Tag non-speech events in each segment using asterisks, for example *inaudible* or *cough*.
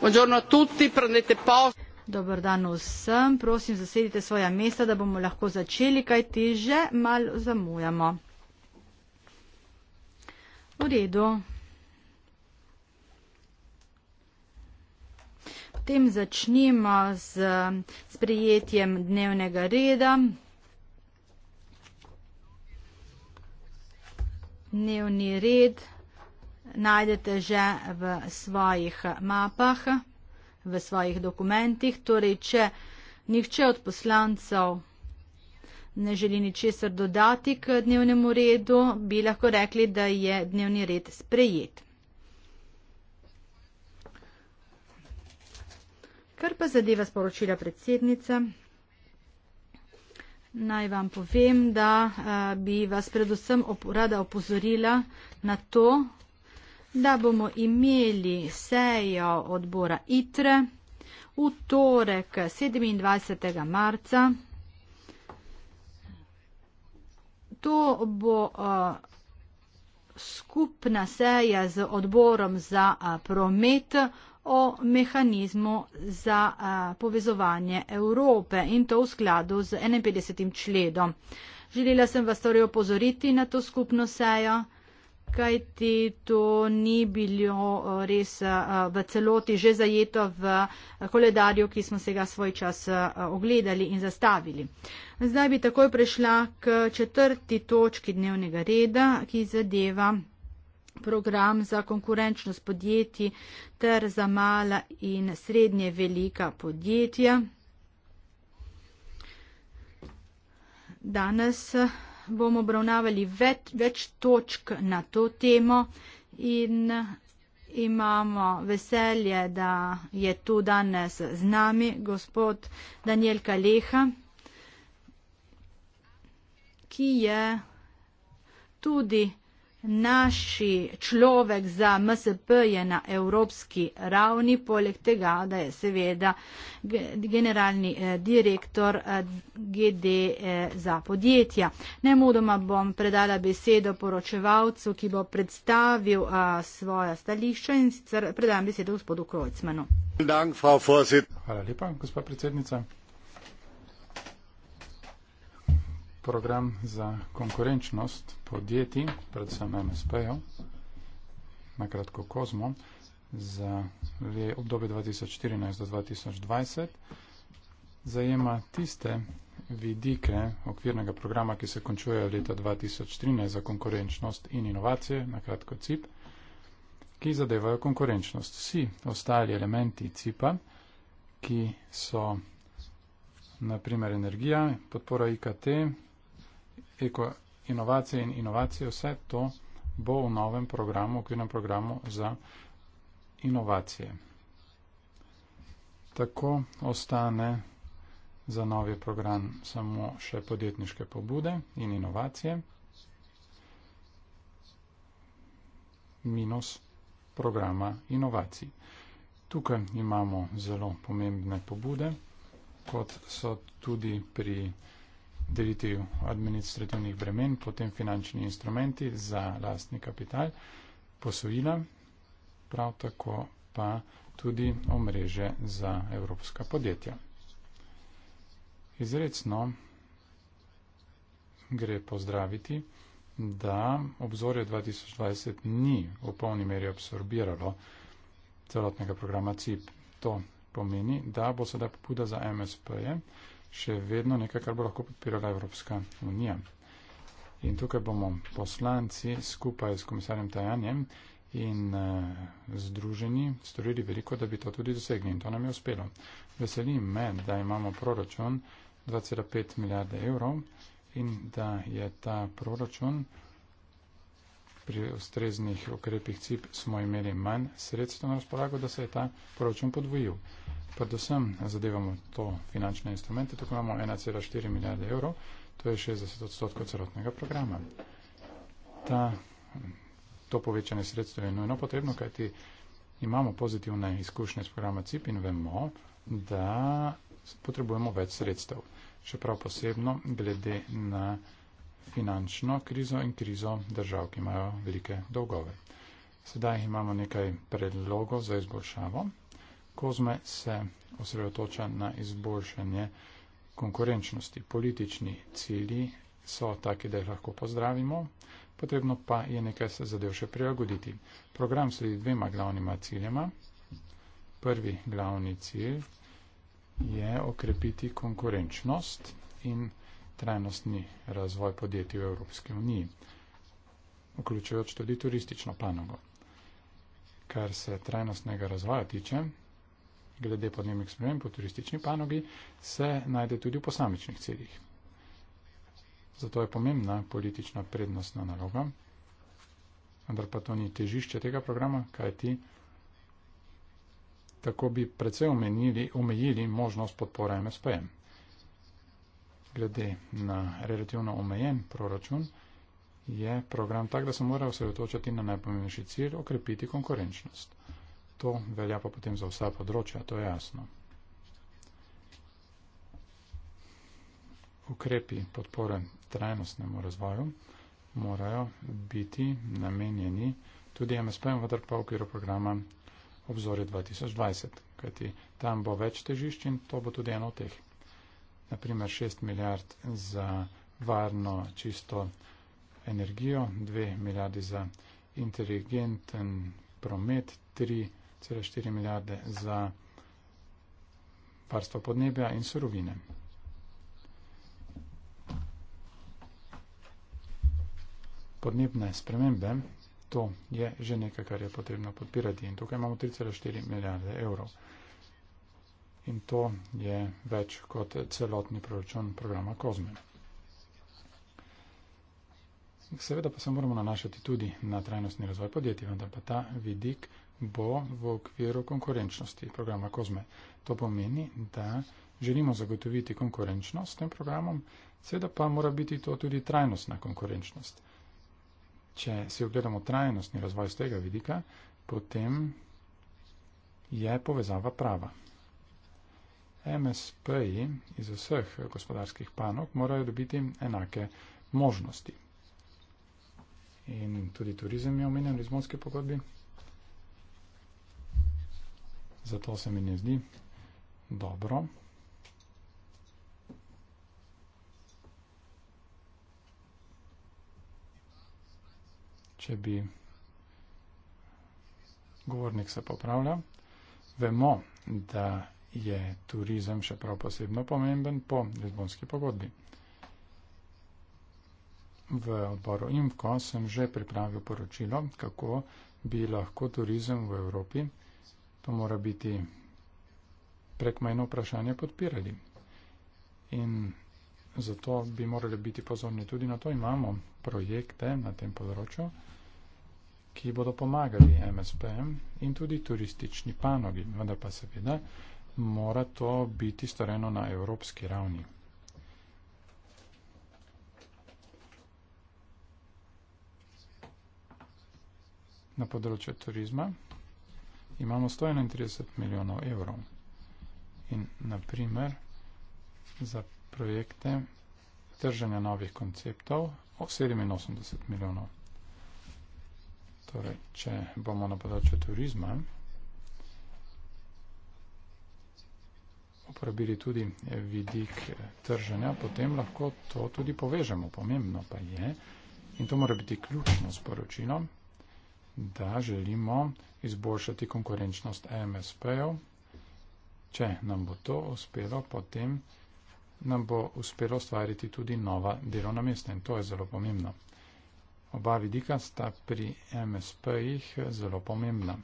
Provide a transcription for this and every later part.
Buongiorno a tutti, prendete posto. Dobar dan vsem, prosim zasedite svoja mesta, da bomo lahko začeli, kaj ti že malo zamujamo. V redu. Potem začnimo z sprejetjem dnevnega reda. Dnevni red najdete že v svojih mapah, v svojih dokumentih. Torej, če nihče od poslancev ne želi ničesar dodati k dnevnemu redu, bi lahko rekli, da je dnevni red sprejet. Kar pa zadeva sporočila predsednice, naj vam povem, da eh, bi vas predvsem rada opozorila na to, da bomo imeli sejo odbora ITRE v torek 27. marca. To bo skupna seja z odborom za promet o mehanizmu za povezovanje Evrope in to v skladu z 51. členom. Želela sem vas torej opozoriti na to skupno sejo kaj ti to ni bilo eh, res eh, v celoti že zajeto v eh, koledarju, ki smo se ga svoj čas ogledali in zastavili. Zdaj bi takoj prešla k četrti točki dnevnega reda, ki zadeva program za konkurenčnost podjetij ter za mala in srednje velika podjetja. Danes bomo obravnavali več, več točk na to temo in imamo veselje, da je tu danes z nami gospod Daniel Kaleha, ki je tudi Naši človek za MSP je na evropski ravni, poleg tega, da je seveda generalni eh, direktor eh, GD eh, za podjetja. Nemudoma bom predala besedo poročevalcu, ki bo predstavil svoja stališča in sicer predam besedo gospodu Krojcmanu. Hvala lepa, gospod predsednica. program za konkurenčnost podjetij, predvsem MSP-jev, nakratko Kozmo, za obdobje 2014 do 2020, zajema tiste vidike okvirnega programa, ki se končuje leta 2013 za konkurenčnost in inovacije, nakratko CIP, ki zadevajo konkurenčnost. Vsi ostali elementi CIP-a, ki so naprimer energija, podpora IKT, eko inovacije in inovacije, vse to bo v novem programu, v okvirnem programu za inovacije. Tako ostane za novi program samo še podjetniške pobude in inovacije minus programa inovacij. Tukaj imamo zelo pomembne pobude, kot so tudi pri delitev administrativnih bremen, potem finančni instrumenti za lastni kapital, posojila, prav tako pa tudi omreže za evropska podjetja. Izredno gre pozdraviti, da obzorje 2020 ni v polni meri absorbiralo celotnega programa CIP. To pomeni, da bo sedaj pobuda za MSP-je še vedno nekaj, kar bo lahko podpirala Evropska unija. In tukaj bomo poslanci skupaj s komisarjem Tajanjem in uh, združeni storili veliko, da bi to tudi dosegli. In to nam je uspelo. Veselim me, da imamo proračun 2,5 milijarde evrov in da je ta proračun pri ustreznih ukrepih CIP smo imeli manj sredstev na razpolago, da se je ta proračun podvojil predvsem zadevamo to finančne instrumente, tukaj imamo 1,4 milijarde evrov, to je 60 odstotkov celotnega programa. Ta, to povečanje sredstev je nujno potrebno, kajti imamo pozitivne izkušnje s programa CIP in vemo, da potrebujemo več sredstev. Še prav posebno glede na finančno krizo in krizo držav, ki imajo velike dolgove. Sedaj imamo nekaj predlogov za izboljšavo. Kozme se osredotoča na izboljšanje konkurenčnosti. Politični cilji so taki, da jih lahko pozdravimo, potrebno pa je nekaj se zadev še prilagoditi. Program sledi dvema glavnima ciljema. Prvi glavni cilj je okrepiti konkurenčnost in trajnostni razvoj podjetij v Evropski uniji, vključujoč tudi turistično panogo. Kar se trajnostnega razvoja tiče, glede podnebnih sprememb v turistični panogi, se najde tudi v posamičnih ciljih. Zato je pomembna politična prednostna naloga, vendar pa to ni težišče tega programa, kajti tako bi predvsej omenili, omejili možnost podpore MSP-jem. Glede na relativno omejen proračun je program tak, da se mora osredotočati na najpomembnejši cilj okrepiti konkurenčnost. To velja pa potem za vsa področja, to je jasno. Ukrepi podpore trajnostnemu razvoju morajo biti namenjeni tudi MSP-jem, vendar pa v okviru programa obzorje 2020, kajti tam bo več težišč in to bo tudi eno od teh. Naprimer 6 milijard za varno čisto energijo, 2 milijardi za inteligenten promet, 3 milijarde 4,4 milijarde za varstvo podnebja in surovine. Podnebne spremembe, to je že nekaj, kar je potrebno podpirati in tukaj imamo 3,4 milijarde evrov. In to je več kot celotni proračun programa Kozme. Seveda pa se moramo nanašati tudi na trajnostni razvoj podjetij, vendar pa ta vidik bo v okviru konkurenčnosti programa COSME. To pomeni, da želimo zagotoviti konkurenčnost tem programom, seveda pa mora biti to tudi trajnostna konkurenčnost. Če si ogledamo trajnostni razvoj z tega vidika, potem je povezava prava. MSP-ji iz vseh gospodarskih panog morajo dobiti enake možnosti. In tudi turizem je omenjen v Lizbonski pogodbi. Zato se mi ne zdi dobro. Če bi govornik se popravlja, vemo, da je turizem še prav posebno pomemben po lizbonski pogodbi. V odboru IMCO sem že pripravil poročilo, kako bi lahko turizem v Evropi to mora biti prekmajno vprašanje podpirali. In zato bi morali biti pozorni tudi na to. Imamo projekte na tem področju, ki bodo pomagali MSPM in tudi turistični panogi. Vendar pa seveda mora to biti storjeno na evropski ravni. Na področju turizma imamo 131 milijonov evrov. In naprimer za projekte trženja novih konceptov 87 milijonov. Torej, če bomo na področju turizma uporabili tudi eh, vidik eh, trženja, potem lahko to tudi povežemo. Pomembno pa je, in to mora biti ključno sporočilo, da želimo izboljšati konkurenčnost MSP-jev. Če nam bo to uspelo, potem nam bo uspelo ustvariti tudi nova delovna mesta in to je zelo pomembno. Oba vidika sta pri MSP-jih zelo pomembna.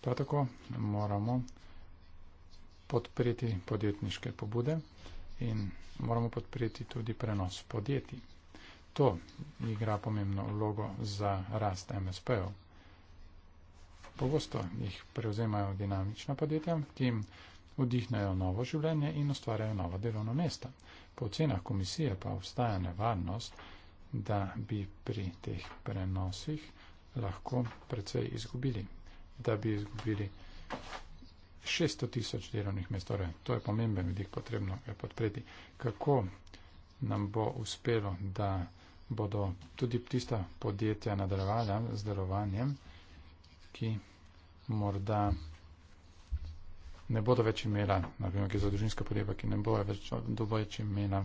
Prav tako moramo podpreti podjetniške pobude in moramo podpreti tudi prenos podjetij to igra pomembno vlogo za rast MSP-ov. Pogosto jih prevzemajo dinamična podjetja, ki jim vdihnajo novo življenje in ustvarjajo nova delovna mesta. Po ocenah komisije pa obstaja nevarnost, da bi pri teh prenosih lahko precej izgubili, da bi izgubili 600 tisoč delovnih mest. Torej, to je pomemben vidik, potrebno je podpreti. Kako nam bo uspelo, da bodo tudi tista podjetja nadaljevala z darovanjem, ki morda ne bodo več imela, naprimer, ki je za družinska podjetja, ki ne bojo več doboječ imela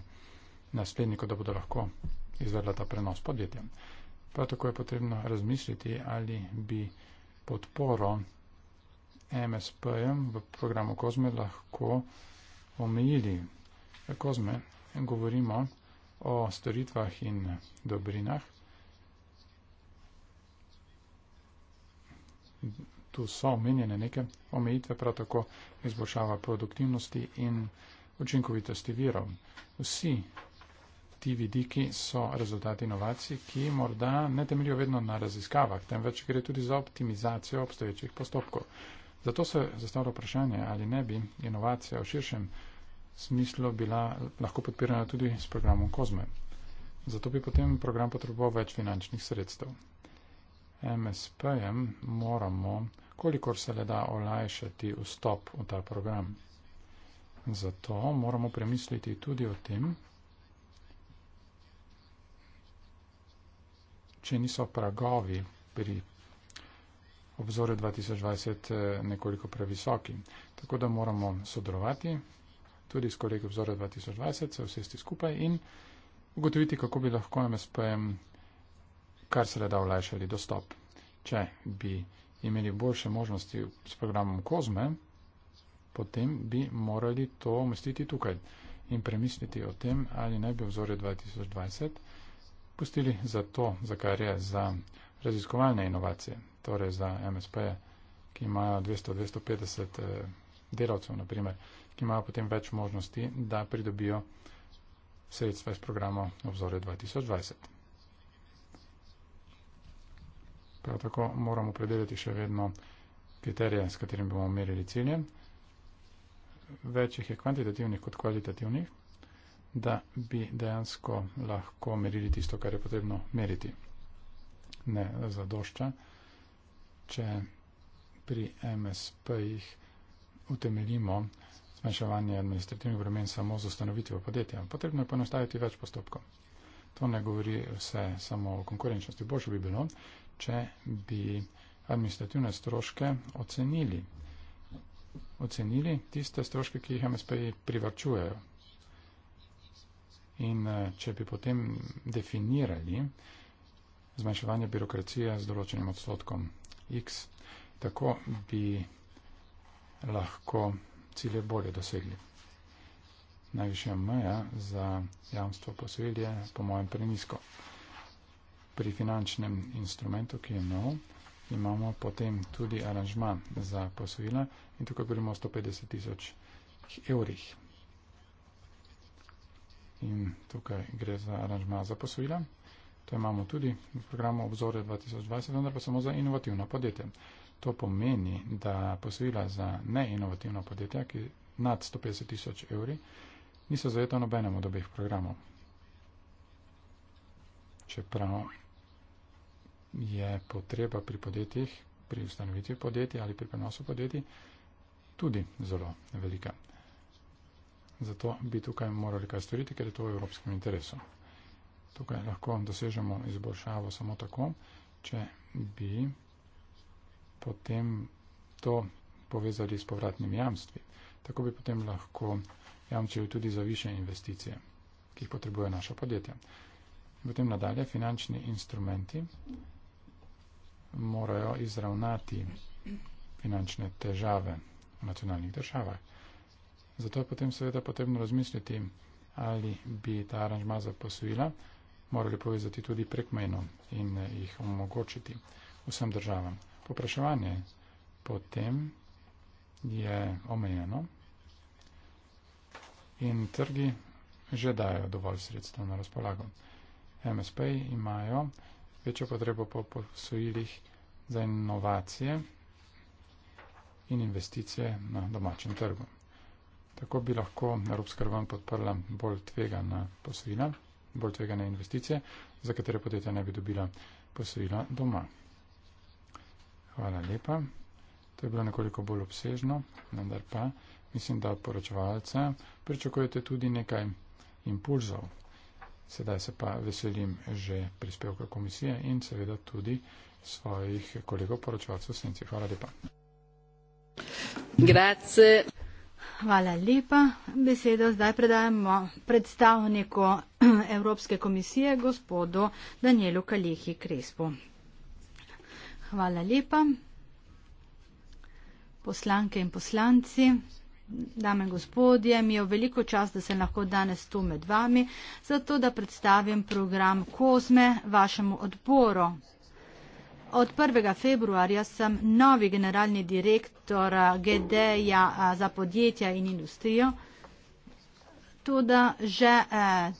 naslednikov, da bodo lahko izvedla ta prenos podjetja. Prav tako je potrebno razmisliti, ali bi podporo MSP-jem v programu Kozme lahko omejili. Kozme, govorimo, o storitvah in dobrinah. Tu so omenjene neke omejitve, prav tako izboljšava produktivnosti in učinkovitosti virov. Vsi ti vidiki so rezultat inovacij, ki morda ne temeljijo vedno na raziskavah, temveč gre tudi za optimizacijo obstoječih postopkov. Zato se zastavlja vprašanje, ali ne bi inovacija v širšem smislu bila lahko podpirana tudi s programom COSME. Zato bi potem program potreboval več finančnih sredstev. MSP-jem moramo kolikor se le da olajšati vstop v ta program. Zato moramo premisliti tudi o tem, če niso pragovi pri obzorju 2020 eh, nekoliko previsoki. Tako da moramo sodelovati tudi s kolegi vzore 2020, se vsesti skupaj in ugotoviti, kako bi lahko MSP-jem kar se le da olajšali dostop. Če bi imeli boljše možnosti s programom Kozme, potem bi morali to umestiti tukaj in premisliti o tem, ali ne bi vzore 2020 pustili za to, za kar je za raziskovalne inovacije, torej za MSP, ki imajo 200-250 eh, delavcev, naprimer, ki imajo potem več možnosti, da pridobijo sredstva iz programa obzore 2020. Prav tako moramo predeliti še vedno kriterije, s katerimi bomo merili cilje. Večjih je kvantitativnih kot kvalitativnih, da bi dejansko lahko merili tisto, kar je potrebno meriti. Ne zadošča, če pri MSP-jih utemeljimo zmanjševanje administrativnih bremen samo z ustanovitvijo podjetja. Potrebno je ponostaviti več postopkov. To ne govori vse samo o konkurenčnosti. Boljše bi bilo, če bi administrativne stroške ocenili. Ocenili tiste stroške, ki jih MSP-ji privarčujejo. In eh, če bi potem definirali zmanjševanje birokracije z določenim odstotkom X, tako bi lahko cilje bolje dosegli. Najvišja meja za jamstvo posojil je po mojem prenisko. Pri finančnem instrumentu, ki je nov, imamo potem tudi aranžma za posojila in tukaj govorimo o 150 tisoč evrih. In tukaj gre za aranžma za posojila. To imamo tudi v programu obzore 2020, vendar pa samo za inovativna podjetja. To pomeni, da posojila za neinovativna podjetja, ki nad 150 tisoč evri, niso zajeta nobenemu od obeh programov. Čeprav je potreba pri podjetjih, pri ustanovitvi podjetij ali pri prenosu podjetij tudi zelo velika. Zato bi tukaj morali kaj storiti, ker je to v evropskem interesu. Tukaj lahko dosežemo izboljšavo samo tako, če bi potem to povezali s povratnimi jamstvi. Tako bi potem lahko jamčili tudi za više investicije, ki jih potrebuje naša podjetja. Potem nadalje finančni instrumenti morajo izravnati finančne težave v nacionalnih državah. Zato je potem seveda potrebno razmisliti, ali bi ta aranžma za posojila morali povezati tudi prekmeno in jih omogočiti vsem državam. Popraševanje potem je omejeno in trgi že dajo dovolj sredstev na razpolago. MSP imajo večjo potrebo po posojilih za inovacije in investicije na domačem trgu. Tako bi lahko Evropska unija podprla bolj tvegana posojila, bolj tvegane investicije, za katere podjetja ne bi dobila posojila doma. Hvala lepa. To je bilo nekoliko bolj obsežno, vendar pa mislim, da od poročevalca pričakujete tudi nekaj impulzov. Sedaj se pa veselim že prispevka komisije in seveda tudi svojih kolegov poročevalcev Senci. Hvala lepa. Grazie. Hvala lepa. Besedo zdaj predajamo predstavniku *clears throat* Evropske komisije, gospodu Danielu Kalehi Krespu. Hvala lepa. Poslanke in poslanci, dame in gospodje, mi je veliko čas, da sem lahko danes tu med vami, zato da predstavim program Kozme vašemu odboru. Od 1. februarja sem novi generalni direktor eh, GD-ja eh, za podjetja in industrijo, tudi že eh,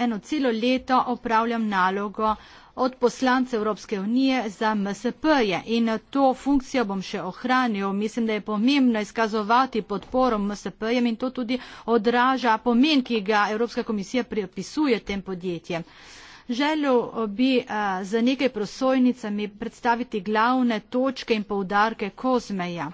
eno celo leto opravljam nalogo od poslancev Evropske unije za MSP-je in to funkcijo bom še ohranil. Mislim, da je pomembno izkazovati podporo MSP-jem in to tudi odraža pomen, ki ga Evropska komisija pripisuje tem podjetjem. Želel bi eh, za nekaj prosojnicami predstaviti glavne točke in poudarke Kozmeja.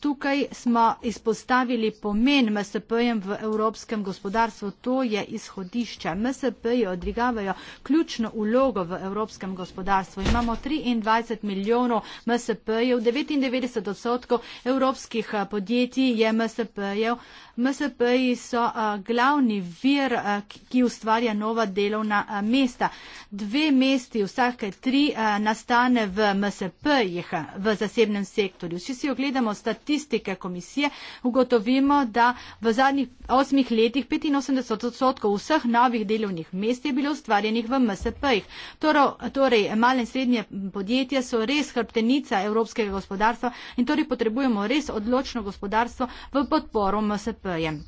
Tukaj smo izpostavili pomen MSP-jem v evropskem gospodarstvu, to je izhodišče. MSP-ji odigavajo ključno ulogo v evropskem gospodarstvu. Imamo 23 milijonov MSP-jev, 99 odstotkov evropskih eh, podjetij je MSP-jev. MSP-ji so eh, glavni vir, eh, ki ustvarja nova delovna mesta. Dve mesti, vsake tri, nastane v MSP-jih, v zasebnem sektorju. Če si ogledamo statistiko, statistike komisije, ugotovimo, da v zadnjih osmih letih 85 odstotkov vseh novih delovnih mest je bilo ustvarjenih v MSP-jih. Torej, torej male in srednje podjetja so res hrbtenica evropskega gospodarstva in torej potrebujemo res odločno gospodarstvo v podporo MSP-jem.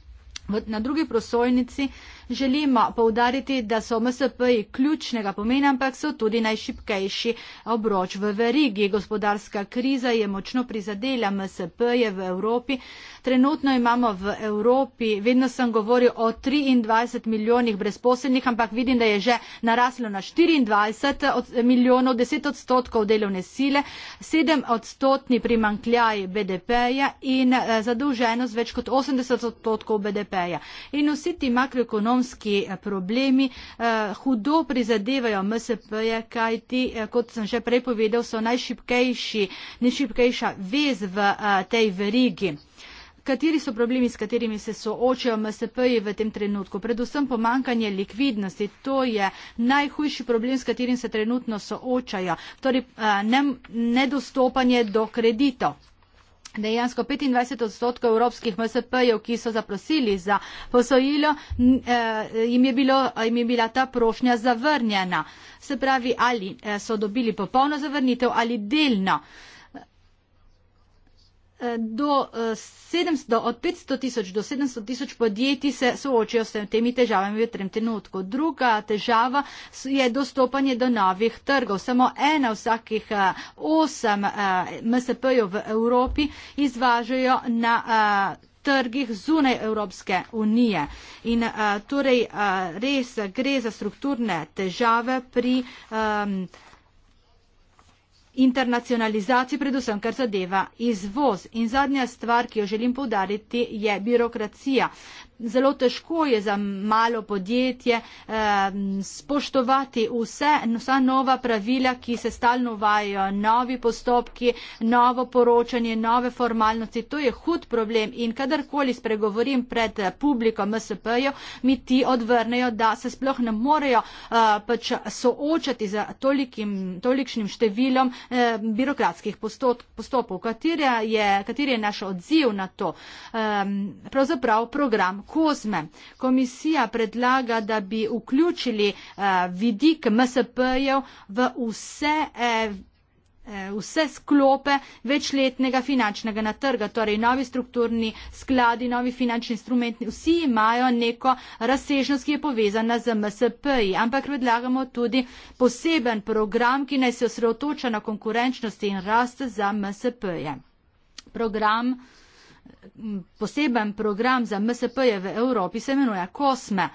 Na drugi prosojnici Želimo povdariti, da so MSP-ji ključnega pomena, ampak so tudi najšipkejši obroč v verigi. Gospodarska kriza je močno prizadela MSP-je v Evropi. Trenutno imamo v Evropi, vedno sem govoril o 23 milijonih brezposelnih, ampak vidim, da je že naraslo na 24 milijonov, 10 odstotkov delovne sile, 7 odstotni primankljaj BDP-ja in eh, zadolženost več kot 80 odstotkov BDP-ja. In vsi ti makroekonomi ekonomski eh, problemi eh, hudo prizadevajo MSP-je, kajti, eh, kot sem že prej povedal, so najšipkejši, najšipkejša vez v tej verigi. Kateri so problemi, s katerimi se soočajo MSP-ji v tem trenutku? Predvsem pomankanje likvidnosti. To je najhujši problem, s katerim se trenutno soočajo. Torej, ne, nedostopanje do kreditov. Dejansko 25 odstotkov evropskih MSP-jev, ki so zaprosili za posojilo, eh, jim je, bilo, jim je bila ta prošnja zavrnjena. Se pravi, ali eh, so dobili popolno zavrnitev ali delno do 700, eh, od 500 tisoč do 700 tisoč podjetij se soočijo s temi težavami v tem trenutku. Druga težava je dostopanje do novih trgov. Samo ena vsakih eh, osem eh, MSP-jev v Evropi izvažajo na trgih zunaj Evropske unije. In torej res gre za strukturne težave pri. Um, internacionalizaciji, predvsem kar zadeva izvoz. In zadnja stvar, ki jo želim povdariti, je birokracija zelo težko je za malo podjetje eh, spoštovati vse, vsa nova pravila, ki se stalno uvajajo, novi postopki, novo poročanje, nove formalnosti. To je hud problem in kadarkoli spregovorim pred eh, publiko MSP-jo, mi ti odvrnejo, da se sploh ne morejo eh, pač soočati z tolikim, tolikšnim številom eh, birokratskih postopkov. Kateri je, je naš odziv na to? Eh, pravzaprav program Kozme. Komisija predlaga, da bi vključili eh, vidik MSP-jev v vse. Eh, eh, vse sklope večletnega finančnega natrga, torej novi strukturni skladi, novi finančni instrumenti, vsi imajo neko razsežnost, ki je povezana z MSP-ji, ampak predlagamo tudi poseben program, ki naj se osredotoča na konkurenčnost in rast za MSP-je. Program poseben program za MSP-je v Evropi se imenuje COSME,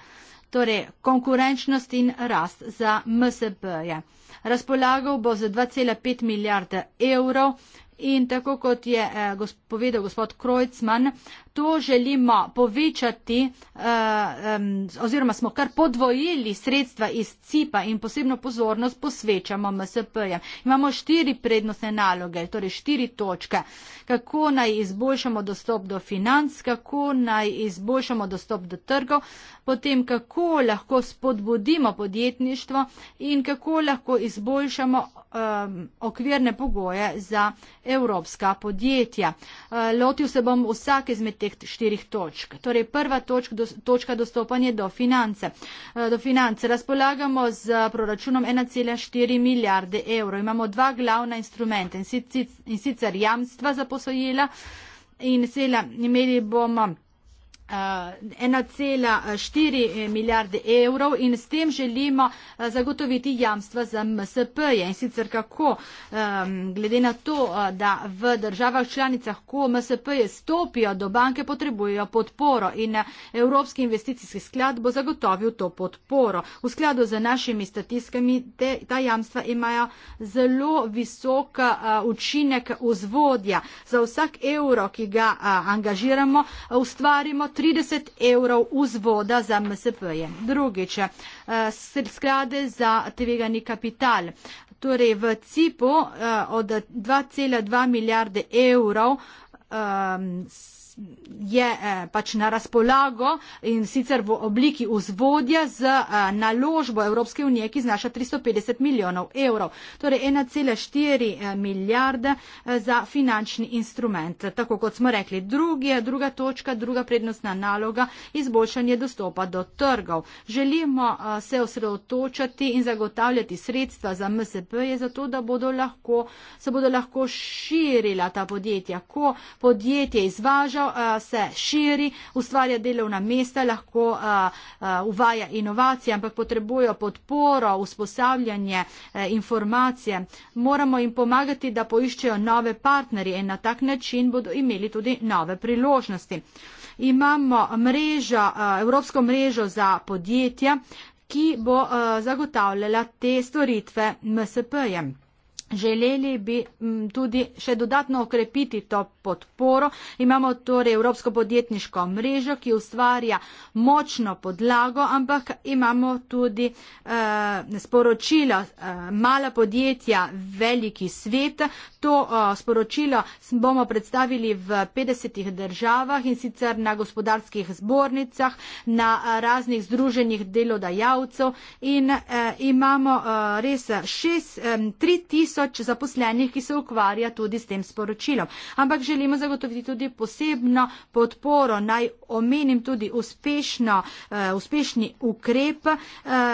torej konkurenčnost in rast za MSP-je. Razpolagal bo za 2,5 milijarde evrov in tako kot je eh, gos povedal gospod Krojcman, to želimo povečati eh, oziroma smo kar podvojili sredstva iz CIPA in posebno pozornost posvečamo MSP-jem. Imamo štiri prednostne naloge, torej štiri točke, kako naj izboljšamo dostop do financ, kako naj izboljšamo dostop do trgov, potem kako lahko spodbudimo podjetništvo in kako lahko izboljšamo okvirne pogoje za evropska podjetja. Eh, lotil se bom vsake izmed teh teh štirih točk. Torej, prva točk, točka dostopanje do finance. Eh, do finance razpolagamo z eh, proračunom 1,4 milijarde evrov. Imamo dva glavna instrumenta in sicer jamstva za posojila in sela imeli bomo 1,4 eh, eh, milijarde evrov in s tem želimo eh, zagotoviti jamstva za MSP. -je. In sicer kako, ehm, glede na to, da v državah članicah, ko MSP je stopijo do banke, potrebujejo podporo in Evropski investicijski sklad bo zagotovil to podporo. V skladu z našimi statistikami te, ta jamstva imajo zelo visok učinek vzvodja. Za vsak evro, ki ga angažiramo, ustvarimo 30 evrov vzvoda za MSP-je. Drugič, eh, sklade za tvegani kapital. Torej, v CIP-u eh, od 2,2 milijarde evrov eh, je eh, pač na razpolago in sicer v obliki vzvodja z eh, naložbo Evropske unije, ki znaša 350 milijonov evrov. Torej 1,4 eh, milijarde za finančni instrument. Tako kot smo rekli, drugi, druga točka, druga prednostna naloga, izboljšanje dostopa do trgov. Želimo se osredotočati in zagotavljati sredstva za MSP, je zato, da bodo lahko, se bodo lahko širila ta podjetja, ko podjetje izvaža Eh, se širi, ustvarja delovna mesta, lahko eh, eh, uvaja inovacije, ampak potrebujo podporo, usposabljanje, informacije. Moramo jim pomagati, da poiščejo nove partnerje in na tak način bodo imeli tudi nove priložnosti. Imamo mrežo, Evropsko mrežo za podjetja, ki bo zagotavljala te storitve MSP-jem. Želeli bi mm, tudi še dodatno okrepiti to podporo. Imamo torej Evropsko podjetniško mrežo, ki ustvarja močno podlago, ampak imamo tudi eh, sporočilo eh, mala podjetja veliki svet. To eh, sporočilo bomo predstavili v 50 državah in sicer na gospodarskih zbornicah, na eh, raznih združenih delodajalcev in eh, imamo eh, res 6, eh, 3000 tisoč zaposlenih, ki se ukvarja tudi s tem sporočilom. Ampak želimo zagotoviti tudi posebno podporo. Naj omenim tudi uspešno, uh, uspešni ukrep uh,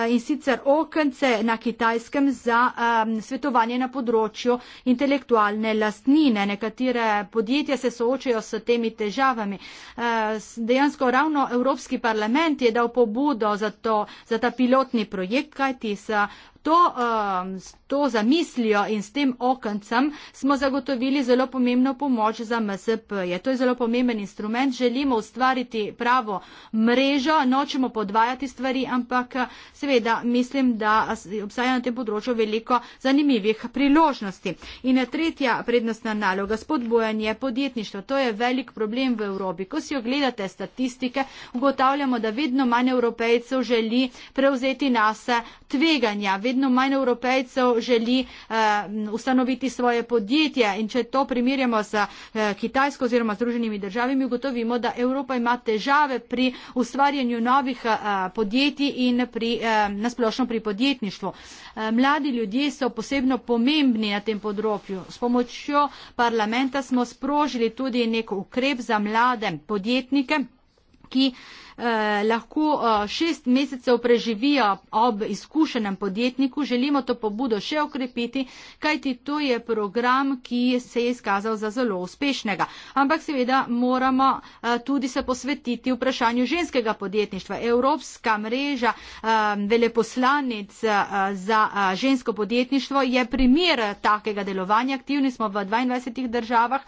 in sicer okence na kitajskem za um, svetovanje na področju intelektualne lastnine. Nekatere podjetja se soočajo s temi težavami. Uh, dejansko ravno Evropski parlament je dal pobudo za, to, za ta pilotni projekt, kajti sa to, um, s to zamislijo in s tem okencem smo zagotovili zelo pomembno pomoč za MSP. -je. To je zelo pomemben instrument. Želimo ustvariti pravo mrežo, nočemo podvajati stvari, ampak uh, seveda mislim, da obstaja na tem področju veliko zanimivih priložnosti. In uh, tretja prednostna naloga, spodbojanje podjetništva. To je velik problem v Evropi. Ko si ogledate statistike, ugotavljamo, da vedno manj evropejcev želi prevzeti nase tveganja vedno manj evropejcev želi uh, ustanoviti svoje podjetje. In če to primerjamo z uh, Kitajsko oziroma Združenimi državami, ugotovimo, da Evropa ima težave pri ustvarjanju novih uh, podjetij in pri, uh, nasplošno pri podjetništvu. Uh, mladi ljudje so posebno pomembni na tem področju. S pomočjo parlamenta smo sprožili tudi nek ukrep za mlade podjetnike ki eh, lahko eh, šest mesecev preživijo ob izkušenem podjetniku. Želimo to pobudo še okrepiti, kajti to je program, ki se je izkazal za zelo uspešnega. Ampak seveda moramo eh, tudi se posvetiti vprašanju ženskega podjetništva. Evropska mreža eh, veleposlanic eh, za eh, žensko podjetništvo je primer takega delovanja. Aktivni smo v 22 državah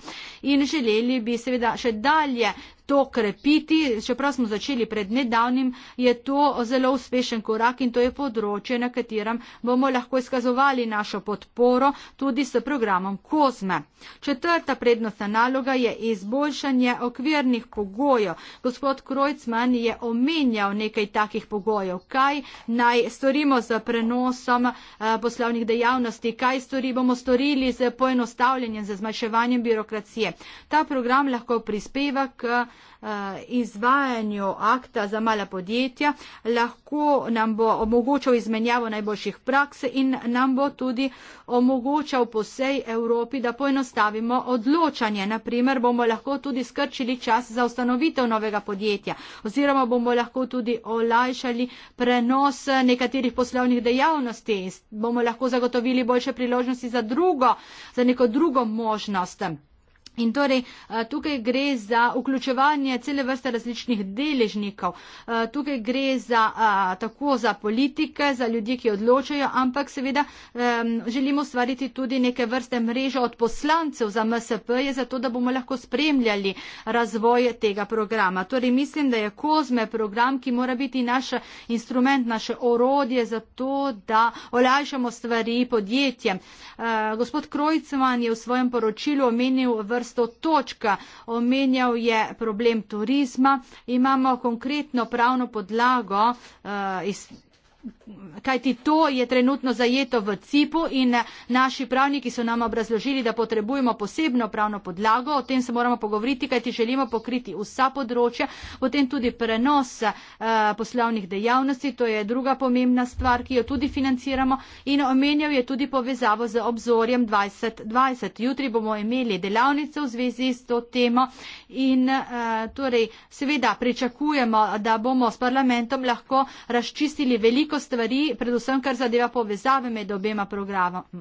in želeli bi seveda še dalje to krepiti, čeprav smo začeli pred nedavnim, je to zelo uspešen korak in to je področje, na katerem bomo lahko izkazovali našo podporo tudi s programom COSME. Četrta prednostna naloga je izboljšanje okvirnih pogojev. Gospod Krojcman je omenjal nekaj takih pogojev. Kaj naj storimo z prenosom eh, poslovnih dejavnosti, kaj stori, bomo storili z poenostavljanjem, z zmanjševanjem birokracije. Ta program lahko prispeva k Eh, izvajanju akta za mala podjetja, lahko nam bo omogočal izmenjavo najboljših praks in nam bo tudi omogočal po vsej Evropi, da poenostavimo odločanje. Naprimer, bomo lahko tudi skrčili čas za ustanovitev novega podjetja oziroma bomo lahko tudi olajšali prenos nekaterih poslovnih dejavnosti, bomo lahko zagotovili boljše priložnosti za, drugo, za neko drugo možnost. In torej eh, tukaj gre za vključevanje cele vrste različnih deležnikov. Eh, tukaj gre za, eh, tako za politike, za ljudi, ki odločajo, ampak seveda želimo stvariti tudi neke vrste mreže od poslancev za MSP, je zato, da bomo lahko spremljali razvoj tega programa. Torej mislim, da je kozme program, ki mora biti naš instrument, naše orodje za to, da olajšamo stvari podjetjem. Gospod Krojcman je v svojem poročilu omenil vrst vrsto točka. Omenjal je problem turizma. Imamo konkretno pravno podlago uh, iz kajti to je trenutno zajeto v CIP-u in naši pravniki so nam obrazložili, da potrebujemo posebno pravno podlago, o tem se moramo pogovoriti, kajti želimo pokriti vsa področja, potem tudi prenos eh, poslovnih dejavnosti, to je druga pomembna stvar, ki jo tudi financiramo in omenjal je tudi povezavo z obzorjem 2020. Jutri bomo imeli delavnice v zvezi s to temo in eh, torej seveda pričakujemo, da bomo s parlamentom lahko razčistili veliko veliko stvari, predvsem kar zadeva povezave med obema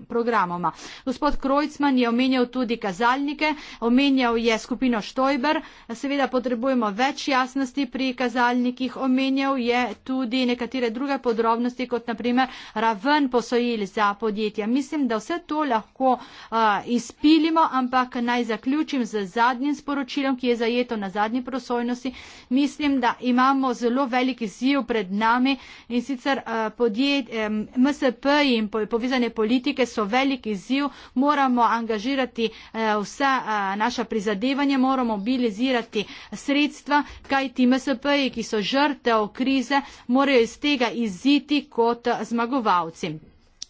programoma. Gospod Krojcman je omenjal tudi kazalnike, omenjal je skupino Štojber, seveda potrebujemo več jasnosti pri kazalnikih, omenjal je tudi nekatere druge podrobnosti, kot naprimer raven posojil za podjetja. Mislim, da vse to lahko uh, izpilimo, ampak naj zaključim z zadnjim sporočilom, ki je zajeto na zadnji prosojnosti. Mislim, da imamo zelo velik izziv pred nami in sicer Eh, podjet, eh, MSP in povezane politike so velik izziv, moramo angažirati eh, vsa naša prizadevanja, moramo mobilizirati sredstva, kaj ti MSP-ji, ki so žrtev krize, morajo iz tega iziti kot zmagovalci.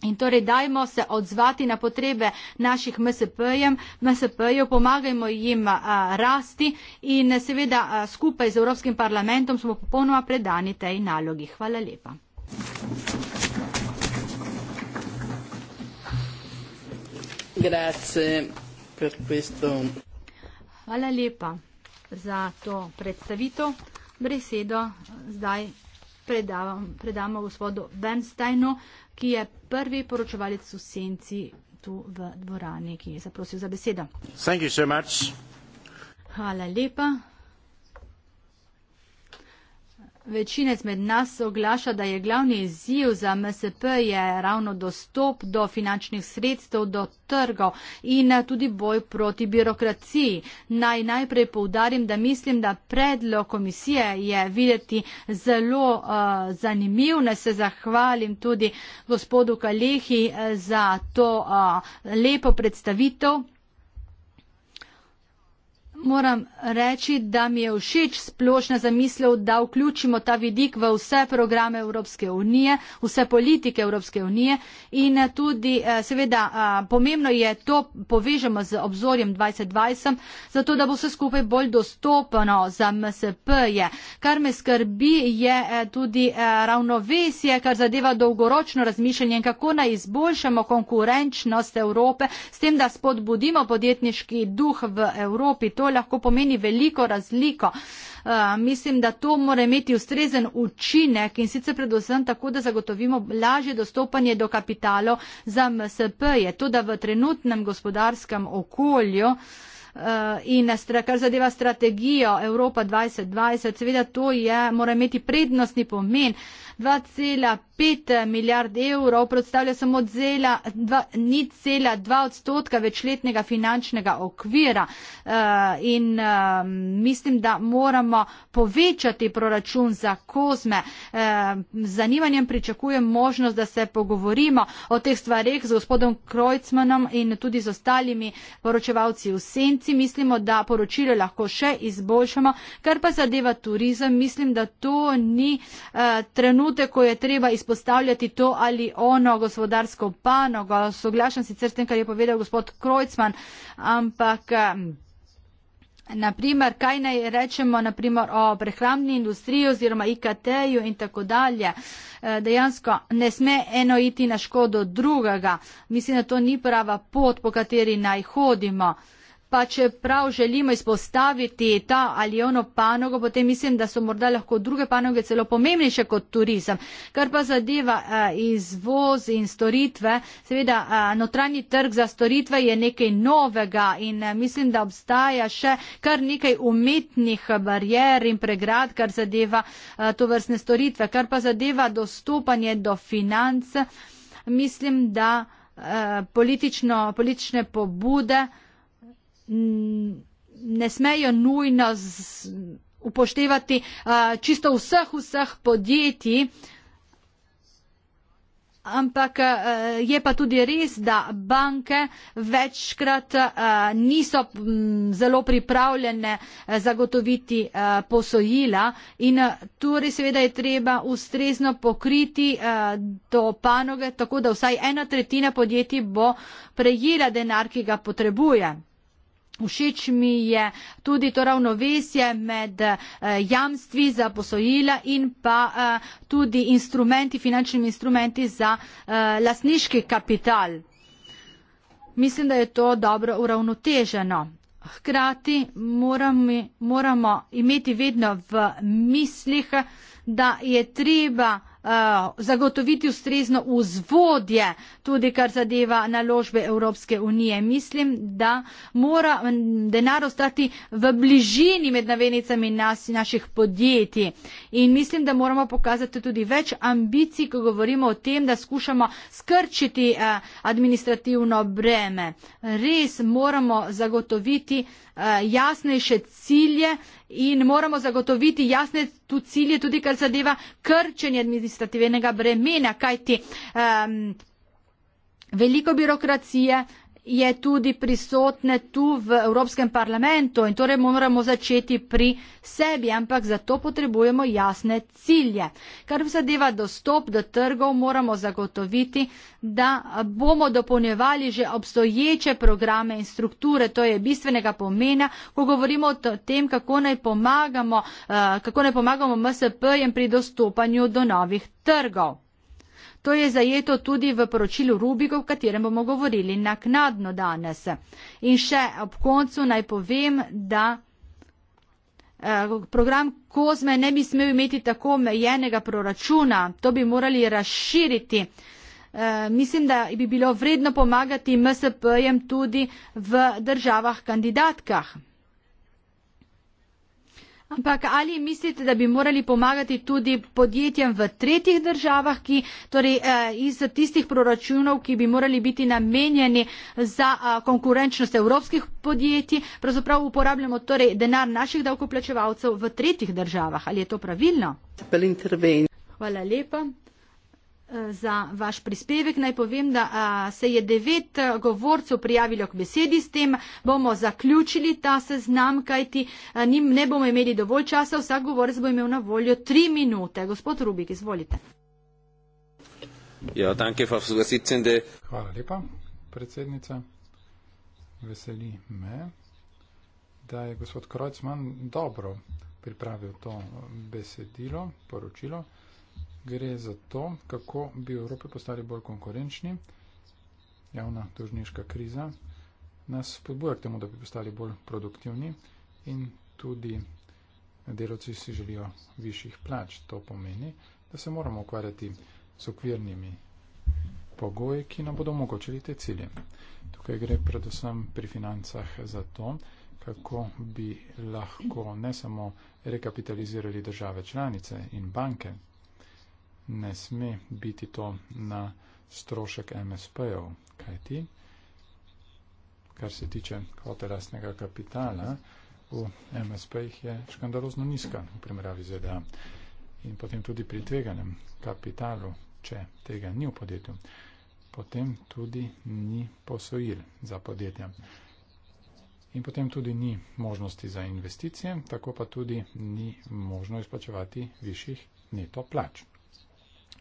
In torej dajmo se odzvati na potrebe naših MSP-jev, MSP pomagajmo jim a, rasti in seveda a, skupaj z Evropskim parlamentom smo popolnoma predani tej nalogi. Hvala lepa. Grazie per questo. Hvala lepa za to predstavitev. Besedo zdaj predavam, predamo gospodu Bernsteinu, ki je prvi poročevalec v senci tu v dvorani, ki je zaprosil za besedo. Hvala lepa. Večinec med nas se oglaša, da je glavni izziv za MSP je ravno dostop do finančnih sredstev, do trgov in tudi boj proti birokraciji. Naj najprej povdarim, da mislim, da predlog komisije je videti zelo uh, zanimiv. Ne se zahvalim tudi gospodu Kalehi eh, za to uh, lepo predstavitev moram reči, da mi je všeč splošna zamislil, da vključimo ta vidik v vse programe Evropske unije, vse politike Evropske unije in tudi eh, seveda eh, pomembno je to povežemo z obzorjem 2020, zato da bo vse skupaj bolj dostopno za MSP-je. Kar me skrbi je eh, tudi ravnovesje, kar zadeva dolgoročno razmišljanje in kako naj izboljšamo konkurenčnost Evrope s tem, da spodbudimo podjetniški duh v Evropi. Tole lahko pomeni veliko razliko. Uh, mislim, da to mora imeti ustrezen učinek in sicer predvsem tako, da zagotovimo lažje dostopanje do kapitalov za MSP-je. To, da v trenutnem gospodarskem okolju eh, In kar zadeva strategijo Evropa 2020, seveda to je, mora imeti prednostni pomen, 2,5 milijard evrov predstavlja samo zela, dva, 2 odstotka večletnega finančnega okvira e, in e, mislim, da moramo povečati proračun za kozme. E, zanimanjem pričakujem možnost, da se pogovorimo o teh stvarih z gospodom Krojcmanom in tudi z ostalimi poročevalci v senci. Mislimo, da poročilo lahko še izboljšamo, kar pa zadeva turizem. Mislim, da to ni e, trenutno trenutek, ko je treba izpostavljati to ali ono gospodarsko panogo. Soglašam sicer s tem, kar je povedal gospod Krojcman, ampak. Naprimer, kaj naj rečemo naprimer, o prehrambni industriji oziroma IKT-ju in tako dalje. E, dejansko ne sme eno iti na škodo drugega. Mislim, da to ni prava pot, po kateri naj hodimo pa če prav želimo izpostaviti ta ali ono panogo, potem mislim, da so morda lahko druge panoge celo pomembnejše kot turizem. Kar pa zadeva izvoz in storitve, seveda notranji trg za storitve je nekaj novega in mislim, da obstaja še kar nekaj umetnih barjer in pregrad, kar zadeva to vrstne storitve. Kar pa zadeva dostopanje do finance, mislim, da politično, politične pobude, ne smejo nujno z, upoštevati a, čisto vseh, vseh podjetij, ampak a, je pa tudi res, da banke večkrat a, niso m, zelo pripravljene zagotoviti a, posojila in tudi seveda je treba ustrezno pokriti a, do panoge, tako da vsaj ena tretjina podjetij bo prejela denar, ki ga potrebuje. Všeč mi je tudi to ravnovesje med eh, jamstvi za posojila in pa eh, tudi instrumenti, finančnimi instrumenti za eh, lastniški kapital. Mislim, da je to dobro uravnoteženo. Hkrati moram moramo imeti vedno v mislih, da je treba Eh, zagotoviti ustrezno vzvodje, tudi kar zadeva naložbe Evropske unije. Mislim, da mora mm, denar ostati v bližini med navenicami nas in naših podjetij. In mislim, da moramo pokazati tudi več ambicij, ko govorimo o tem, da skušamo skrčiti eh, administrativno breme. Res moramo zagotoviti eh, jasnejše cilje in moramo zagotoviti jasne cilje, tu cilje tudi kar zadeva krčenje administrativnega bremena, kajti um, veliko birokracije, je tudi prisotne tu v Evropskem parlamentu in torej moramo začeti pri sebi, ampak zato potrebujemo jasne cilje. Kar zadeva dostop do trgov, moramo zagotoviti, da bomo dopolnjevali že obstoječe programe in strukture. To je bistvenega pomena, ko govorimo o tem, kako naj pomagamo, eh, kako naj pomagamo MSP-jem pri dostopanju do novih trgov. To je zajeto tudi v poročilu Rubiko, o katerem bomo govorili naknadno danes. In še ob koncu naj povem, da eh, program Kozme ne bi smel imeti tako omejenega proračuna, to bi morali razširiti. Eh, mislim, da bi bilo vredno pomagati MSP-jem tudi v državah kandidatkah. Ampak ali mislite, da bi morali pomagati tudi podjetjem v tretjih državah, ki torej eh, iz tistih proračunov, ki bi morali biti namenjeni za eh, konkurenčnost evropskih podjetij, pravzaprav uporabljamo torej denar naših davkoplačevalcev v tretjih državah? Ali je to pravilno? Hvala lepa za vaš prispevek. Naj povem, da se je devet govorcev prijavilo k besedi, s tem bomo zaključili ta seznam, kajti njim ne bomo imeli dovolj časa, vsak govorec bo imel na voljo tri minute. Gospod Rubik, izvolite. Ja, Hvala lepa, predsednica. Veseli me, da je gospod Krojcman dobro pripravil to besedilo, poročilo gre za to, kako bi Evropi postali bolj konkurenčni. Javna tožniška kriza nas spodbuja k temu, da bi postali bolj produktivni in tudi delavci si želijo višjih plač. To pomeni, da se moramo ukvarjati z okvirnimi pogoji, ki nam bodo omogočili te cilje. Tukaj gre predvsem pri financah za to, kako bi lahko ne samo rekapitalizirali države članice in banke, ne sme biti to na strošek MSP-ov, kajti, kar se tiče kvote lastnega kapitala, v MSP-jih je škandalozno nizka v primeravi ZDA in potem tudi pri tveganem kapitalu, če tega ni v podjetju, potem tudi ni posojil za podjetja. In potem tudi ni možnosti za investicije, tako pa tudi ni možno izplačevati višjih neto plač.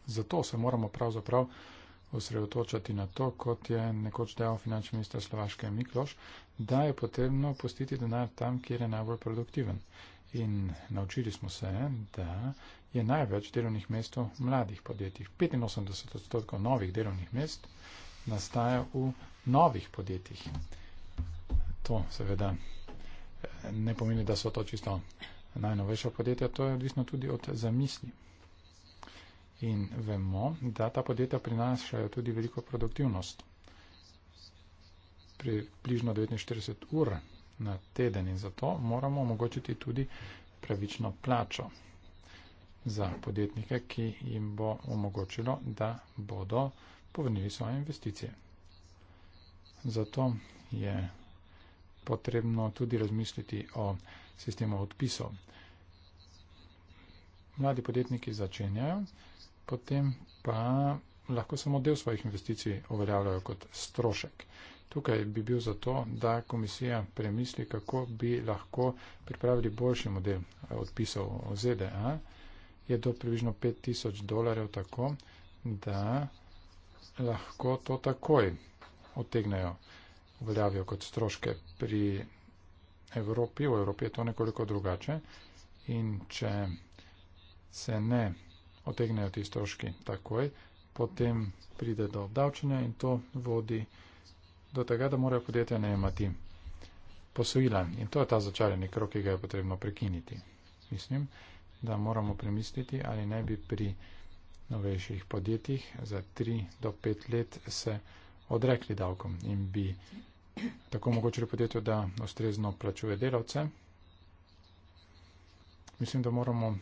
Zato se moramo pravzaprav osredotočati na to, kot je nekoč dejal finančni minister Slovaške Mikloš, da je potrebno pustiti denar tam, kjer je najbolj produktiven. In naučili smo se, da je največ delovnih mest v mladih podjetjih. 85 odstotkov novih delovnih mest nastaja v novih podjetjih. To seveda eh, ne pomeni, da so to čisto najnovejša podjetja, to je odvisno tudi od zamisli. In vemo, da ta podjetja prinašajo tudi veliko produktivnost. Pri bližno 49 ur na teden in zato moramo omogočiti tudi pravično plačo za podjetnike, ki jim bo omogočilo, da bodo povrnili svoje investicije. Zato je potrebno tudi razmisliti o sistemu odpisov. Mladi podjetniki začenjajo, potem pa lahko samo del svojih investicij uveljavljajo kot strošek. Tukaj bi bil zato, da komisija premisli, kako bi lahko pripravili boljši model eh, odpisov ZDA. Je to približno 5000 dolarjev tako, da lahko to takoj otegnejo, uveljavijo kot stroške pri Evropi. V Evropi je to nekoliko drugače. In če se ne otegnejo ti stroški takoj, potem pride do obdavčenja in to vodi do tega, da morajo podjetja najemati posojila. In to je ta začarjeni krok, ki ga je potrebno prekiniti. Mislim, da moramo premisliti, ali ne bi pri novejših podjetjih za 3 do 5 let se odrekli davkom in bi tako omogočili podjetju, da ustrezno plačuje delavce. Mislim, da moramo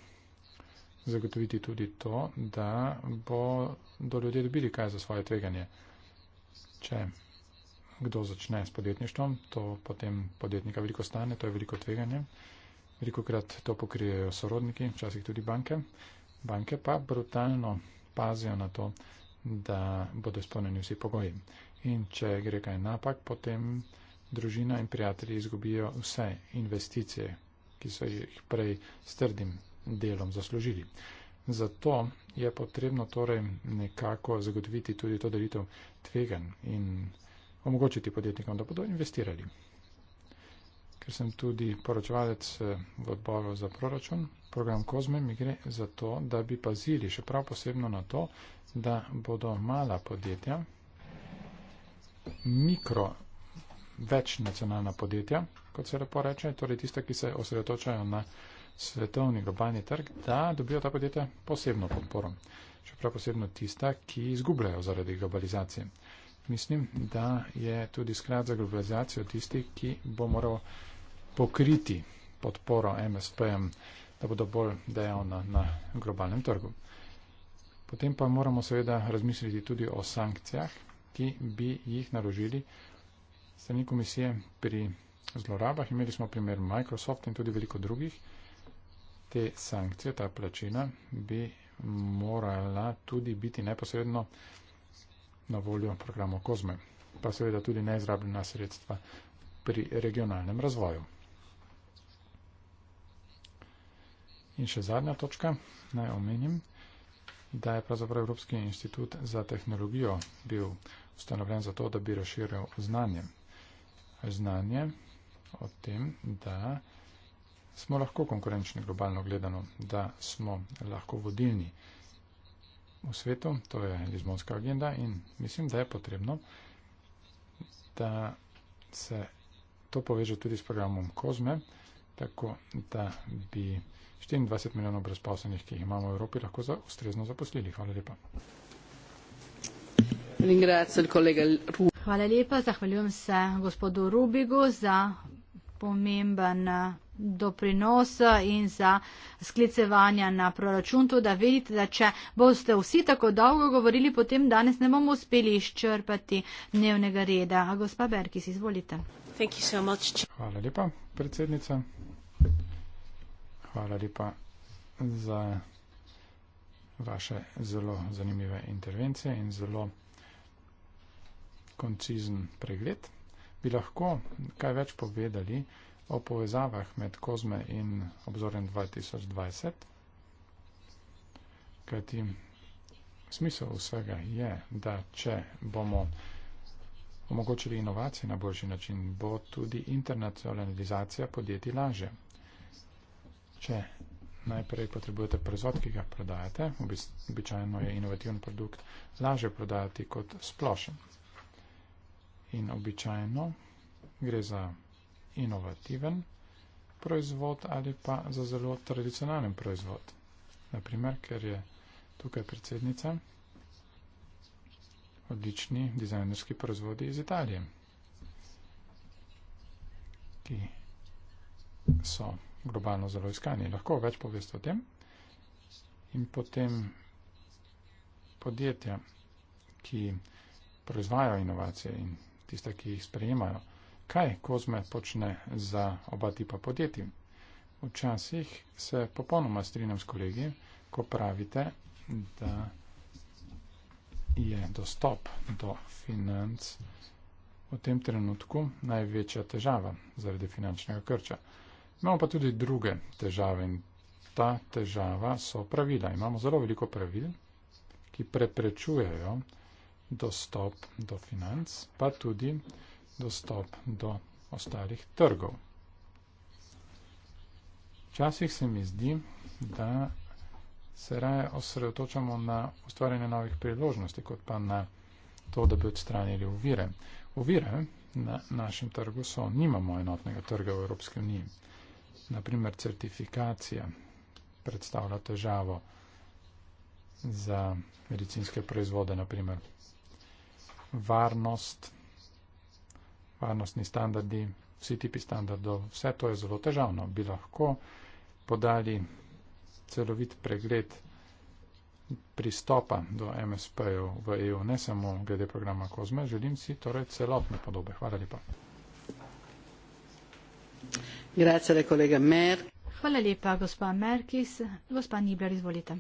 zagotoviti tudi to, da bodo ljudje dobili kaj za svoje tveganje. Če kdo začne s podjetništvom, to potem podjetnika veliko stane, to je veliko tveganje. Veliko krat to pokrijejo sorodniki, včasih tudi banke. Banke pa brutalno pazijo na to, da bodo izpolnjeni vsi pogoji. In če gre kaj napak, potem družina in prijatelji izgubijo vse investicije, ki so jih prej strdim delom zaslužili. Zato je potrebno torej nekako zagotoviti tudi to delitev tvegan in omogočiti podjetnikom, da bodo investirali. Ker sem tudi poročevalec eh, v odboru za proračun, program Kozme mi gre za to, da bi pazili še prav posebno na to, da bodo mala podjetja, mikro večnacionalna podjetja, kot se lepo reče, torej tiste, ki se osredotočajo na svetovni globalni trg, da dobijo ta podjetja posebno podporo. Čeprav posebno tista, ki izgubljajo zaradi globalizacije. Mislim, da je tudi sklad za globalizacijo tisti, ki bo moral pokriti podporo MSP-jem, da bodo bolj dejavna na globalnem trgu. Potem pa moramo seveda razmisliti tudi o sankcijah, ki bi jih naložili strani komisije pri zlorabah. Imeli smo primer Microsoft in tudi veliko drugih te sankcije, ta plačila, bi morala tudi biti neposredno na voljo programu Kozme, pa seveda tudi neizrabljena sredstva pri regionalnem razvoju. In še zadnja točka, naj omenim, da je pravzaprav Evropski inštitut za tehnologijo bil ustanovljen zato, da bi razširil znanje. Znanje o tem, da smo lahko konkurenčni globalno gledano, da smo lahko vodilni v svetu, to je Lizbonska agenda in mislim, da je potrebno, da se to poveže tudi s programom Kozme, tako da bi 24 milijonov brezposlenih, ki jih imamo v Evropi, lahko za ustrezno zaposlili. Hvala lepa. Hvala lepa, zahvaljujem se gospodu Rubigu za pomemben doprinosa in za sklicevanja na proračun. To, da vidite, da če boste vsi tako dolgo govorili, potem danes ne bomo uspeli izčrpati dnevnega reda. A gospa Berkis, izvolite. So much, Hvala lepa, predsednica. Hvala lepa za vaše zelo zanimive intervencije in zelo koncizen pregled. Bi lahko kaj več povedali? o povezavah med kozme in obzorjem 2020, kajti smisel vsega je, da če bomo omogočili inovacije na boljši način, bo tudi internacionalizacija podjetij laže. Če najprej potrebujete proizvod, ki ga prodajate, običajno je inovativen produkt laže prodajati kot splošen. In običajno gre za inovativen proizvod ali pa za zelo tradicionalen proizvod. Naprimer, ker je tukaj predsednica, odlični dizajnerski proizvodi iz Italije, ki so globalno zelo iskani. Lahko več poveste o tem. In potem podjetja, ki proizvajajo inovacije in tiste, ki jih sprejemajo kaj Kozme počne za oba tipa podjetij. Včasih se popolnoma strinjam s kolegi, ko pravite, da je dostop do financ v tem trenutku največja težava zaradi finančnega krča. Imamo pa tudi druge težave in ta težava so pravila. Imamo zelo veliko pravil, ki preprečujejo dostop do financ, pa tudi dostop do ostalih trgov. Včasih se mi zdi, da se raje osredotočamo na ustvarjanje novih priložnosti, kot pa na to, da bi odstranili uvire. Uvire na našem trgu so, nimamo enotnega trga v Evropski uniji. Naprimer, certifikacija predstavlja težavo za medicinske proizvode, naprimer varnost varnostni standardi, vsi tipi standardov, vse to je zelo težavno. Bi lahko podali celovit pregled pristopa do MSP-jev v EU, ne samo glede programa COSME, želim si torej celotne podobe. Hvala lepa. Hvala lepa, gospa Merkis. Gospa Nibler, izvolite.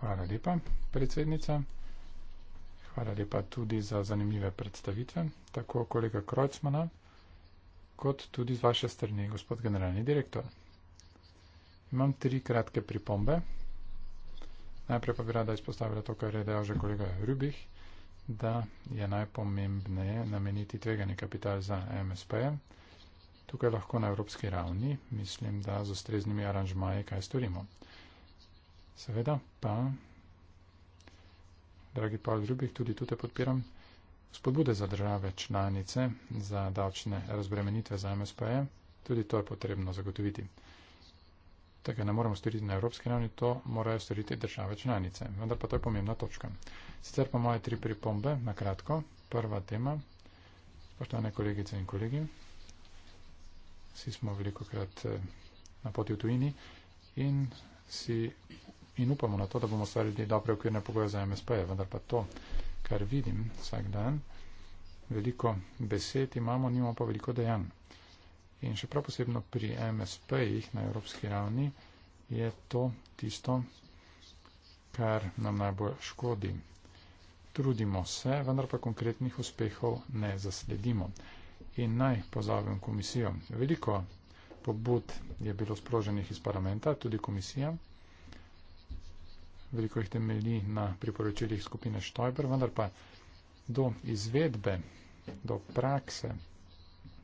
Hvala lepa, predsednica. Hvala lepa tudi za zanimive predstavitve, tako kolega Krojcmana, kot tudi z vaše strani, gospod generalni direktor. Imam tri kratke pripombe. Najprej pa bi rada izpostavila to, kar je dejal že kolega Rubih, da je najpomembneje nameniti tveganje kapital za MSP. Tukaj lahko na evropski ravni, mislim, da z ustreznimi aranžmaji kaj storimo. Seveda pa dragi pa drugi, tudi tu te podpiram. Spodbude za države članice, za davčne razbremenitve za MSPE, tudi to je potrebno zagotoviti. Tega ne moramo storiti na evropski ravni, to morajo storiti države članice. Vendar pa to je pomembna točka. Sicer pa moje tri pripombe, na kratko. Prva tema, spoštovane kolegice in kolegi, vsi smo veliko krat eh, na poti v tujini in si in upamo na to, da bomo ustvarili dobre okvirne pogoje za MSP-je, vendar pa to, kar vidim vsak dan, veliko besed imamo, nimamo pa veliko dejanj. In še prav posebno pri MSP-jih na evropski ravni je to tisto, kar nam najbolj škodi. Trudimo se, vendar pa konkretnih uspehov ne zasledimo. In naj pozovem komisijo. Veliko pobud je bilo sproženih iz parlamenta, tudi komisija veliko jih temelji na priporočilih skupine Štojber, vendar pa do izvedbe, do prakse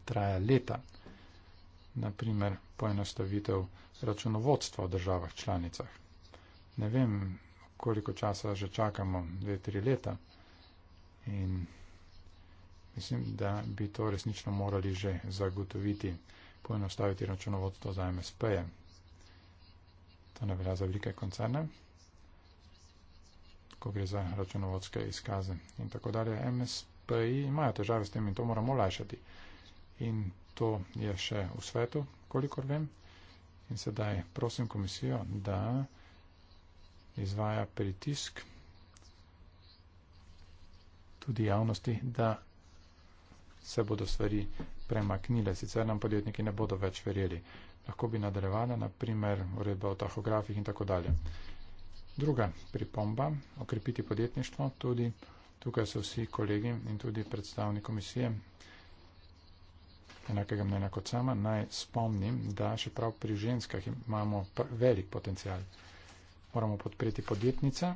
traja leta. Naprimer, poenostavitev računovodstva v državah članicah. Ne vem, koliko časa že čakamo, dve, tri leta. In mislim, da bi to resnično morali že zagotoviti, poenostaviti računovodstvo za MSP-je. To ne velja za velike koncerne ko gre za računovodske izkaze in tako dalje. MSPI imajo težave s tem in to moramo olajšati. In to je še v svetu, kolikor vem. In sedaj prosim komisijo, da izvaja pritisk tudi javnosti, da se bodo stvari premaknile, sicer nam podjetniki ne bodo več verjeli. Lahko bi nadaljevala, naprimer, uredba o tahografih in tako dalje. Druga pripomba, okrepiti podjetništvo, tudi tukaj so vsi kolegi in tudi predstavni komisije enakega mnenja kot sama, naj spomnim, da še prav pri ženskah imamo pr velik potencial. Moramo podpreti podjetnica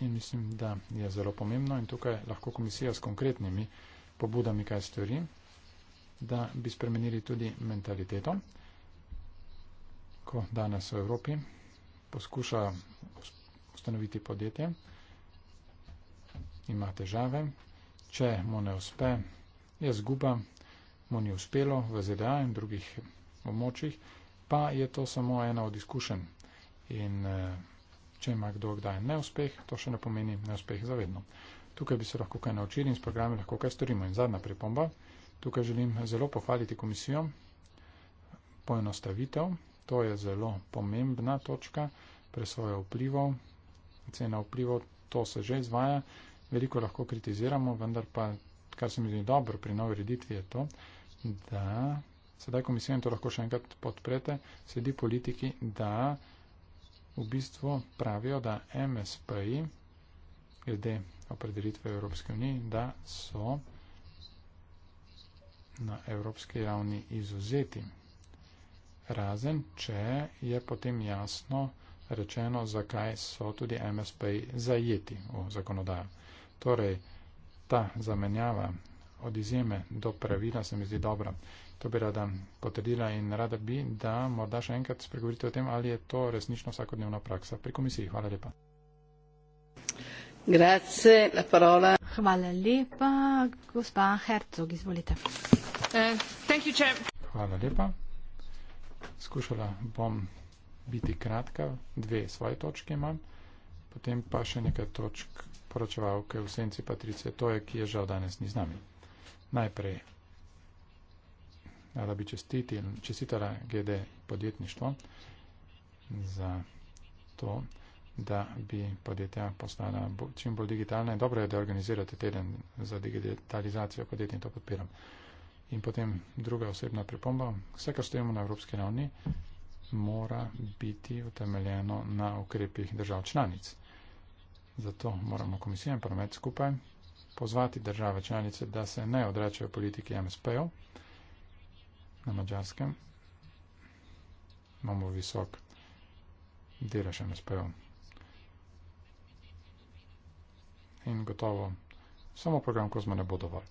in mislim, da je zelo pomembno in tukaj lahko komisija s konkretnimi pobudami kaj stori, da bi spremenili tudi mentaliteto, ko danes v Evropi poskuša ustanoviti podjetje, ima težave, če mu ne uspe, je zguba, mu ni uspelo v ZDA in drugih območjih, pa je to samo ena od izkušenj. In eh, če ima kdo kdaj neuspeh, to še ne pomeni neuspeh zavedno. Tukaj bi se lahko kaj naučili in s programi lahko kaj storimo. In zadnja pripomba, tukaj želim zelo pohvaliti komisijo poenostavitev. To je zelo pomembna točka presvoja vplivov cena vplivov, to se že izvaja, veliko lahko kritiziramo, vendar pa, kar se mi zdi dobro pri novi ureditvi, je to, da sedaj komisija in to lahko še enkrat podprete, sedi politiki, da v bistvu pravijo, da MSP-ji, glede opredelitve Evropske unije, da so na evropski ravni izuzeti. Razen, če je potem jasno, rečeno, zakaj so tudi MSP zajeti v zakonodajo. Torej, ta zamenjava od izjeme do pravila se mi zdi dobra. To bi rada potrdila in rada bi, da morda še enkrat spregovorite o tem, ali je to resnično vsakodnevna praksa pri komisiji. Hvala lepa. Grazie, la parola. Hvala lepa, gospa Hercog, izvolite. Uh, thank you, Hvala lepa. Skušala bom biti kratka, dve svoje točke imam, potem pa še nekaj točk poročevalke v senci Patrice, to je, ki je žal danes ni z nami. Najprej, rada bi čestiti, čestitala GD podjetništvo za to, da bi podjetja postala čim bolj digitalna in dobro je, da organizirate teden za digitalizacijo podjetij in to podpiram. In potem druga osebna pripomba, vse, kar stojimo na evropski ravni, mora biti utemeljeno na ukrepih držav članic. Zato moramo komisija in parlament skupaj pozvati države članice, da se ne odrečajo politiki MSP-ov na mačarskem. Imamo visok delež MSP-ov. In gotovo, samo program Kozma ne bo dovolj.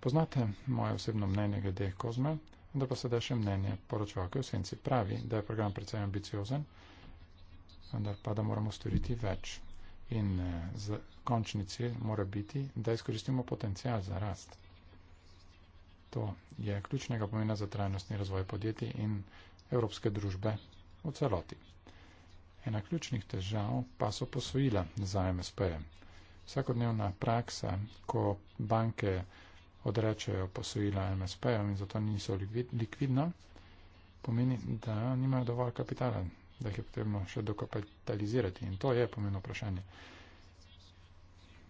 Poznate moje osebno mnenje glede Kozma da pa se da še mnenje poročevalke v senci. Pravi, da je program predvsej ambiciozen, vendar pa da moramo storiti več. In eh, z končni cilj mora biti, da izkoristimo potencial za rast. To je ključnega pomena za trajnostni razvoj podjetij in evropske družbe v celoti. Ena ključnih težav pa so posojila za MSP. Vsakodnevna praksa, ko banke odrečejo posojila MSP-jem in zato niso likvidna, pomeni, da nimajo dovolj kapitala, da jih je potrebno še dokapitalizirati. In to je pomeno vprašanje.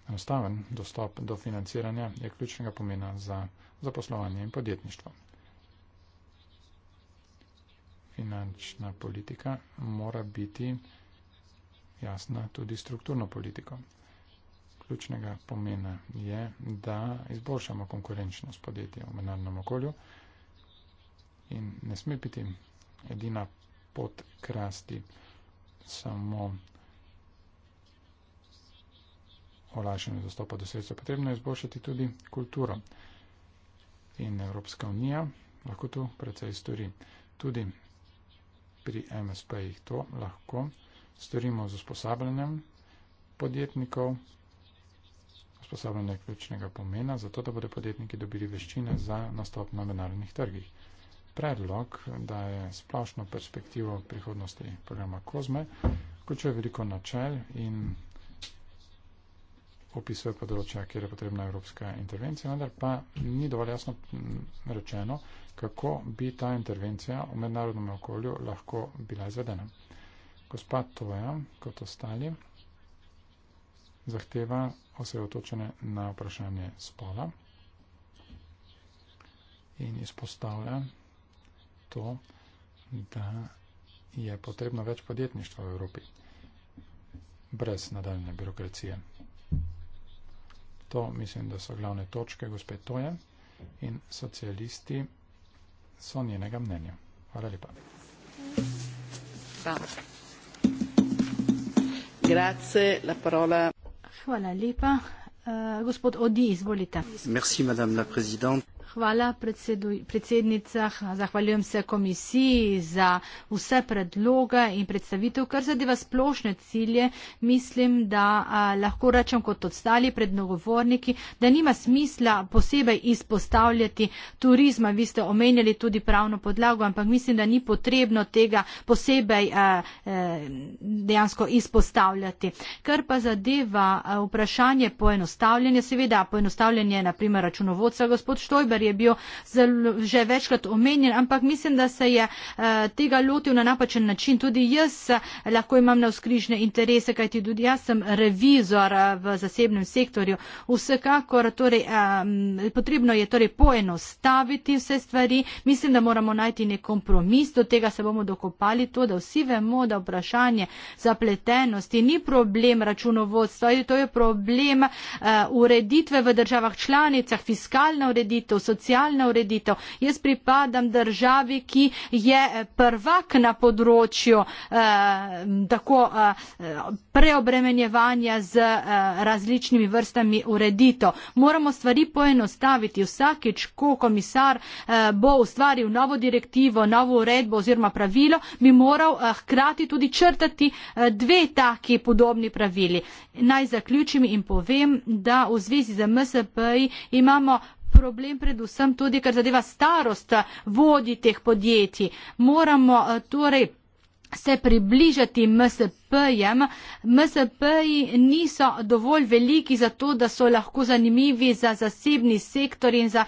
Enostaven dostop do financiranja je ključnega pomena za zaposlovanje in podjetništvo. Finančna politika mora biti jasna tudi strukturno politiko ključnega pomena je, da izboljšamo konkurenčnost podjetja v mednarodnem okolju in ne sme biti edina pot k rasti samo olajšanje dostopa do sredstva. Potrebno je izboljšati tudi kulturo in Evropska unija lahko tu precej stori. Tudi pri MSP jih to lahko storimo z usposabljanjem podjetnikov, usposabljanje ključnega pomena, zato da bodo podjetniki dobili veščine za nastop na mednarodnih trgih. Predlog daje splošno perspektivo prihodnosti programa Kozme, vključuje veliko načel in opisuje področja, kjer je potrebna evropska intervencija, vendar pa ni dovolj jasno rečeno, kako bi ta intervencija v mednarodnem okolju lahko bila izvedena. Gospod Toja, kot ostali, zahteva osredotočene na vprašanje spola in izpostavlja to, da je potrebno več podjetništva v Evropi brez nadaljne birokracije. To mislim, da so glavne točke gospe Toje in socialisti so njenega mnenja. Hvala lepa. Grazie, la parola. Hvala lepa. Uh, gospod Odi, izvolite. Merci, Hvala, predsednica. Zahvaljujem se komisiji za vse predloge in predstavitev. Kar zadeva splošne cilje, mislim, da a, lahko rečem kot ostali prednogovorniki, da nima smisla posebej izpostavljati turizma. Vi ste omenjali tudi pravno podlago, ampak mislim, da ni potrebno tega posebej a, a, e, dejansko izpostavljati. Kar pa zadeva a, vprašanje poenostavljanja, seveda poenostavljanje, naprimer računovodca, gospod Štojber, Gantar je bil zelo, že večkrat omenjen, ampak mislim, da se je eh, tega lotil na napačen način. Tudi jaz eh, lahko imam na vzkrižne interese, kajti tudi jaz sem revizor eh, v zasebnem sektorju. Vsekakor torej, potrebno je torej poenostaviti vse stvari. Mislim, da moramo najti nek kompromis, do tega se bomo dokopali to, da vsi vemo, da vprašanje zapletenosti ni problem računovodstva, to je problem ureditve v državah članicah, fiskalna ureditev, socialna ureditev. Jaz pripadam državi, ki je eh, prvak na področju eh, tako eh, preobremenjevanja z eh, različnimi vrstami ureditev. Moramo stvari poenostaviti. Vsakič, ko komisar eh, bo ustvaril novo direktivo, novo uredbo oziroma pravilo, bi moral eh, hkrati tudi črtati eh, dve taki podobni pravili. Naj zaključim in povem, da v zvezi z MSP imamo problem predvsem tudi, ker zadeva starost vodi teh podjetij. Moramo eh, torej se približati MSP-jem. MSP-ji niso dovolj veliki za to, da so lahko zanimivi za zasebni sektor in za,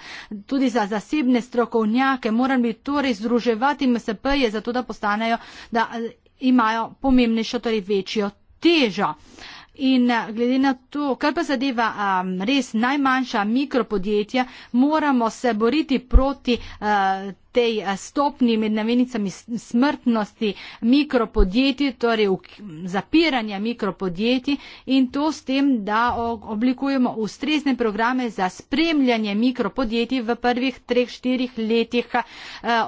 tudi za zasebne strokovnjake. Moram bi torej združevati MSP-je za to, da postanejo, da eh, imajo pomembnejšo, torej večjo težo. Uh, In eh, glede na to, kar pa zadeva um, res najmanjša mikropodjetja, moramo se boriti proti uh, tej eh, stopni med namenicami smrtnosti mikropodjetij, torej zapiranja mikropodjetij in to s tem, da oblikujemo ustrezne programe za spremljanje mikropodjetij v prvih treh, štirih letih eh,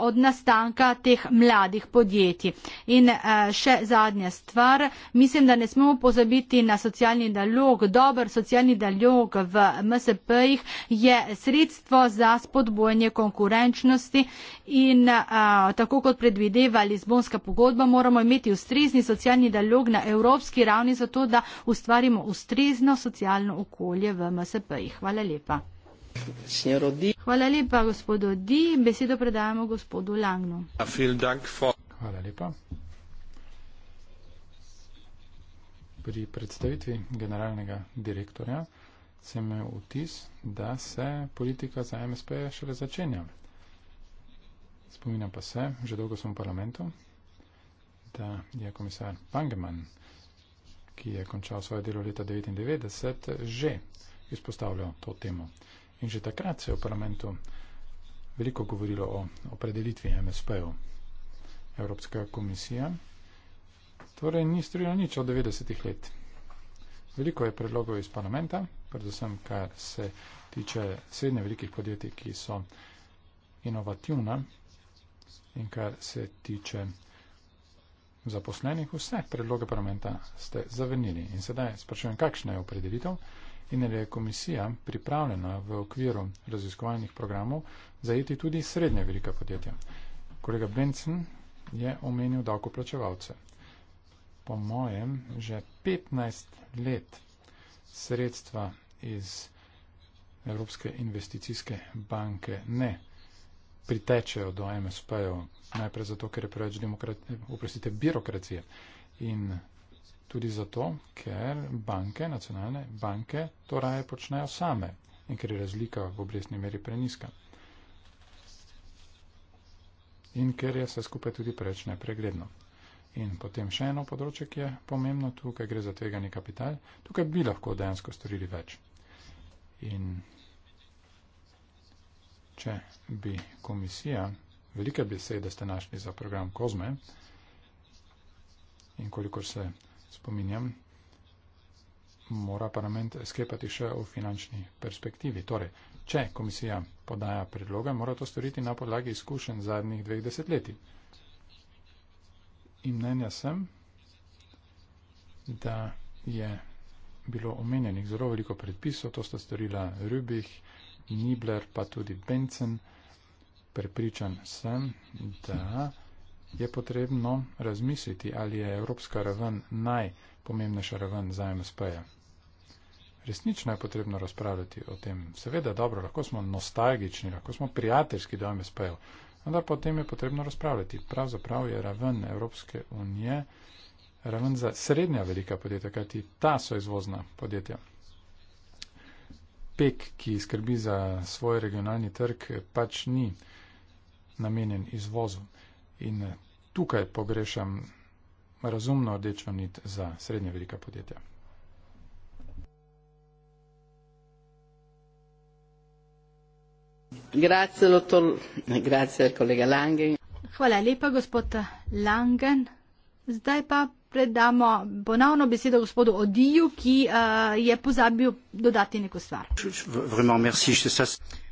od nastanka teh mladih podjetij. In eh, še zadnja stvar, mislim, da ne smemo pozabiti na socialni dialog. Dober socialni dialog v MSP-jih je sredstvo za spodbojanje konkurenčnosti in a, tako kot predvideva Lizbonska pogodba, moramo imeti ustrezni socialni dialog na evropski ravni, zato da ustvarimo ustrezno socialno okolje v MSP-jih. Hvala lepa. Hvala lepa, gospodu Di. Besedo predajamo gospodu Langnu. Ja, Hvala lepa. Pri predstavitvi generalnega direktorja sem imel vtis, da se politika za MSP šele začenja. Spominjam pa se, že dolgo sem v parlamentu, da je komisar Pangeman, ki je končal svoje delo leta 1999, že izpostavljal to temo. In že takrat se je v parlamentu veliko govorilo o opredelitvi MSP-ev. Evropska komisija torej ni strila nič od 90-ih let. Veliko je predlogov iz parlamenta, predvsem kar se tiče srednje velikih podjetij, ki so inovativna in kar se tiče zaposlenih, vse predloge parlamenta ste zavrnili. In sedaj sprašujem, kakšna je opredelitev in ali je komisija pripravljena v okviru raziskovalnih programov zajeti tudi srednje velika podjetja. Kolega Bencin je omenil davkoplačevalce. Po mojem, že 15 let sredstva iz Evropske investicijske banke ne pritečejo do MSP-jev, najprej zato, ker je preveč oprostite, birokracije in tudi zato, ker banke, nacionalne banke, to raje počnejo same in ker je razlika v obresni meri preniska. In ker je vse skupaj tudi preveč nepregledno. In potem še eno področje, ki je pomembno, tukaj gre za tvegani kapital, tukaj bi lahko dejansko storili več. In če bi komisija, velike besede ste našli za program Kozme in kolikor se spominjam, mora parlament sklepati še o finančni perspektivi. Torej, če komisija podaja predloge, mora to storiti na podlagi izkušenj zadnjih dveh desetletij. In mnenja sem, da je bilo omenjenih zelo veliko predpisov, to sta storila Rübih, Nibler pa tudi Bencen. Prepričan sem, da je potrebno razmisliti, ali je evropska raven najpomembnejša raven za MSP-je. Resnično je potrebno razpravljati o tem. Seveda, dobro, lahko smo nostalgični, lahko smo prijateljski do MSP-jev, vendar pa o tem je potrebno razpravljati. Pravzaprav je raven Evropske unije raven za srednja velika podjetja, kajti ta so izvozna podjetja pek, ki skrbi za svoj regionalni trg, pač ni namenjen izvozu. In tukaj pogrešam razumno rdečo nit za srednje velika podjetja. Grazie, dottor. Grazie, collega Langen. Hvala lepa, gospod Langen. Zdaj pa predamo ponovno besedo gospodu Odiju, ki uh, je pozabil dodati neko stvar.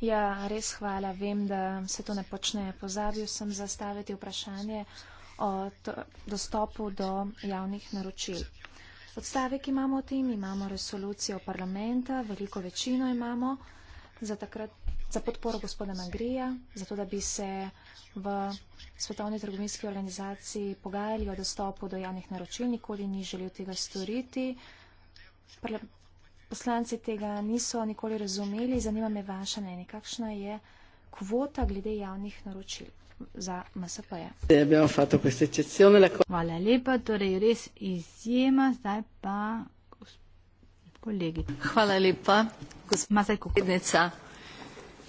Ja, res hvala. Vem, da se to ne počne. Pozabil sem zastaviti vprašanje o dostopu do javnih naročil. Odstavek imamo o tem, imamo resolucijo parlamenta, veliko večino imamo za, takrat, za podporo gospoda Magrija, zato da bi se v svetovni trgovinski organizaciji pogajali o dostopu do javnih naročil, nikoli ni želel tega storiti. Poslanci tega niso nikoli razumeli, zanima me vaša mnenje, kakšna je kvota glede javnih naročil za MSP-je. Hvala lepa, torej res izjema, zdaj pa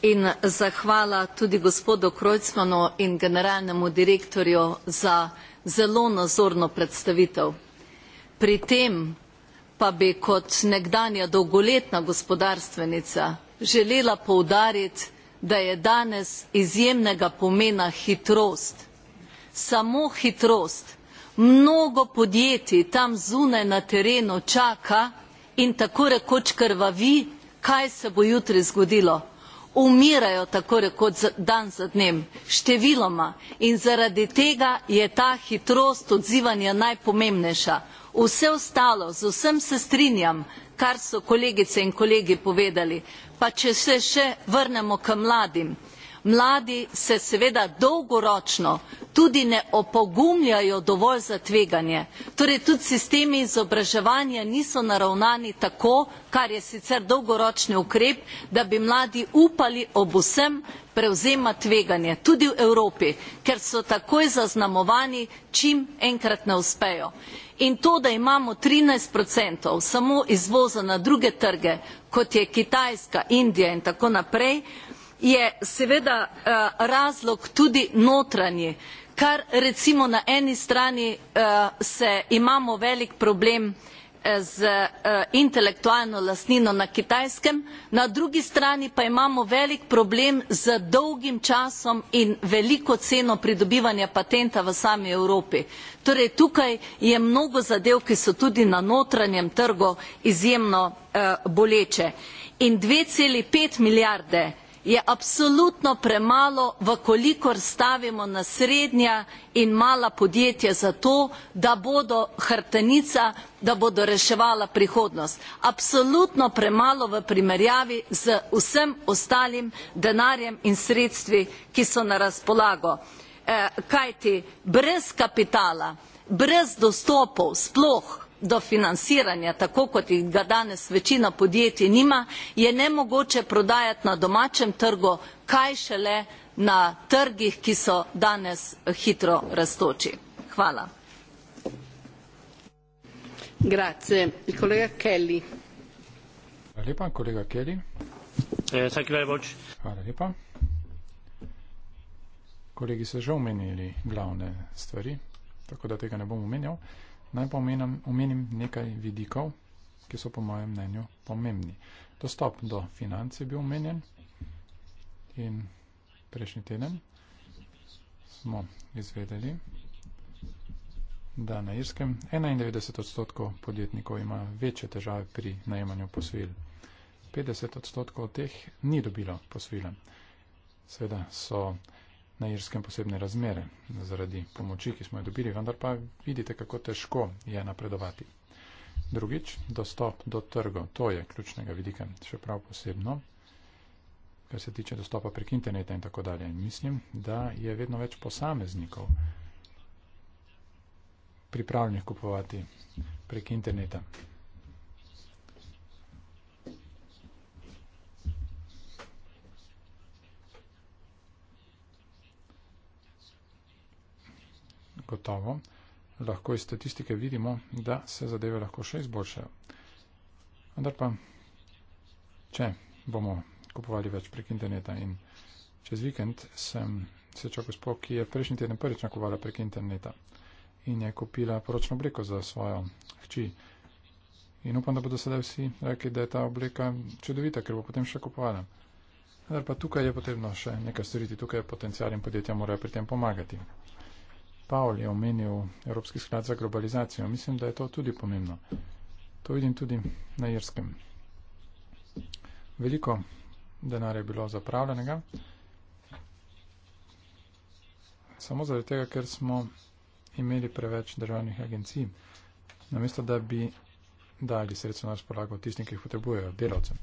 in zahvala tudi gospodu Kreutzmannu in generalnemu direktorju za zelo nazorno predstavitev. Pri tem pa bi kot nekdanja dolgoletna gospodarstvenica želela poudariti, da je danes izjemnega pomena hitrost. Samo hitrost. Mnogo podjetij tam zunaj na terenu čaka, da se ta zakon začne uveljavljati in tako rekoč krvavi kaj se bo jutri zgodilo umirajo tako rekoč dan za dnem številoma in zaradi tega je ta hitrost odzivanja najpomembnejša vse ostalo z vsem se strinjam kar so kolegice in kolegi povedali pa če se še vrnemo k mladim mladi se seveda dolgoročno tudi ne opogumljajo dovolj za tveganje torej tudi sistemi izobraževanja niso naravnani tako kar je sicer dolgoročni ukrep da bi mladi upali ob vsem prevzema tveganje tudi v Evropi ker so takoj zaznamovani čim enkrat ne uspejo in to da imamo trinajst procentov samo izvoza na druge trge kot je kitajska indija in tako naprej je seveda eh, razlog tudi notranji. Kar recimo na eni strani eh, se imamo velik problem eh, z intelektualno lastnino na kitajskem, na drugi strani pa imamo velik problem z dolgim časom in veliko ceno pridobivanja patenta v sami Evropi. Torej tukaj je mnogo zadev, ki so tudi na notranjem trgu izjemno boleče. In 2,5 milijarde je absolutno premalo, vkolikor stavimo na srednja in mala podjetja zato, da bodo hrtenica, da bodo reševala prihodnost. Absolutno premalo v primerjavi z vsem ostalim denarjem in sredstvi, ki so na razpolago. Eh, kajti brez kapitala, brez dostopov sploh do financiranja, tako kot jih ga danes večina podjetij nima, je nemogoče prodajati na domačem trgu, kaj šele na trgih, ki so danes eh, hitro raztoči. Hvala. Grazie. Kolega Kelly. Hvala lepa, kolega Kelly. Eh, thank you very much. Hvala lepa. Kolegi so že omenili glavne stvari, tako da tega ne bom omenjal. Naj pa omenim, omenim nekaj vidikov, ki so po mojem mnenju pomembni. Dostop do financ je bil omenjen in prejšnji teden smo izvedeli, da na Irskem 91 odstotkov podjetnikov ima večje težave pri najemanju posvil. 50 odstotkov teh ni dobilo posvila. Seveda so na Irskem posebne razmere zaradi pomoči, ki smo jo dobili, vendar pa vidite, kako težko je napredovati. Drugič, dostop do trgov, to je ključnega vidika, še prav posebno, kar se tiče dostopa prek interneta in tako dalje. Mislim, da je vedno več posameznikov pripravljenih kupovati prek interneta. gotovo lahko iz statistike vidimo, da se zadeve lahko še izboljšajo. Vendar pa, če bomo kupovali več prek interneta in čez vikend sem se čak gospod, ki je prejšnji teden prvič nakovala prek interneta in je kupila poročno obleko za svojo hči. In upam, da bodo sedaj vsi rekli, da je ta obleka čudovita, ker bo potem še kupovala. Vendar pa tukaj je potrebno še nekaj storiti, tukaj je potencial in podjetja morajo pri tem pomagati. Pavel je omenil Evropski sklad za globalizacijo. Mislim, da je to tudi pomembno. To vidim tudi na Irskem. Veliko denarja je bilo zapravljenega. Samo zaradi tega, ker smo imeli preveč državnih agencij, namesto da bi dali sredstvo na razpolago tistim, ki jih potrebujejo, delavcem.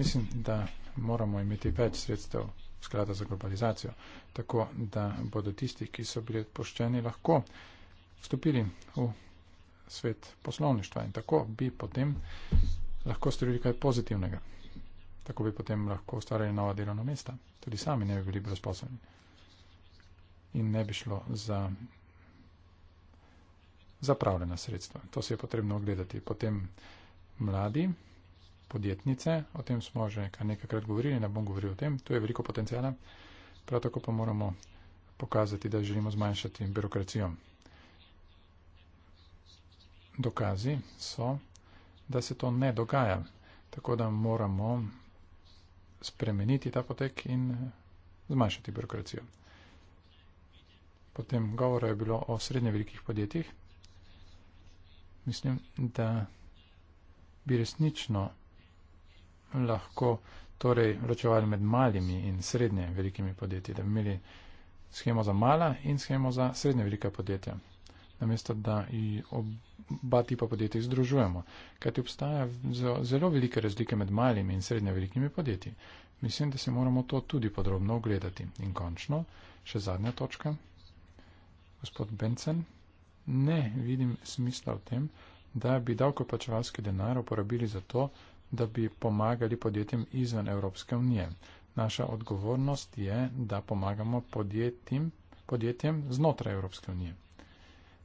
Mislim, da moramo imeti več sredstev sklada za globalizacijo. Tako da bodo tisti, ki so bili odpoščeni, lahko vstopili v svet poslovništva in tako bi potem lahko storili kaj pozitivnega. Tako bi potem lahko ustvarjali nova delovna mesta. Tudi sami ne bi bili brezposobni. In ne bi šlo za zapravljena sredstva. To se je potrebno ogledati. Potem mladi podjetnice, o tem smo že nekajkrat govorili, ne bom govoril o tem, tu je veliko potencijala, prav tako pa moramo pokazati, da želimo zmanjšati birokracijo. Dokazi so, da se to ne dogaja, tako da moramo spremeniti ta potek in zmanjšati birokracijo. Potem govora je bilo o srednje velikih podjetjih. Mislim, da bi resnično lahko torej ločevali med malimi in srednje velikimi podjetji, da bi imeli schemo za mala in schemo za srednje velike podjetja, namesto da jih oba tipa podjetij združujemo. Kajti obstaja zelo velike razlike med malimi in srednje velikimi podjetji. Mislim, da se moramo to tudi podrobno ogledati. In končno, še zadnja točka. Gospod Bencen, ne vidim smisla v tem, da bi davkoplačevalski denar uporabili za to, da bi pomagali podjetjem izven Evropske unije. Naša odgovornost je, da pomagamo podjetjem, podjetjem znotraj Evropske unije,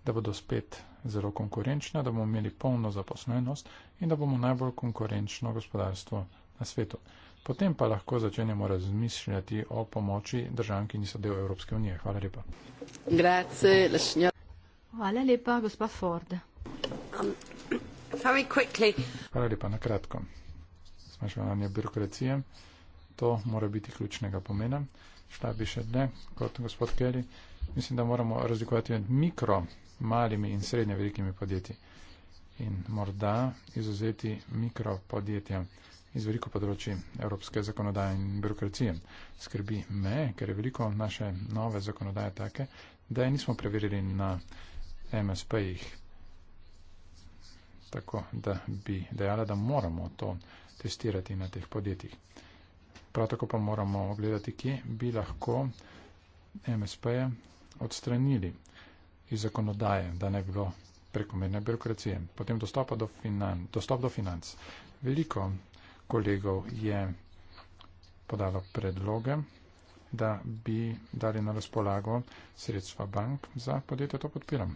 da bodo spet zelo konkurenčna, da bomo imeli polno zaposlenost in da bomo najbolj konkurenčno gospodarstvo na svetu. Potem pa lahko začenjamo razmišljati o pomoči državam, ki niso del Evropske unije. Hvala lepa. Grazie, Hvala lepa, gospod Ford. Um, Hvala lepa na kratko. Zmanjševanje birokracije, to mora biti ključnega pomena. Šla bi še dne, kot gospod Kelly. Mislim, da moramo razlikovati med mikro, malimi in srednje velikimi podjetji. In morda izuzeti mikro podjetja iz veliko področji evropske zakonodaje in birokracije. Skrbi me, ker je veliko naše nove zakonodaje take, da je nismo preverili na MSP-jih tako da bi dejala, da moramo to testirati na teh podjetjih. Prav tako pa moramo gledati, kje bi lahko MSP-je odstranili iz zakonodaje, da ne bi bilo prekomerne birokracije. Potem do finan, dostop do financ. Veliko kolegov je podalo predloge, da bi dali na razpolago sredstva bank za podjetje. To podpiram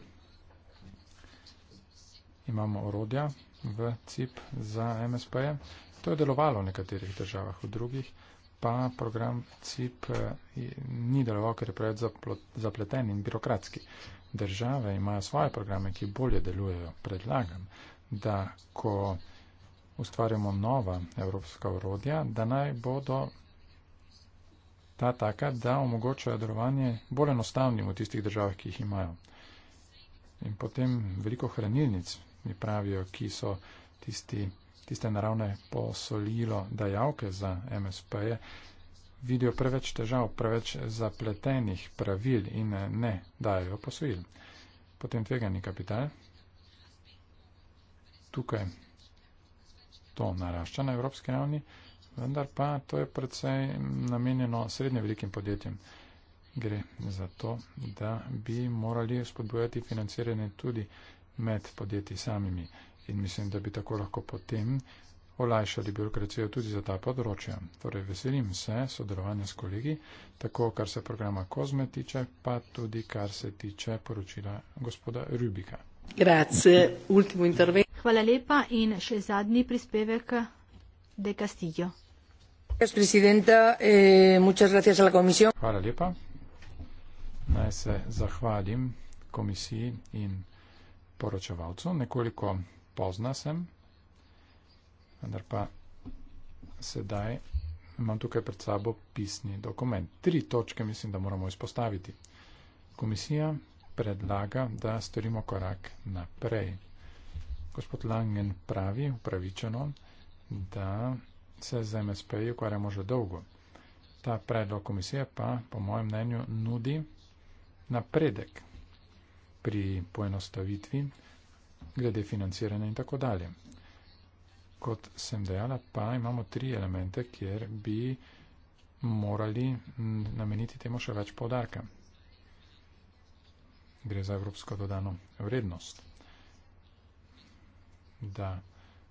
imamo orodja v CIP za MSP-je. To je delovalo v nekaterih državah, v drugih pa program CIP eh, ni deloval, ker je preveč zapleten in birokratski. Države imajo svoje programe, ki bolje delujejo. Predlagam, da ko ustvarjamo nova evropska urodja, da naj bodo ta taka, da omogočajo delovanje bolj enostavnim v tistih državah, ki jih imajo. In potem veliko hranilnic mi pravijo, ki so tisti, tiste naravne posolilo dajavke za MSP-je, vidijo preveč težav, preveč zapletenih pravil in ne dajajo posojil. Potem tvegani kapital. Tukaj to narašča na evropski ravni, vendar pa to je predvsej namenjeno srednje velikim podjetjem. Gre za to, da bi morali spodbujati financiranje tudi med podjetji samimi. In mislim, da bi tako lahko potem olajšali birokracijo tudi za ta področja. Torej, veselim se sodelovanja s kolegi, tako kar se programa Kozme tiče, pa tudi kar se tiče poročila gospoda Rubika. Grazie, ultimo intervento. Hvala lepa in še zadnji prispevek De Castillo. Eh, Hvala lepa. Naj se zahvalim komisiji in poročevalcev, nekoliko pozna sem, vendar pa sedaj imam tukaj pred sabo pisni dokument. Tri točke mislim, da moramo izpostaviti. Komisija predlaga, da storimo korak naprej. Gospod Langen pravi upravičeno, da se z MSP-ji ukvarjamo že dolgo. Ta predlog komisije pa, po mojem mnenju, nudi napredek pri poenostavitvi, glede financiranja in tako dalje. Kot sem dejala, pa imamo tri elemente, kjer bi morali nameniti temu še več podarka. Gre za evropsko dodano vrednost, da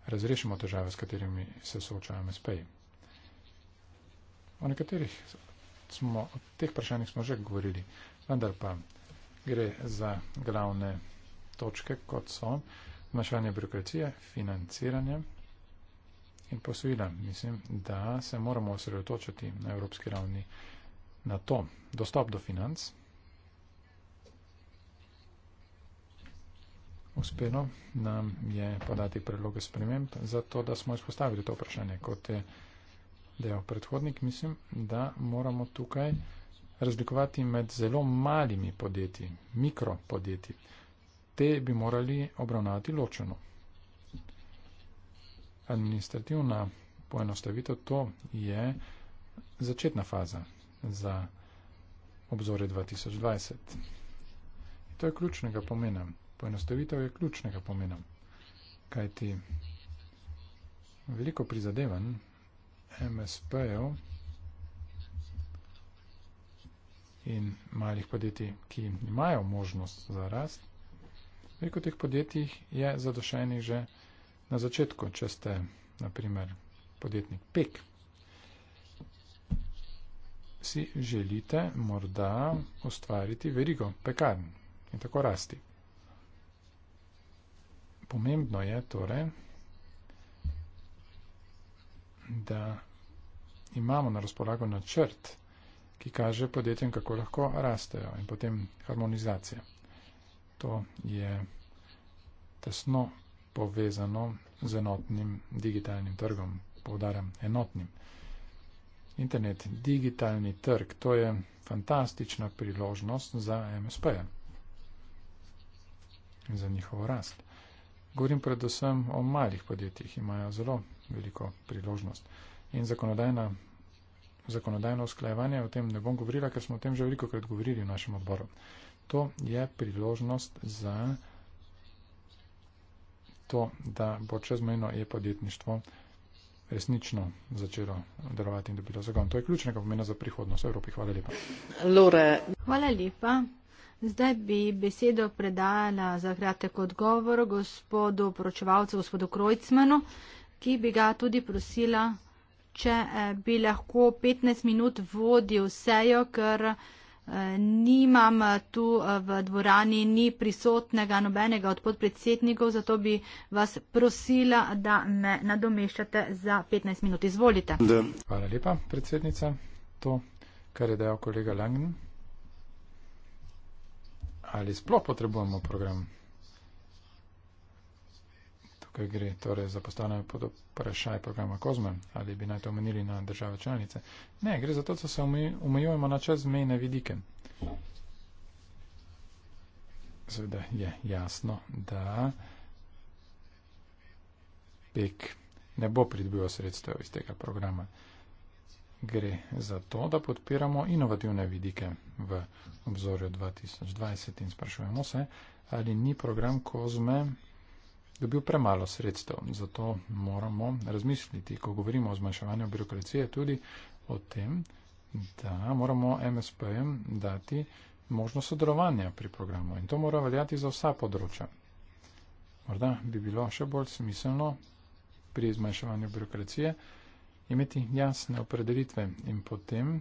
razrešimo težave, s katerimi se soočajo MSP-ji. O nekaterih smo, o teh vprašanjih smo že govorili, vendar pa gre za glavne točke, kot so vmešavanje birokracije, financiranje in posojila. Mislim, da se moramo osredotočiti na evropski ravni na to. Dostop do financ. Uspelo nam je podati predloge sprememb, zato da smo izpostavili to vprašanje, kot je dejal predhodnik. Mislim, da moramo tukaj razlikovati med zelo malimi podjetji, mikropodjetji. Te bi morali obravnati ločeno. Administrativna poenostavitev to je začetna faza za obzore 2020. To je ključnega pomena. Poenostavitev je ključnega pomena. Kajti veliko prizadevanj MSP-jev in malih podjetij, ki imajo možnost za rast. Veliko teh podjetij je zadošenih že na začetku, če ste, naprimer, podjetnik PEK. Si želite morda ustvariti verigo pekarn in tako rasti. Pomembno je torej, da imamo na razpolago načrt, ki kaže podjetjem, kako lahko rastejo in potem harmonizacija. To je tesno povezano z enotnim digitalnim trgom, povdarjam, enotnim. Internet, digitalni trg, to je fantastična priložnost za MSP-je in za njihovo rast. Govorim predvsem o malih podjetjih, imajo zelo veliko priložnost. In zakonodajna zakonodajno usklajevanje, o tem ne bom govorila, ker smo o tem že veliko krat govorili v našem odboru. To je priložnost za to, da bo čezmejno e-podjetništvo resnično začelo delovati in dobilo zagon. To je ključnega pomena za prihodnost Evropi. Hvala lepa. Lore. Hvala lepa. Zdaj bi besedo predala za kratek odgovor gospodu poročevalcu, gospodu Krojcmanu, ki bi ga tudi prosila če eh, bi lahko 15 minut vodil sejo, ker eh, nimam eh, tu v dvorani ni prisotnega nobenega od podpredsednikov, zato bi vas prosila, da me nadomeščate za 15 minut. Izvolite. Hvala lepa, predsednica. To, kar je dejal kolega Langen. Ali sploh potrebujemo program? tukaj gre torej za postavljanje pod vprašaj programa Kozme, ali bi naj to omenili na države članice. Ne, gre za to, da se omejujemo na čezmejne vidike. Seveda je jasno, da PEK ne bo pridobil sredstev iz tega programa. Gre za to, da podpiramo inovativne vidike v obzorju 2020 in sprašujemo se, ali ni program Kozme dobil premalo sredstev. Zato moramo razmisliti, ko govorimo o zmanjševanju birokracije, tudi o tem, da moramo MSP-jem dati možnost sodelovanja pri programu. In to mora veljati za vsa področja. Morda bi bilo še bolj smiselno pri zmanjševanju birokracije imeti jasne opredelitve in potem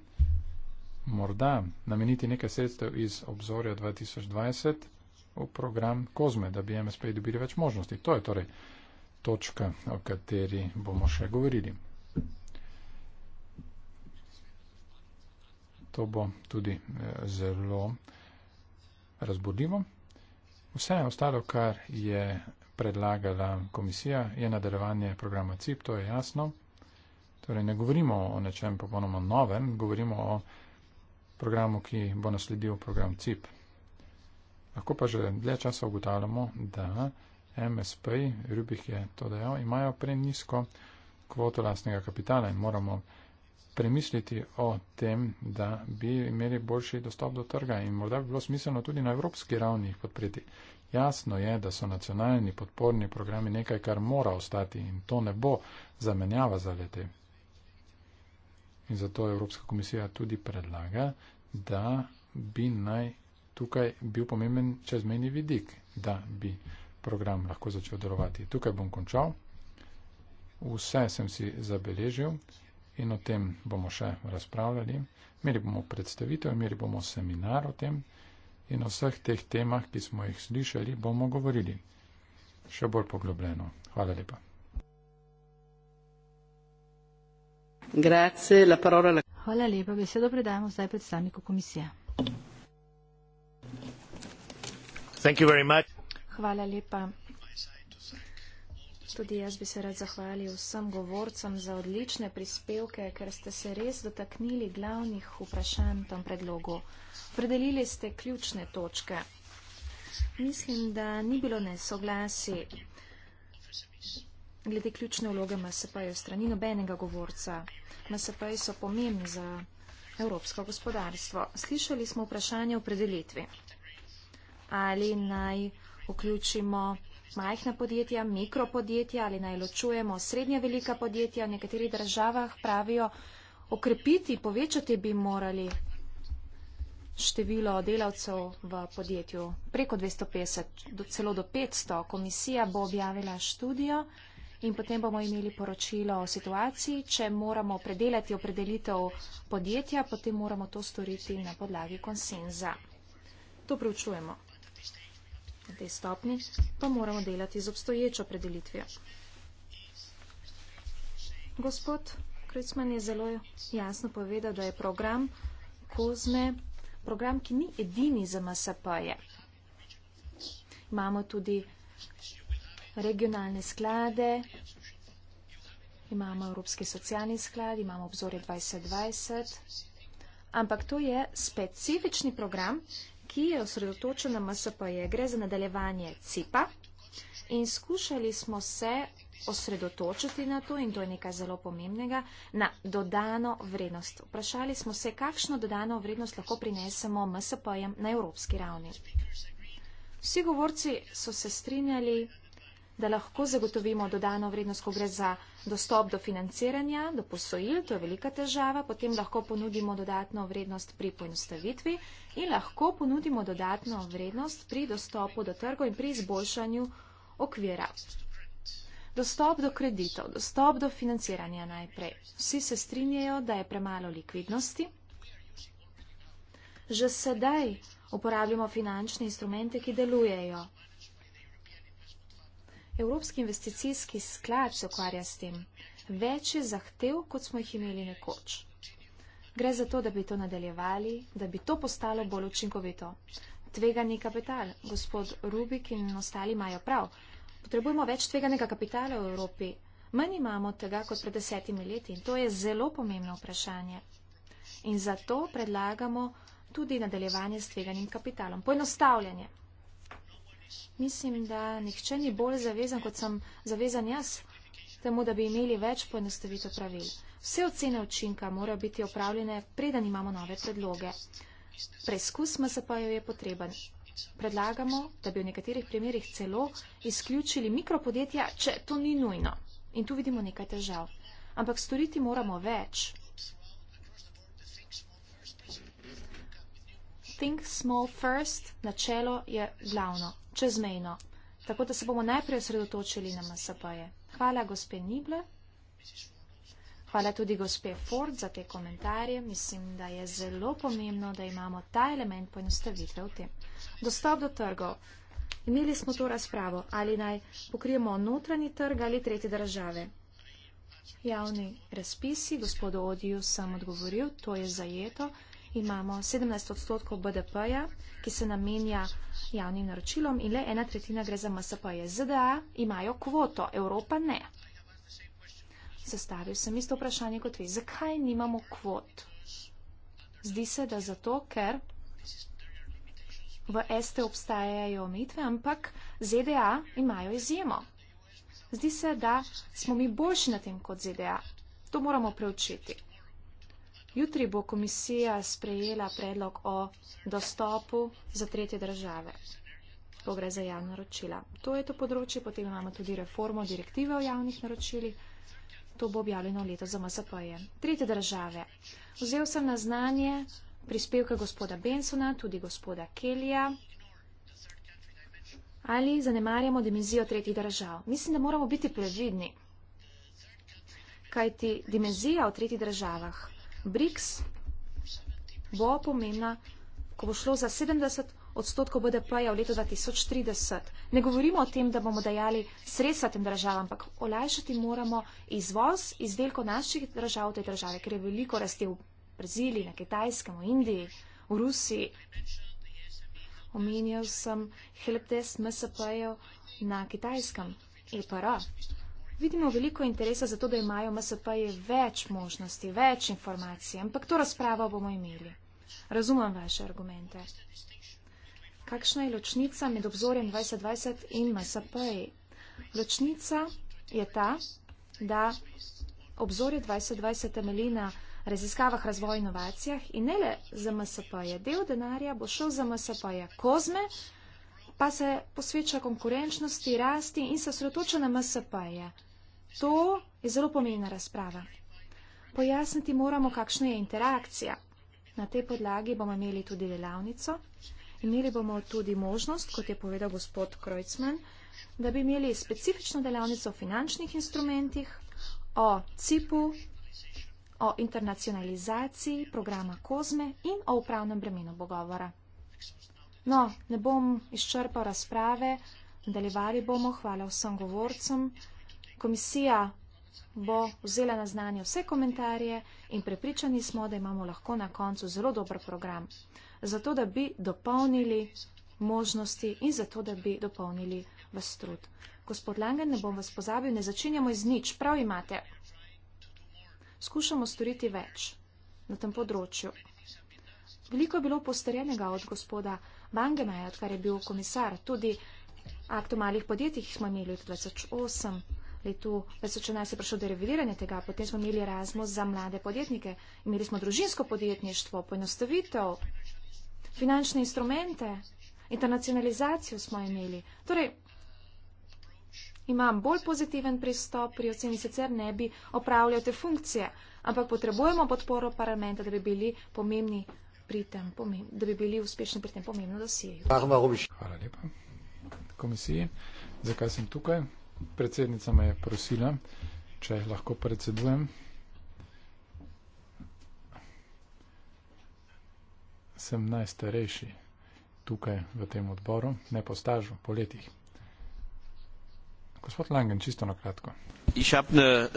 morda nameniti nekaj sredstev iz obzorja 2020 v program Kozme, da bi MSP dobili več možnosti. To je torej točka, o kateri bomo še govorili. To bo tudi eh, zelo razbudljivo. Vse ostalo, kar je predlagala komisija, je nadaljevanje programa CIP, to je jasno. Torej ne govorimo o nečem popolnoma novem, govorimo o programu, ki bo nasledil program CIP. Lahko pa že dlje časa ugotavljamo, da MSP, Rubik je to dejal, imajo prenisko kvoto lastnega kapitala in moramo premisliti o tem, da bi imeli boljši dostop do trga in morda bi bilo smiselno tudi na evropski ravni podpreti. Jasno je, da so nacionalni podporni programi nekaj, kar mora ostati in to ne bo zamenjava za lete. In zato Evropska komisija tudi predlaga, da bi naj tukaj bil pomemben čezmeni vidik, da bi program lahko začel delovati. Tukaj bom končal. Vse sem si zabeležil in o tem bomo še razpravljali. Imeli bomo predstavitev, imeli bomo seminar o tem in o vseh teh temah, ki smo jih slišali, bomo govorili še bolj poglobljeno. Hvala lepa. Grazie, la parola... Hvala lepa, besedo predajamo zdaj predstavniku komisije. Hvala lepa. Tudi jaz bi se rad zahvalil vsem govorcem za odlične prispevke, ker ste se res dotaknili glavnih vprašanj tam predlogu. Predelili ste ključne točke. Mislim, da ni bilo nesoglasi glede ključne vloge MSP-jev strani nobenega govorca. MSP-ji so pomembni za evropsko gospodarstvo. Slišali smo vprašanje o predelitvi ali naj vključimo majhna podjetja, mikropodjetja ali naj ločujemo srednja velika podjetja. V nekaterih državah pravijo, okrepiti, povečati bi morali število delavcev v podjetju preko 250, do, celo do 500. Komisija bo objavila študijo in potem bomo imeli poročilo o situaciji. Če moramo predelati opredelitev podjetja, potem moramo to storiti na podlagi konsenza. To preučujemo. Na tej stopni pa moramo delati z obstoječo predelitvijo. Gospod Kreutzmann je zelo jasno povedal, da je program Kozme program, ki ni edini za MSP-je. Imamo tudi regionalne sklade, imamo Evropski socialni sklad, imamo obzorje 2020, ampak to je specifični program, ki je osredotočen na MSP-je. Gre za nadaljevanje CIPA in skušali smo se osredotočiti na to, in to je nekaj zelo pomembnega, na dodano vrednost. Vprašali smo se, kakšno dodano vrednost lahko prinesemo MSP-jem na evropski ravni. Vsi govorci so se strinjali, da lahko zagotovimo dodano vrednost, ko gre za dostop do financiranja, do posojil, to je velika težava, potem lahko ponudimo dodatno vrednost pri poenostavitvi in lahko ponudimo dodatno vrednost pri dostopu do trgov in pri izboljšanju okvira. Dostop do kreditov, dostop do financiranja najprej. Vsi se strinjajo, da je premalo likvidnosti. Že sedaj uporabljamo finančne instrumente, ki delujejo. Evropski investicijski sklad se ukvarja s tem. Večji zahtev, kot smo jih imeli nekoč. Gre za to, da bi to nadaljevali, da bi to postalo bolj učinkovito. Tveganje kapital. Gospod Rubik in ostali imajo prav. Potrebujemo več tveganega kapitala v Evropi. Manj imamo tega kot pred desetimi leti in to je zelo pomembno vprašanje. In zato predlagamo tudi nadaljevanje s tveganim kapitalom. Poenostavljanje. Mislim, da nihče ni bolj zavezan, kot sem zavezan jaz, temu, da bi imeli več poenostavitev pravil. Vse ocene učinka morajo biti opravljene, preden imamo nove predloge. Preizkus MSP je potreben. Predlagamo, da bi v nekaterih primerjih celo izključili mikropodjetja, če to ni nujno. In tu vidimo nekaj težav. Ampak storiti moramo več. Think small first, načelo je glavno čezmejno. Tako da se bomo najprej osredotočili na MSP-je. Hvala, gospe Nible. Hvala tudi gospe Ford za te komentarje. Mislim, da je zelo pomembno, da imamo ta element poenostavitve v tem. Dostop do trgov. Imeli smo to razpravo, ali naj pokrijemo notranji trg ali tretje države. Javni razpisi, gospodu Odiju sem odgovoril, to je zajeto imamo 17 odstotkov BDP-ja, ki se namenja javnim naročilom in le ena tretjina gre za MSP-je. ZDA imajo kvoto, Evropa ne. Zastavil sem isto vprašanje kot vi. Zakaj nimamo kvot? Zdi se, da zato, ker v ST obstajajo omejitve, ampak ZDA imajo izjemo. Zdi se, da smo mi boljši na tem kot ZDA. To moramo preučiti. Jutri bo komisija sprejela predlog o dostopu za tretje države. To gre za javna naročila. To je to področje, potem imamo tudi reformo direktive o javnih naročilih. To bo objavljeno leto za MSP-je. Tretje države. Vzel sem na znanje prispevke gospoda Bensona, tudi gospoda Kelija. Ali zanemarjamo dimenzijo tretjih držav? Mislim, da moramo biti previdni. Kajti dimenzija v tretjih državah BRICS bo pomembna, ko bo šlo za 70 odstotkov BDP-ja v letu 2030. Ne govorimo o tem, da bomo dajali sredstva tem državam, ampak olajšati moramo izvoz izdelkov naših držav v tej državi, ker je veliko rasti v Braziliji, na Kitajskem, v Indiji, v Rusiji. Omenil sem helpdesk MSP-jev na Kitajskem, EPR. Vidimo veliko interesa za to, da imajo MSP-ji več možnosti, več informacij, ampak to razpravo bomo imeli. Razumem vaše argumente. Kakšna je ločnica med obzorjem 2020 in MSP-ji? Ločnica je ta, da obzorje 2020 temelji na raziskavah razvoja in inovacijah in ne le za MSP-je. Del denarja bo šel za MSP-je kozme, pa se posveča konkurenčnosti, rasti in se osredotoča na MSP-je. To je zelo pomembna razprava. Pojasniti moramo, kakšna je interakcija. Na tej podlagi bomo imeli tudi delavnico. Imeli bomo tudi možnost, kot je povedal gospod Krojcman, da bi imeli specifično delavnico o finančnih instrumentih, o CIP-u, o internacionalizaciji programa COSME in o upravnem bremenu pogovora. No, ne bom izčrpal razprave, nadaljevali bomo, hvala vsem govorcem. Komisija bo vzela na znanje vse komentarje in prepričani smo, da imamo lahko na koncu zelo dober program, zato da bi dopolnili možnosti in zato da bi dopolnili vas trud. Gospod Langen, ne bom vas pozabil, ne začenjamo iz nič, prav imate. Skušamo storiti več na tem področju. Veliko je bilo postarjenega od gospoda Bangemaja, odkar je bil komisar, tudi akt o malih podjetjih smo imeli v 2008 letu 2011 prišlo do reviranja tega, potem smo imeli Erasmus za mlade podjetnike, imeli smo družinsko podjetništvo, poenostavitev, finančne instrumente, internacionalizacijo smo imeli. Torej, imam bolj pozitiven pristop pri oceni, sicer ne bi opravljal te funkcije, ampak potrebujemo podporo parlamenta, da bi bili pomembni pri tem, da bi bili uspešni pri tem pomembnem dosjeju. Hvala lepa. Komisiji, zakaj sem tukaj? predsednica me je prosila, če lahko predsedujem. Sem najstarejši tukaj v tem odboru, ne po stažu, po letih. Gospod Langen, čisto na kratko. Ne...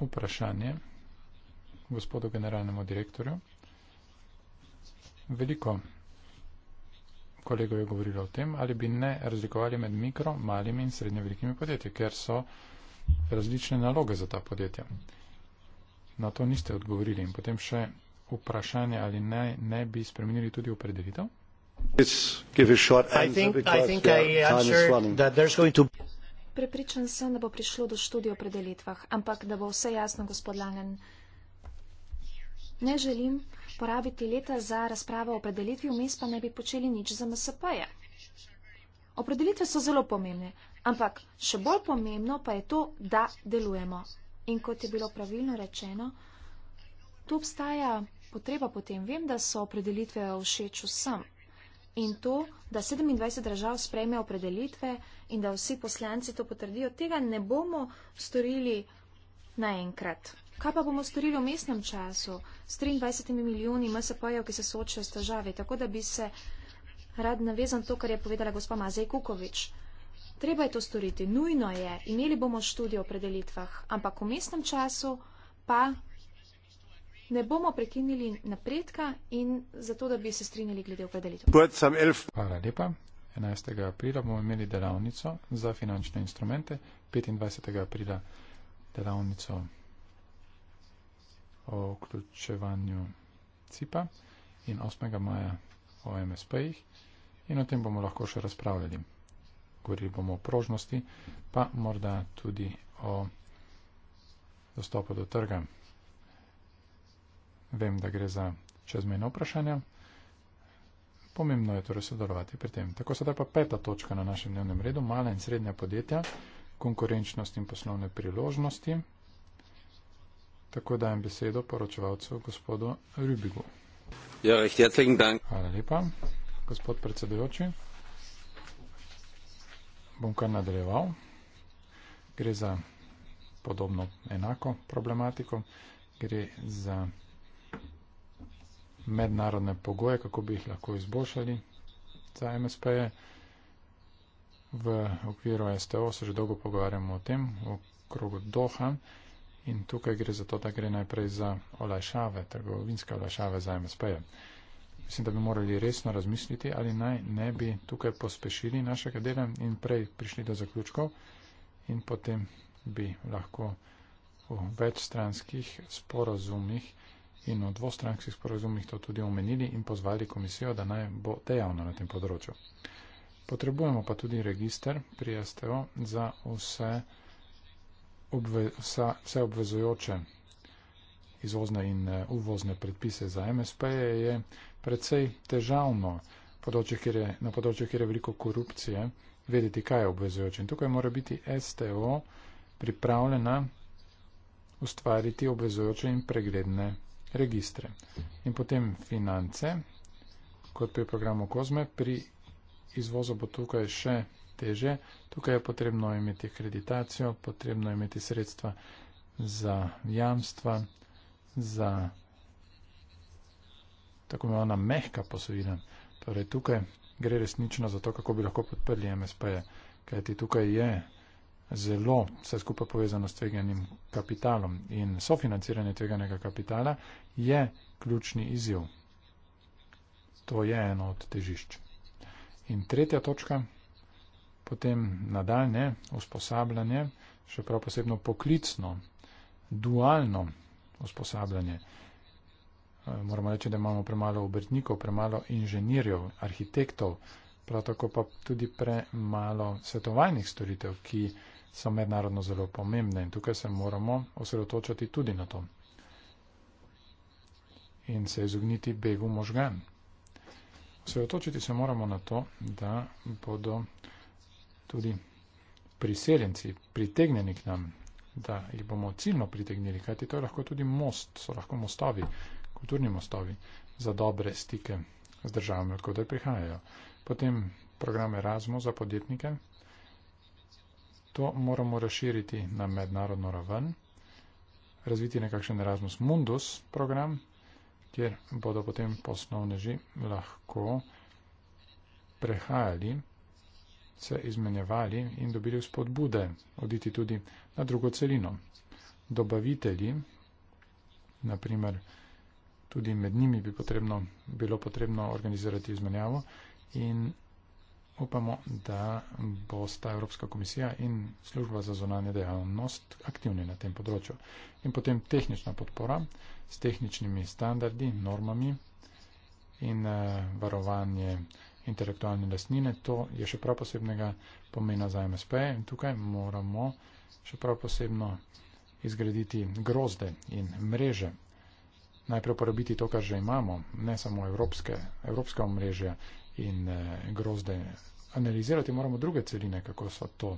Vprašanje gospodu generalnemu direktorju. Veliko kolego je govorilo o tem, ali bi ne razlikovali med mikro, malimi in srednje velikimi podjetji, ker so različne naloge za ta podjetja. Na to niste odgovorili in potem še vprašanje, ali ne, ne bi spremenili tudi opredelitev. Prepričan sem, da bo prišlo do študij o predelitvah, ampak da bo vse jasno, gospod Langen. Ne želim, porabiti leta za razpravo o opredelitvi, vmes pa ne bi počeli nič za MSP-je. Opredelitve so zelo pomembne, ampak še bolj pomembno pa je to, da delujemo. In kot je bilo pravilno rečeno, tu obstaja potreba potem. Vem, da so opredelitve všeč vsem. In to, da 27 držav sprejme opredelitve in da vsi poslanci to potrdijo, tega ne bomo storili naenkrat. Kaj pa bomo storili v mestnem času s 23 milijoni MSP-jev, ki se soočajo s težavi? Tako da bi se rad navezal to, kar je povedala gospa Mazej Kukovič. Treba je to storiti, nujno je, imeli bomo študijo o predelitvah, ampak v mestnem času pa ne bomo prekinili napredka in zato, da bi se strinjali glede opredelitev. Hvala lepa. 11. aprila bomo imeli delavnico za finančne instrumente, 25. aprila delavnico o vključevanju CIPA in 8. maja o MSP-jih in o tem bomo lahko še razpravljali. Govorili bomo o prožnosti, pa morda tudi o dostopu do trga. Vem, da gre za čezmejno vprašanje. Pomembno je torej sodelovati pri tem. Tako sedaj pa peta točka na našem dnevnem redu, mala in srednja podjetja, konkurenčnost in poslovne priložnosti. Tako dajem besedo poročevalcu gospodu Rübigu. Ja, Hvala lepa, gospod predsedujoči. Bom kar nadaljeval. Gre za podobno enako problematiko. Gre za mednarodne pogoje, kako bi jih lahko izboljšali za MSP. -je. V okviru STO se že dolgo pogovarjamo o tem, v krogu Doha. In tukaj gre za to, da gre najprej za olajšave, trgovinske olajšave za MSP-je. Mislim, da bi morali resno razmisliti, ali naj ne bi tukaj pospešili našega dela in prej prišli do zaključkov in potem bi lahko v večstranskih sporozumih in v dvostranskih sporozumih to tudi omenili in pozvali komisijo, da naj bo dejavno na tem področju. Potrebujemo pa tudi register pri STO za vse obve, vsa, vse obvezujoče izvozne in eh, uvozne predpise za MSP -je, je predvsej težavno področje, kjer je, na področju, kjer je veliko korupcije, vedeti, kaj je obvezujoče. In tukaj mora biti STO pripravljena ustvariti obvezujoče in pregledne registre. In potem finance, kot pri programu COSME, pri izvozu bo tukaj še teže. Tukaj je potrebno imeti kreditacijo, potrebno je imeti sredstva za jamstva, za tako imenovana mehka posojila. Torej, tukaj gre resnično za to, kako bi lahko podprli MSP-je, kajti tukaj je zelo vse skupaj povezano s tveganim kapitalom in sofinanciranje tveganega kapitala je ključni izjiv. To je eno od težišč. In tretja točka potem nadaljne usposabljanje, še prav posebno poklicno, dualno usposabljanje. Eh, moramo reči, da imamo premalo obrtnikov, premalo inženirjev, arhitektov, prav tako pa tudi premalo svetovalnih storitev, ki so mednarodno zelo pomembne in tukaj se moramo osredotočati tudi na to in se izogniti begu možgan. Osredotočiti se moramo na to, da bodo tudi priseljenci pritegnjeni k nam, da jih bomo ciljno pritegnili, kajti to je lahko tudi most, so lahko mostovi, kulturni mostovi za dobre stike z državami, odkudar prihajajo. Potem program Erasmus za podjetnike. To moramo razširiti na mednarodno raven, razviti nekakšen Erasmus Mundus program, kjer bodo potem poslovneži lahko prehajali se izmenjevali in dobili spodbude oditi tudi na drugo celino. Dobavitelji, naprimer, tudi med njimi bi potrebno, bilo potrebno organizirati izmenjavo in upamo, da bo sta Evropska komisija in služba za zonanje dejavnost aktivni na tem področju. In potem tehnična podpora s tehničnimi standardi, normami in eh, varovanje intelektualne lastnine, to je še prav posebnega pomena za MSP in tukaj moramo še prav posebno izgraditi grozde in mreže. Najprej uporabiti to, kar že imamo, ne samo evropske, evropska omrežja in eh, grozde. Analizirati moramo druge celine, kako so to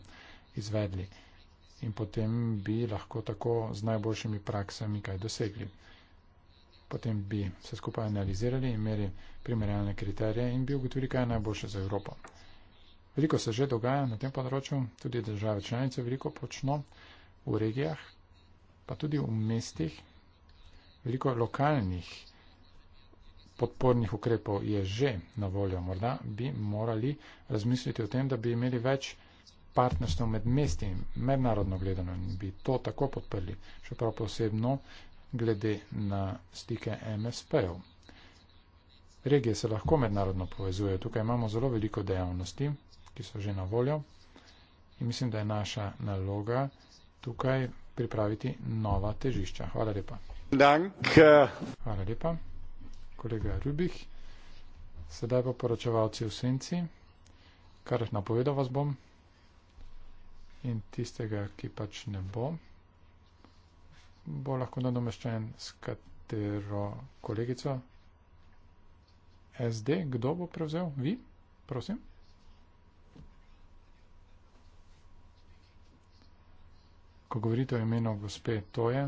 izvedli in potem bi lahko tako z najboljšimi praksami kaj dosegli potem bi se skupaj analizirali in imeli primerjalne kriterije in bi ugotovili, kaj je najboljše za Evropo. Veliko se že dogaja na tem področju, tudi države članice veliko počno v regijah, pa tudi v mestih. Veliko lokalnih podpornih ukrepov je že na voljo. Morda bi morali razmisliti o tem, da bi imeli več partnerstv med mesti, mednarodno gledano, in bi to tako podprli. Še prav posebno glede na stike MSP-ov. Regije se lahko mednarodno povezujejo. Tukaj imamo zelo veliko dejavnosti, ki so že na voljo in mislim, da je naša naloga tukaj pripraviti nova težišča. Hvala lepa. Dank. Hvala lepa, kolega Rubih. Sedaj pa poročevalci v senci, kar napovedal vas bom in tistega, ki pač ne bom bo lahko nadomeščen s katero kolegico SD. Kdo bo prevzel? Vi, prosim. Ko govorite o imenu gospe Toje,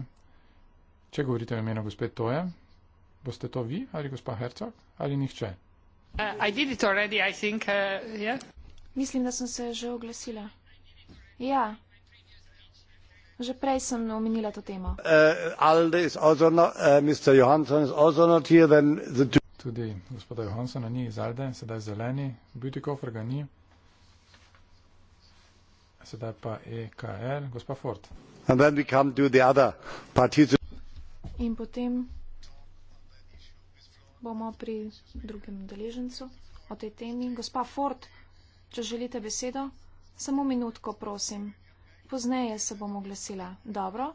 če govorite o imenu gospe Toje, boste to vi ali gospa Hercog ali nihče? Uh, already, think, uh, yeah. Mislim, da sem se že oglasila. Ja. Yeah. Že prej sem omenila to temo. Uh, not, uh, the... Tudi gospoda Johansona ni iz Alde, sedaj zeleni, Beauty Coffer ga ni. Sedaj pa EKL, gospa Ford. In potem bomo pri drugem deležencu o tej temi. Gospa Ford, če želite besedo, samo minutko, prosim pozneje se bom oglasila. Dobro,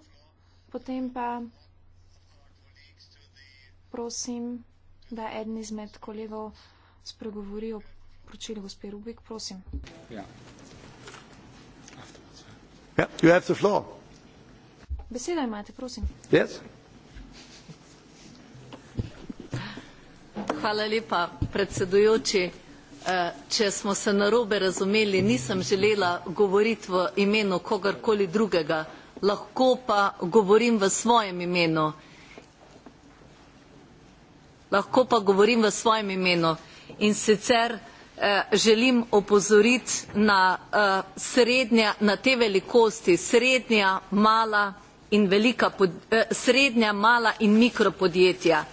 potem pa prosim, da eden izmed kolegov spregovori o poročilu gospe Rubik. Prosim. Ja. ja Besedo imate, prosim. Yes. Hvala lepa, predsedujoči. Eh, če smo se narobe razumeli, nisem želela govoriti v imenu kogarkoli drugega, lahko pa govorim v svojem imenu. Lahko pa govorim v svojem imenu in sicer eh, želim opozoriti na eh, srednja, na te velikosti, srednja, mala in velika, srednja, mala in mikropodjetja.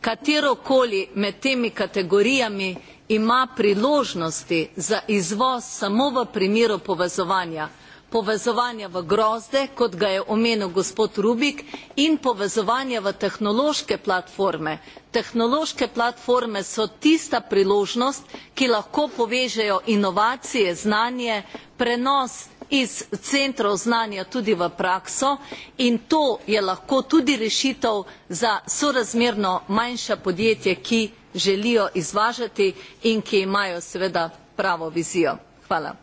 Katerokoli med temi kategorijami ima priložnosti za izvoz samo v primeru povezovanja. Povezovanja v grozde, kot ga je omenil gospod Rubik, in povezovanja v tehnološke platforme. Tehnološke platforme so tista priložnost, ki lahko povežejo inovacije, znanje, prenos iz centrov znanja tudi v prakso in to je lahko tudi rešitev za sorazmerno manjša podjetja, ki želijo izvažati in ki imajo seveda pravo vizijo. Hvala.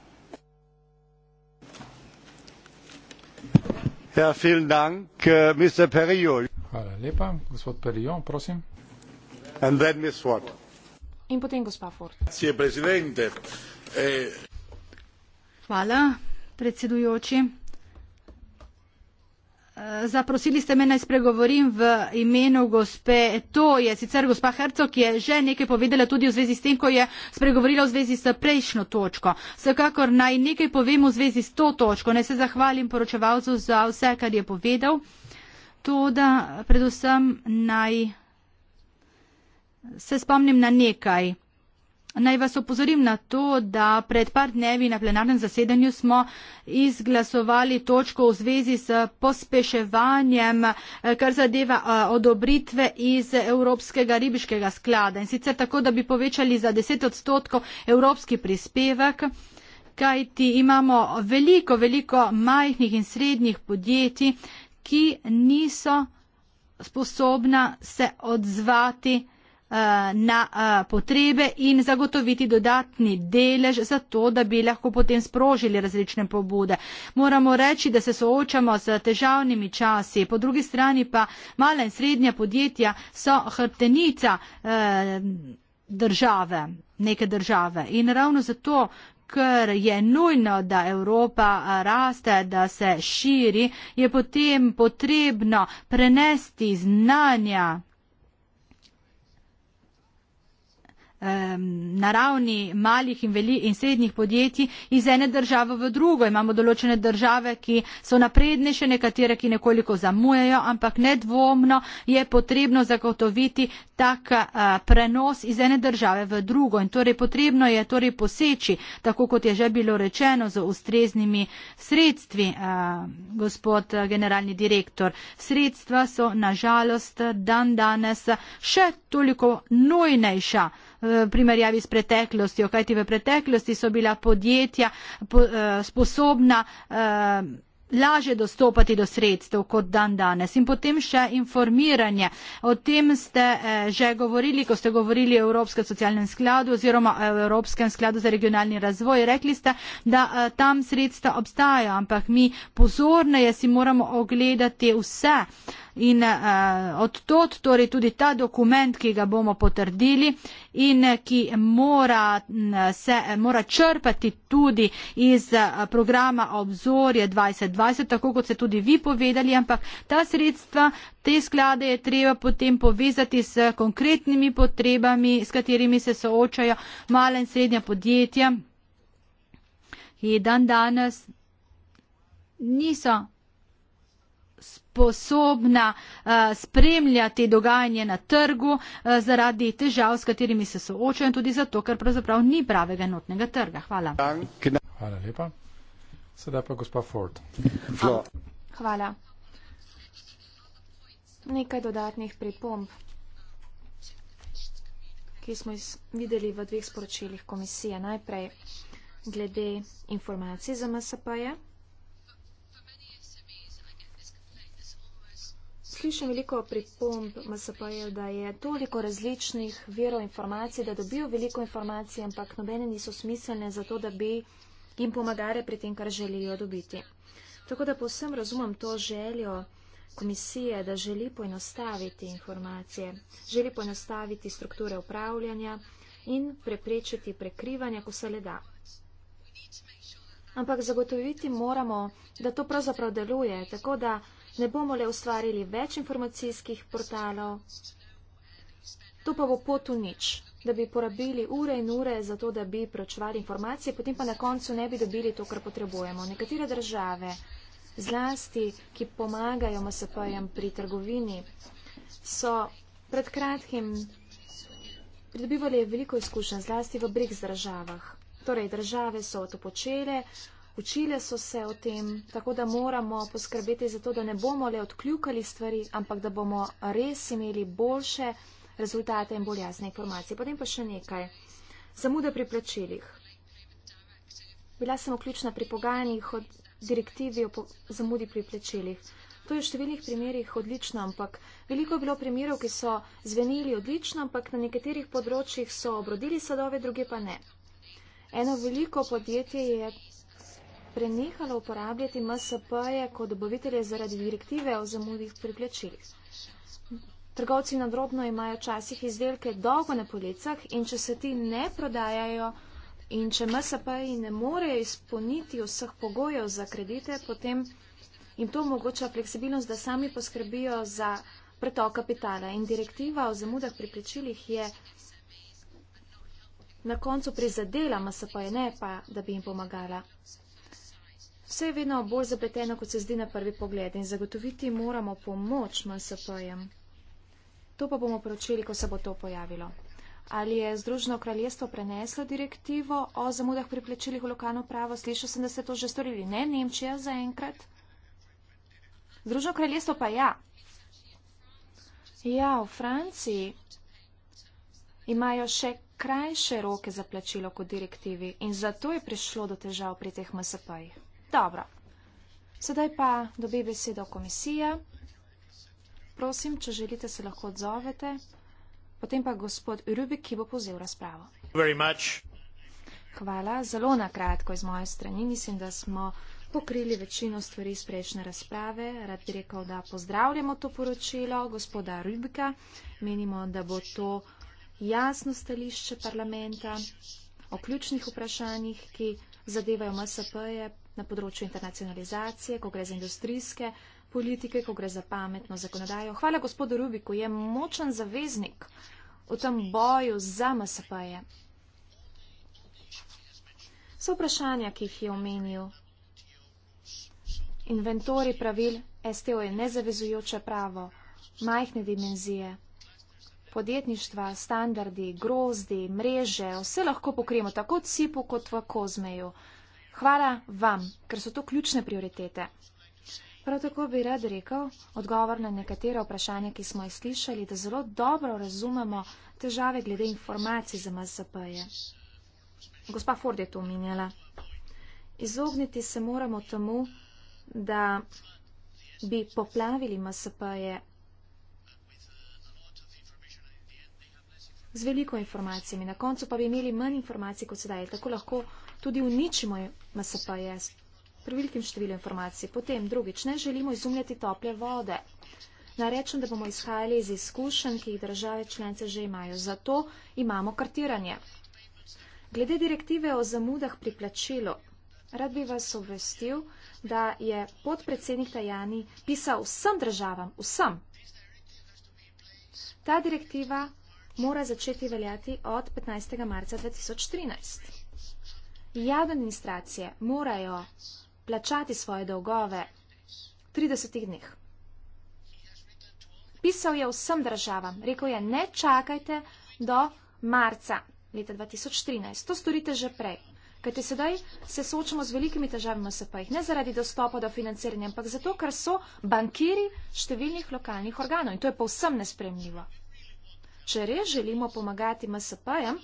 Ja, äh, Hvala lepa. Gospod Perijo, prosim. In potem gospa Ford. Eh, Hvala, predsedujoči. Zaprosili ste me, naj spregovorim v imenu gospe. To je sicer gospa Herco, ki je že nekaj povedala tudi v zvezi s tem, ko je spregovorila v zvezi s prejšnjo točko. Vsekakor naj nekaj povem v zvezi s to točko. Naj se zahvalim poročevalcu za vse, kar je povedal. To, da predvsem naj se spomnim na nekaj. Naj vas opozorim na to, da pred par dnevi na plenarnem zasedanju smo izglasovali točko v zvezi s pospeševanjem, eh, kar zadeva eh, odobritve iz Evropskega ribiškega sklada. In sicer tako, da bi povečali za 10 odstotkov evropski prispevek, kajti imamo veliko, veliko majhnih in srednjih podjetij, ki niso sposobna se odzvati na to Eh, na eh, potrebe in zagotoviti dodatni delež za to, da bi lahko potem sprožili različne pobude. Moramo reči, da se soočamo z težavnimi časi, po drugi strani pa mala in srednja podjetja so hrbtenica eh, države, neke države. In ravno zato, ker je nujno, da Evropa raste, da se širi, je potem potrebno prenesti znanja na ravni malih in, veli, in srednjih podjetij iz ene države v drugo. Imamo določene države, ki so naprednejše, nekatere, ki nekoliko zamujajo, ampak nedvomno je potrebno zagotoviti tak a, eh, prenos iz ene države v drugo. In torej potrebno je torej poseči, tako kot je že bilo rečeno, z ustreznimi sredstvi, a, eh, gospod a, eh, generalni direktor. Sredstva so na žalost dan danes še toliko nujnejša primerjavi s preteklostjo, kajti v preteklosti so bila podjetja po, eh, sposobna eh, laže dostopati do sredstev kot dan danes. In potem še informiranje. O tem ste eh, že govorili, ko ste govorili o Evropskem socialnem skladu oziroma o Evropskem skladu za regionalni razvoj. Rekli ste, da eh, tam sredstva obstajajo, ampak mi pozorneje si moramo ogledati vse in uh, od tod torej tudi ta dokument, ki ga bomo potrdili in eh, ki mora, mm, se, mora črpati tudi iz eh, programa obzorje 2020, tako kot ste tudi vi povedali, ampak ta sredstva, te sklade je treba potem povezati s konkretnimi potrebami, s katerimi se soočajo male in srednja podjetja, ki dan danes niso sposobna eh, spremljati dogajanje na trgu eh, zaradi težav, s katerimi se soočajo in tudi zato, ker pravzaprav ni pravega enotnega trga. Hvala. Hvala lepa. Sedaj pa gospa Ford. Hvala. Nekaj dodatnih pripomb, ki smo jih videli v dveh sporočilih komisije. Najprej glede informacij za MSP-je. slišim veliko pripomb MSP-jev, da je toliko različnih verov informacij, da dobijo veliko informacij, ampak nobene niso smiselne za to, da bi jim pomagale pri tem, kar želijo dobiti. Tako da povsem razumem to željo komisije, da želi poenostaviti informacije, želi poenostaviti strukture upravljanja in preprečiti prekrivanja, ko se le da. Ampak zagotoviti moramo, da to pravzaprav deluje, tako da ne bomo le ustvarili več informacijskih portalov, to pa bo pot v nič, da bi porabili ure in ure za to, da bi pročvali informacije, potem pa na koncu ne bi dobili to, kar potrebujemo. Nekatere države, zlasti, ki pomagajo MSP-jem pri trgovini, so pred kratkim pridobivali veliko izkušenj, zlasti v BRICS državah. Torej, države so to počele, učile so se o tem, tako da moramo poskrbeti za to, da ne bomo le odkljukali stvari, ampak da bomo res imeli boljše rezultate in bolj jasne informacije. Potem pa še nekaj. Zamude pri plačilih. Bila sem vključna pri pogajanjih o direktivi o zamudi pri plačilih. To je v številnih primerjih odlično, ampak veliko je bilo primerov, ki so zvenili odlično, ampak na nekaterih področjih so obrodili sadove, druge pa ne. Eno veliko podjetje je prenehalo uporabljati MSP-je kot dobavitelje zaradi direktive o zamudih pri plačilih. Trgovci na drobno imajo včasih izdelke dolgo na policah in če se ti ne prodajajo in če MSP-ji ne morejo izpolniti vseh pogojev za kredite, potem jim to omogoča fleksibilnost, da sami poskrbijo za pretok kapitala. In direktiva o zamudah pri plačilih je na koncu prizadela MSP-je, ne pa, da bi jim pomagala. Vse je vedno bolj zapleteno, kot se zdi na prvi pogled in zagotoviti moramo pomoč MSP-jem. To pa bomo poročili, ko se bo to pojavilo. Ali je Združeno kraljestvo preneslo direktivo o zamudah pri plačilih v lokalno pravo? Slišal sem, da ste to že storili. Ne, Nemčija zaenkrat. Združeno kraljestvo pa ja. Ja, v Franciji imajo še krajše roke za plačilo kot direktivi in zato je prišlo do težav pri teh MSP-jih. Dobro. Sedaj pa dobi besedo komisija. Prosim, če želite, se lahko odzovete. Potem pa gospod Rubik, ki bo povzel razpravo. Hvala. Zelo nakratko iz moje strani. Mislim, da smo pokrili večino stvari iz prejšnje razprave. Rad bi rekel, da pozdravljamo to poročilo gospoda Rubika. Menimo, da bo to jasno stališče parlamenta o ključnih vprašanjih, ki zadevajo MSP-je, na področju internacionalizacije, ko gre za industrijske politike, ko gre za pametno zakonodajo. Hvala gospodu Rubiku, je močen zaveznik v tem boju za MSP-je. So vprašanja, ki jih je omenil. Inventori pravil STO je nezavezujoče pravo, majhne dimenzije, podjetništva, standardi, grozdi, mreže, vse lahko pokrijemo tako CIP-u kot v Kozmeju. Hvala vam, ker so to ključne prioritete. Prav tako bi rad rekel odgovor na nekatere vprašanja, ki smo jih slišali, da zelo dobro razumemo težave glede informacij za MSP-je. Gospa Ford je to omenjala. Izogniti se moramo temu, da bi poplavili MSP-je z veliko informacijami. Na koncu pa bi imeli manj informacij kot sedaj. Tako lahko tudi uničimo MSPS. Pri velikem številu informacij. Potem drugič, ne želimo izumljati tople vode. Narečem, da bomo izhajali iz izkušenj, ki jih države članice že imajo. Zato imamo kartiranje. Glede direktive o zamudah pri plačilu, rad bi vas obvestil, da je podpredsednik Tajani pisal vsem državam, vsem. Ta direktiva mora začeti veljati od 15. marca 2013. Ja, administracije morajo plačati svoje dolgove v 30 dneh. Pisal je vsem državam, rekel je, ne čakajte do marca leta 2013. To storite že prej. Kajte sedaj se soočamo z velikimi težavami SP, ne zaradi dostopa do financiranja, ampak zato, ker so bankiri številnih lokalnih organov. In to je povsem nespremljivo. Če res želimo pomagati MSP-jem,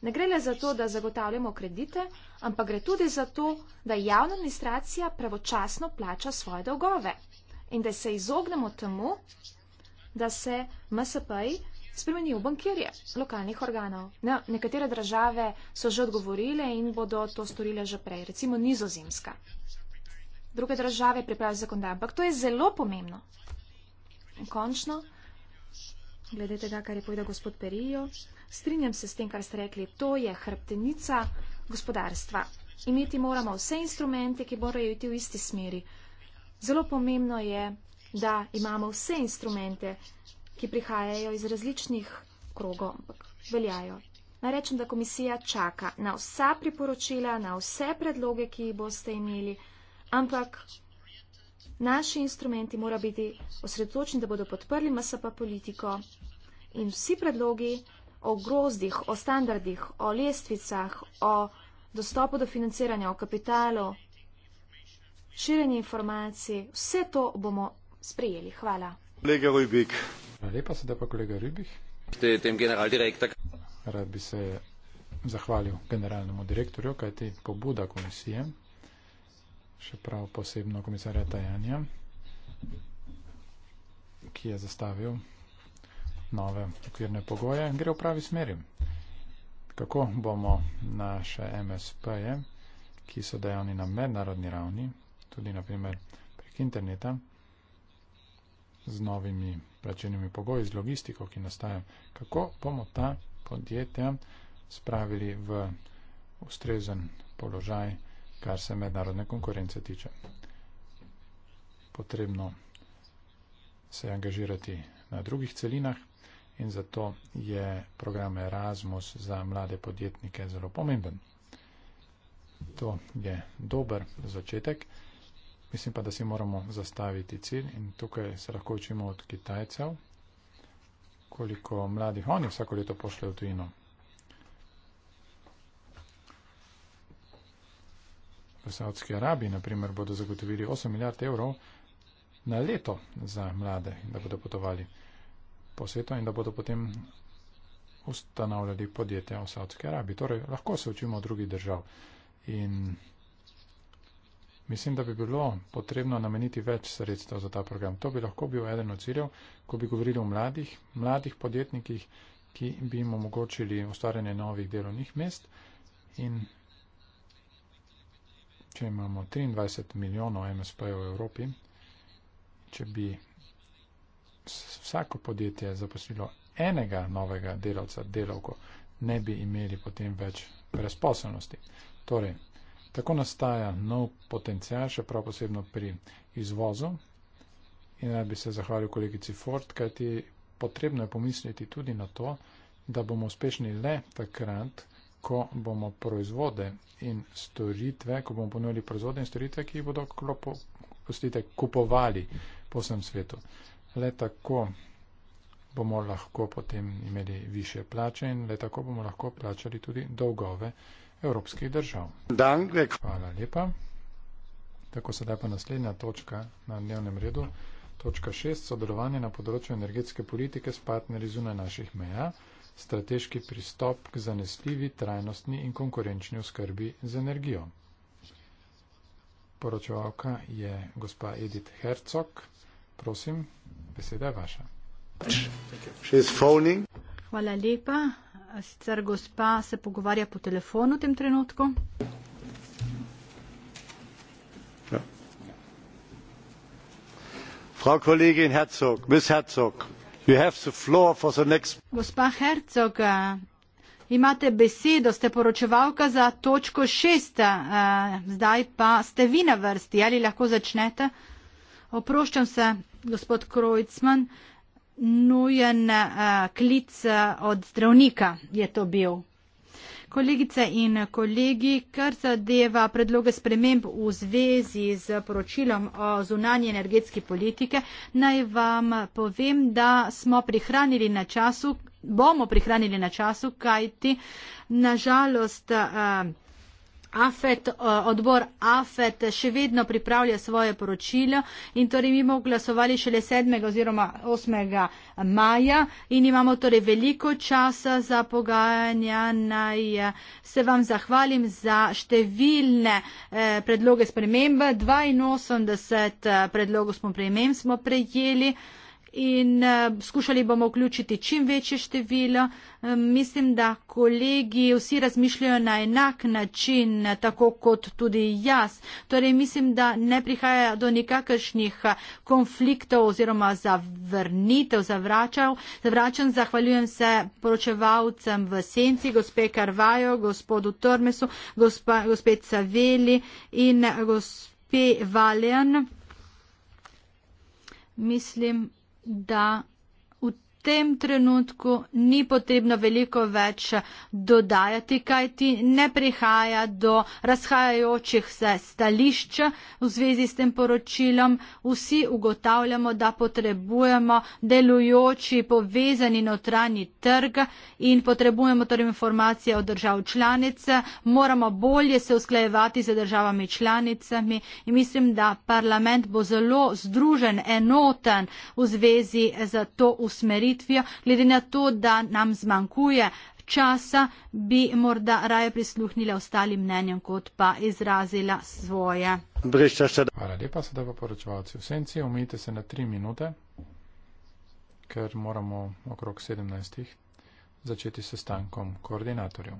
Ne gre le za to, da zagotavljamo kredite, ampak gre tudi za to, da javna administracija pravočasno plača svoje dolgove in da se izognemo temu, da se MSP-ji spremenijo v bankirje lokalnih organov. Ne, nekatere države so že odgovorile in bodo to storile že prej, recimo nizozemska. Druge države pripravljajo zakonodajo, ampak to je zelo pomembno. In končno, glede tega, kar je povedal gospod Perijo, strinjam se s tem, kar ste rekli, to je hrbtenica gospodarstva. Imeti moramo vse instrumente, ki morajo iti v isti smeri. Zelo pomembno je, da imamo vse instrumente, ki prihajajo iz različnih krogov, ampak veljajo. Naj rečem, da komisija čaka na vsa priporočila, na vse predloge, ki jih boste imeli, ampak naši instrumenti morajo biti osredotočeni, da bodo podprli MSP politiko in vsi predlogi, o grozdih, o standardih, o lestvicah, o dostopu do financiranja, o kapitalu, širjenje informacij, vse to bomo sprejeli. Hvala. Kolega Rubik. Lepa se da pa kolega Rubik. Rad bi se zahvalil generalnemu direktorju, kajti pobuda komisije, še prav posebno komisarja Tajanja, ki je zastavil nove okvirne pogoje, gre v pravi smeri. Kako bomo naše MSP-je, ki so dejavni na mednarodni ravni, tudi naprimer prek interneta, z novimi plačenimi pogoji, z logistiko, ki nastaja, kako bomo ta podjetja spravili v ustrezen položaj, kar se mednarodne konkurence tiče. Potrebno se je angažirati na drugih celinah, in zato je program Erasmus za mlade podjetnike zelo pomemben. To je dober začetek. Mislim pa, da si moramo zastaviti cilj in tukaj se lahko učimo od Kitajcev, koliko mladih oni vsako leto pošljejo v tujino. V Saudski Arabiji, na primer, bodo zagotovili 8 milijard evrov na leto za mlade, da bodo potovali po svetu in da bodo potem ustanavljali podjetja v Saudski Arabiji. Torej, lahko se učimo od drugih držav. In mislim, da bi bilo potrebno nameniti več sredstev za ta program. To bi lahko bil eden od ciljev, ko bi govorili o mladih, mladih podjetnikih, ki bi jim omogočili ustvarjanje novih delovnih mest. In če imamo 23 milijonov MSP v Evropi, če bi vsako podjetje zaposlilo enega novega delavca, delavko, ne bi imeli potem več brezposobnosti. Torej, tako nastaja nov potencial, še prav posebno pri izvozu. In naj bi se zahvalil kolegici Ford, kajti potrebno je pomisliti tudi na to, da bomo uspešni le takrat, ko bomo proizvode in storitve, ko bomo ponujali proizvode in storitve, ki jih bodo klopo, postite, kupovali po vsem svetu. Le tako bomo lahko potem imeli više plače in le tako bomo lahko plačali tudi dolgove evropskih držav. Hvala lepa. Tako sedaj pa naslednja točka na dnevnem redu. Točka 6. Sodelovanje na področju energetske politike s partnerji zunaj naših meja. Strateški pristop k zanesljivi, trajnostni in konkurenčni oskrbi z energijo. Poročevalka je gospa Edith Herzog. Prosim, beseda je vaša. Hvala lepa. Sicer gospa se pogovarja po telefonu v tem trenutku. Ja. Frau Kollegin Herzog, Miss Herzog, you have the floor for the next. Gospa Herzog, eh, imate besedo, ste poročevalka za točko šesta, eh, zdaj pa ste vi na vrsti, ali lahko začnete? Uh, Oproščam se, gospod Krojcman, nujen eh, klic eh, od zdravnika je to bil. Kolegice in kolegi, kar zadeva predloge sprememb v zvezi z poročilom o zunanji energetski politike, naj vam povem, da smo prihranili na času, bomo prihranili na času, kajti nažalost. Uh, eh, Afet, eh, odbor AFET še vedno pripravlja svoje poročilo in torej mi bomo glasovali šele 7. oziroma 8. maja in imamo torej veliko časa za pogajanja. Naj eh, se vam zahvalim za številne eh, predloge spremembe. 82 eh, predlogov smo prejemem smo prejeli in uh, skušali bomo vključiti čim večje število. Um, mislim, da kolegi vsi razmišljajo na enak način, eh, tako kot tudi jaz. Torej, mislim, da ne prihaja do nikakršnih konfliktov oziroma zavrnitev, zavračal. Zavračam, zahvaljujem se poročevalcem v senci, gospe Karvajo, gospodu Tormesu, gospe Caveli in gospe Valjan. Mislim, da tem trenutku ni potrebno veliko več dodajati, kaj ti ne prihaja do razhajajočih se stališč v zvezi s tem poročilom. Vsi ugotavljamo, da potrebujemo delujoči povezani notranji trg in potrebujemo torej informacije od držav članice. Moramo bolje se usklajevati z državami članicami in mislim, da parlament bo zelo združen, enoten v zvezi za to usmeritev storitvijo, glede na to, da nam zmanjkuje časa, bi morda raje prisluhnila ostalim mnenjem, kot pa izrazila svoje. Hvala lepa, sedaj pa poročevalci v senci, omejite se na tri minute, ker moramo okrog sedemnajstih začeti s stankom koordinatorjev.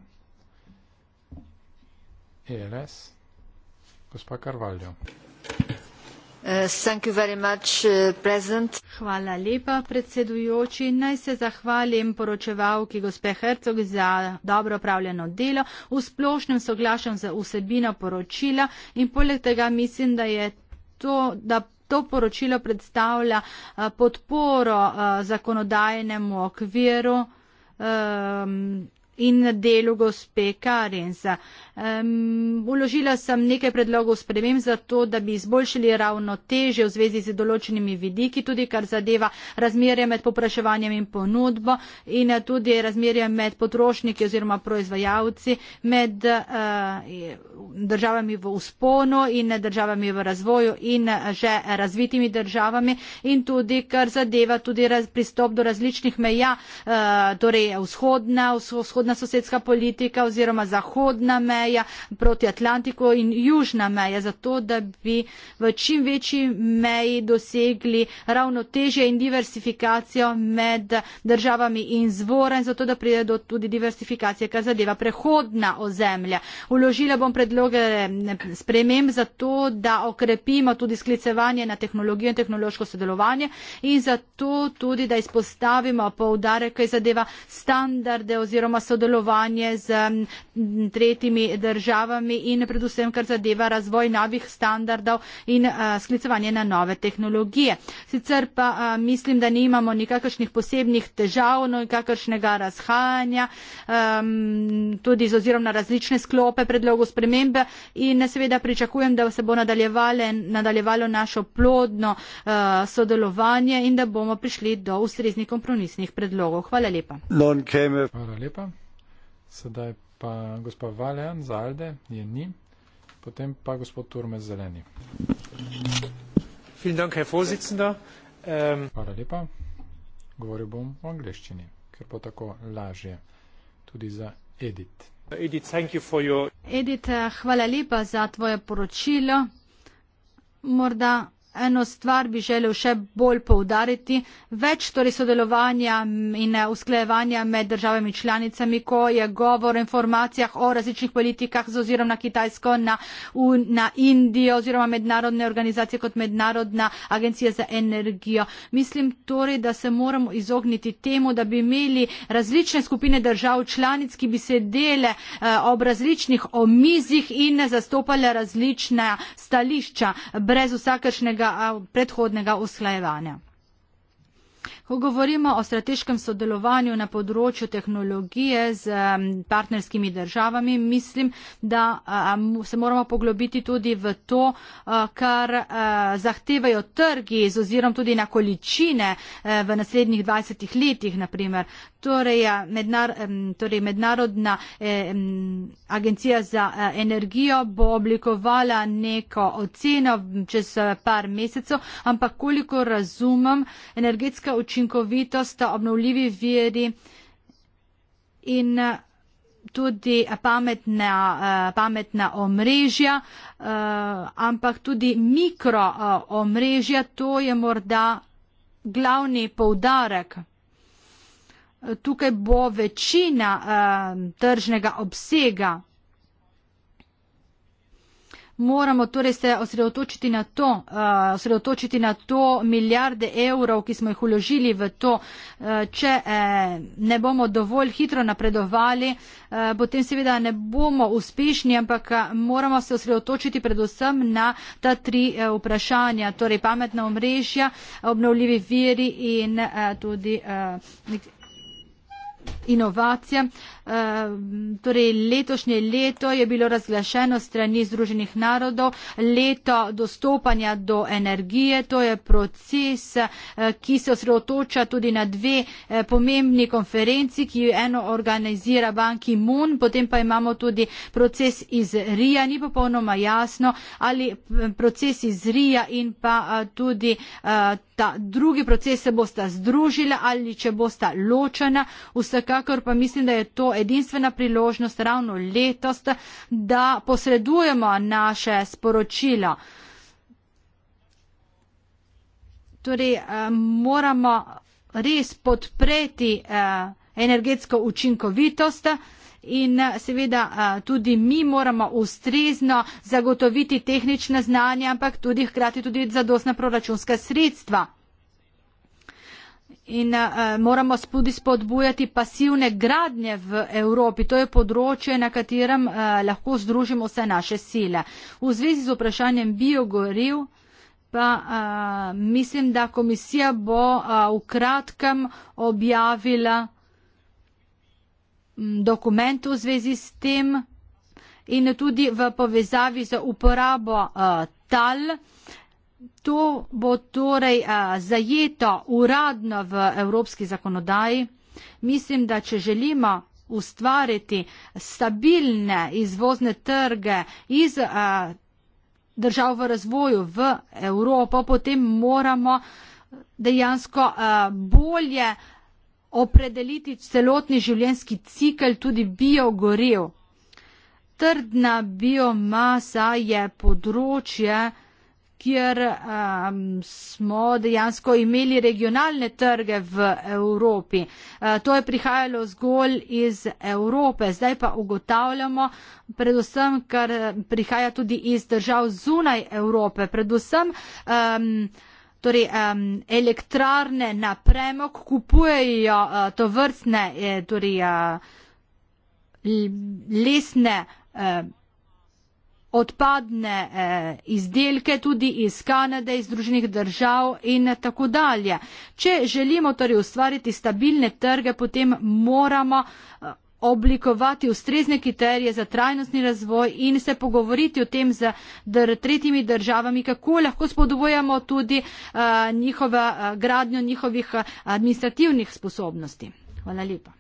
ELS, gospa Karvaljo. Uh, thank you very much, uh, Hvala lepa, predsedujoči. Naj se zahvalim poročevalki gospe Hercog za dobro upravljeno delo. V splošnem soglašam za vsebino poročila in poleg tega mislim, da je to. Da To poročilo predstavlja uh, podporo zakonodajnemu okviru um, in delu gospe Karensa. Um, uložila sem nekaj predlogov spremem za to, da bi izboljšali ravno teže v zvezi z določenimi vidiki, tudi kar zadeva razmerje med popraševanjem in ponudbo in eh, tudi razmerje med potrošniki oziroma proizvajalci, med uh, državami v usponu in državami v razvoju in eh, že razvitimi državami in tudi kar zadeva tudi raz, pristop do različnih meja, uh, torej vzhodna, vzhodna vzhodna sosedska politika oziroma zahodna meja proti Atlantiku in južna meja, zato da bi v čim večji meji dosegli ravnotežje in diversifikacijo med državami in zvora in zato da pride do tudi diversifikacije, kar zadeva prehodna ozemlja. Uložila bom predloge sprememb zato, da okrepimo tudi sklicevanje na tehnologijo in tehnološko sodelovanje in zato tudi, da izpostavimo poudarek, kaj zadeva standarde oziroma sodelovanje sodelovanje z tretjimi državami in predvsem, kar zadeva razvoj novih standardov in eh, sklicovanje na nove tehnologije. Sicer pa eh, mislim, da nimamo nikakršnih posebnih težav, no nikakršnega razhajanja, tudi z ozirom na različne sklope predlogov spremembe in seveda pričakujem, da se bo nadaljevalo našo plodno eh, sodelovanje in da bomo prišli do ustreznih kompromisnih predlogov. Hvala lepa. Hvala lepa. Sedaj pa gospa Valjan z Alde, je ni, potem pa gospod Turmez Zeleni. Dank, um, Hvala lepa. Govoril bom v angleščini, ker bo tako lažje tudi za Edit. Edit, you your... Edith, hvala lepa za tvoje poročilo. Morda eno stvar bi želel še bolj povdariti, več torej sodelovanja in eh, usklejevanja med državami članicami, ko je govor o informacijah o različnih politikah z ozirom na Kitajsko, na, v, na Indijo oziroma mednarodne organizacije kot mednarodna agencija za energijo. Mislim torej, da se moramo izogniti temu, da bi imeli različne skupine držav članic, ki bi sedele eh, ob različnih omizih in zastopale različna stališča brez vsakršnega predhodnega usklajevanja. Ko govorimo o strateškem sodelovanju na področju tehnologije z partnerskimi državami, mislim, da se moramo poglobiti tudi v to, kar zahtevajo trgi z ozirom tudi na količine e, v naslednjih 20 letih, naprimer. Torej, mednar, torej mednarodna eh, agencija za energijo bo oblikovala neko oceno čez par mesecev, ampak koliko razumem, energetska učinkovitost učinkovitost, obnovljivi viri in eh, tudi eh, pametna, eh, pametna omrežja, ampak tudi mikro omrežja, to je morda glavni poudarek. Tukaj bo večina tržnega obsega moramo torej se osredotočiti na to, uh, osredotočiti na to milijarde evrov, ki smo jih uložili v to, uh, če eh, ne bomo dovolj hitro napredovali, uh, potem seveda ne bomo uspešni, ampak uh, moramo se osredotočiti predvsem na ta tri eh, vprašanja, torej pametna omrežja, obnovljivi viri in eh, tudi eh, inovacije. Uh, torej letošnje leto je bilo razglašeno strani Združenih narodov leto dostopanja do energije. To je proces, eh, ki se osredotoča tudi na dve eh, pomembni konferenci, ki jo eno organizira banki Moon, potem pa imamo tudi proces iz Rija, ni popolnoma jasno, ali eh, proces iz Rija in pa tudi ta drugi proces se bosta združila ali če bosta ločena. Vsekakor pa mislim, da je to edinstvena priložnost ravno letos, da posredujemo naše sporočila. Torej, eh, moramo res podpreti eh, energetsko učinkovitost in eh, seveda tudi mi moramo ustrezno zagotoviti tehnične znanja, ampak tudi hkrati tudi zadosna proračunska sredstva in uh, moramo tudi spodbujati pasivne gradnje v Evropi. To je področje, na katerem uh, lahko združimo vse naše sile. V zvezi z vprašanjem biogoriv pa uh, mislim, da komisija bo uh, v kratkem objavila mm, dokument v zvezi s tem in tudi v povezavi z uporabo uh, tal to bo torej zajeto uradno v evropski zakonodaji. Mislim, da če želimo ustvariti stabilne izvozne trge iz držav v razvoju v Evropo, potem moramo dejansko bolje opredeliti celotni življenjski cikl tudi biogorev. Trdna biomasa je področje, kjer um, smo dejansko imeli regionalne trge v Evropi. Uh, to je prihajalo zgolj iz Evrope. Zdaj pa ugotavljamo, predvsem, kar eh, prihaja tudi iz držav zunaj Evrope, predvsem um, torej, um, elektrarne na premog kupujejo uh, eh, to vrstne, eh, torej uh, lesne. Uh, odpadne eh, izdelke tudi iz Kanade, iz Združenih držav in tako dalje. Če želimo torej ustvariti stabilne trge, potem moramo eh, oblikovati ustrezne kriterije za trajnostni razvoj in se pogovoriti o tem z dr tretjimi državami, kako lahko spodbujamo tudi uh, njihova, uh, gradnjo njihovih administrativnih sposobnosti. Hvala lepa.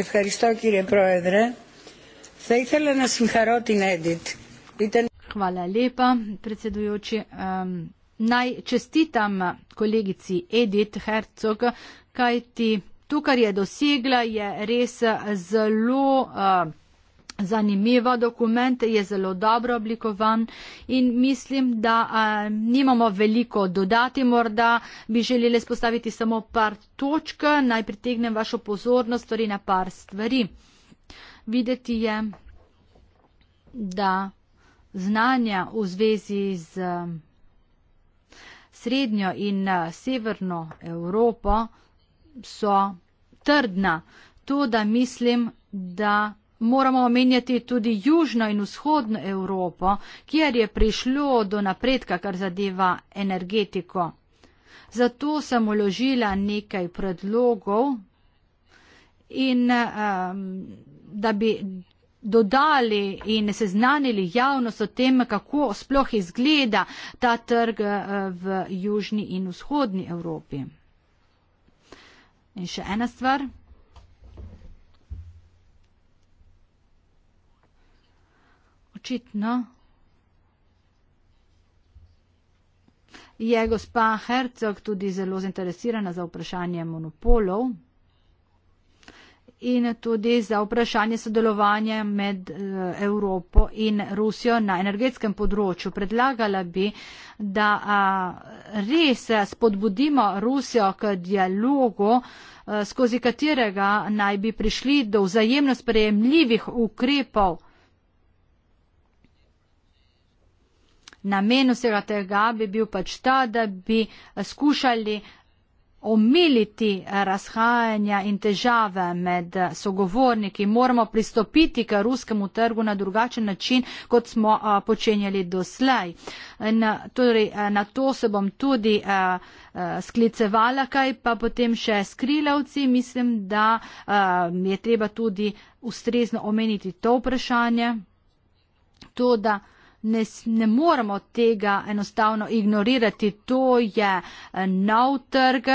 Ευχαριστώ κύριε Πρόεδρε. Θα ήθελα να συγχαρώ την Edit. Ήταν... Hvala lepa, predsedujoči. Um, naj čestitam kolegici Edith Herzog, kajti to, kar je dosegla, je res zelo. Uh, zanimiva dokument, je zelo dobro oblikovan in mislim, da a, nimamo veliko dodati. Morda bi želeli spostaviti samo par točk, naj pritegnem vašo pozornost torej na par stvari. Videti je, da znanja v zvezi z srednjo in severno Evropo so trdna. To, da mislim, da moramo omenjati tudi južno in vzhodno Evropo, kjer je prišlo do napredka, kar zadeva energetiko. Zato sem uložila nekaj predlogov in um, da bi dodali in seznanili javnost o tem, kako sploh izgleda ta trg uh, v južni in vzhodni Evropi. In še ena stvar. očitno. Je gospa Herceg tudi zelo zainteresirana za vprašanje monopolov in tudi za vprašanje sodelovanja med eh, Evropo in Rusijo na energetskem področju. Predlagala bi, da res spodbudimo Rusijo k dialogu, eh, skozi katerega naj bi prišli do vzajemno sprejemljivih ukrepov namen vsega tega bi bil pač ta, da bi eh, skušali omiliti eh, razhajanja in težave med eh, sogovorniki. Moramo pristopiti k ruskemu trgu na drugačen način, kot smo počenjali doslej. In, torej, na to se bom tudi sklicevala, kaj pa potem še skrilavci. Mislim, da je treba tudi ustrezno omeniti to vprašanje. To, da ne, ne moremo tega enostavno ignorirati. To je eh, nov trg,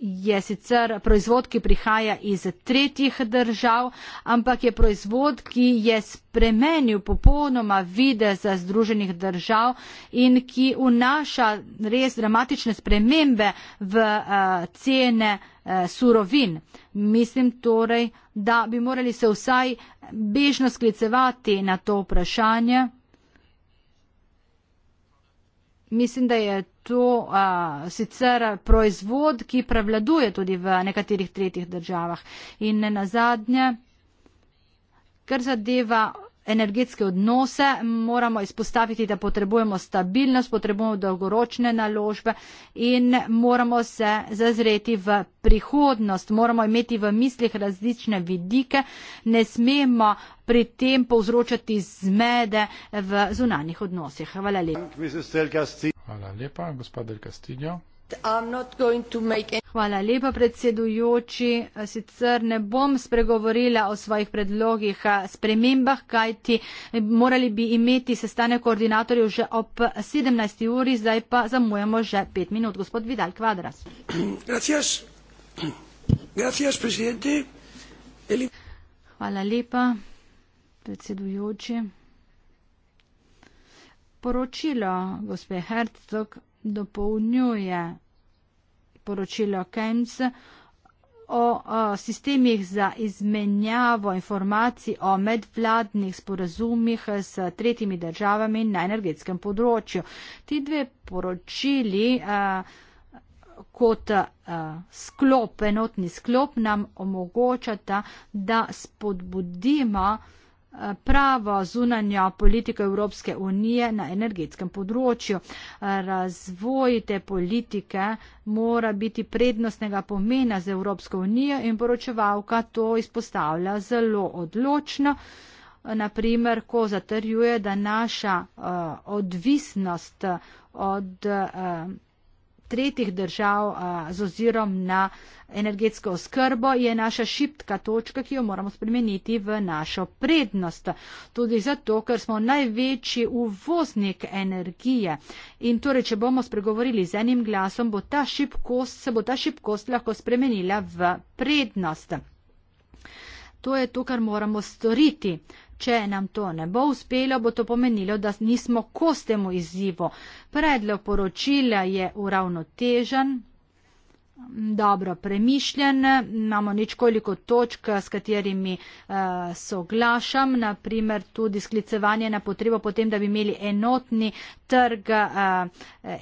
je sicer proizvod, ki prihaja iz tretjih držav, ampak je proizvod, ki je spremenil popolnoma vide za združenih držav in ki vnaša res dramatične spremembe v uh, cene uh, surovin. Mislim torej, da bi morali se vsaj bežno sklicevati na to vprašanje mislim, da je to a, sicer proizvod, ki prevladuje tudi v nekaterih tretjih državah. In ne nazadnje, kar zadeva energetske odnose, moramo izpostaviti, da potrebujemo stabilnost, potrebujemo dolgoročne naložbe in moramo se zazreti v prihodnost, moramo imeti v mislih različne vidike, ne smemo pri tem povzročati zmede v zunanjih odnosih. Hvala lepa. Hvala lepa, gospod Del Castillo. Hvala lepa, predsedujoči. Sicer ne bom spregovorila o svojih predlogih eh, spremembah, kajti morali bi imeti sestanek koordinatorjev že ob 17. uri, zdaj pa zamujamo že 5 minut. Gospod Vidal Kvadras. *clears throat* *clears throat* Hvala lepa predsedujoči. Poročilo gospe Herzog dopolnjuje poročilo Keynes o, o sistemih za izmenjavo informacij o medvladnih sporazumih s tretjimi državami na energetskem področju. Ti dve poročili a, kot a, sklop, enotni sklop nam omogočata, da spodbudimo pravo zunanjo politiko Evropske unije na energetskem področju. Razvoj te politike mora biti prednostnega pomena za Evropsko unijo in poročevalka to izpostavlja zelo odločno. Naprimer, ko zatrjuje, da naša uh, odvisnost od uh, tretjih držav z ozirom na energetsko oskrbo, je naša šiptka točka, ki jo moramo spremeniti v našo prednost. Tudi zato, ker smo največji uvoznik energije. In torej, če bomo spregovorili z enim glasom, bo ta šipkost, se bo ta šipkost lahko spremenila v prednost. To je to, kar moramo storiti. Če nam to ne bo uspelo, bo to pomenilo, da nismo kostemu izzivo. Predlog poročila je uravnotežen, dobro premišljen, imamo ničkoliko točk, s katerimi uh, soglašam, naprimer tudi sklicevanje na potrebo potem, da bi imeli enotni trg uh,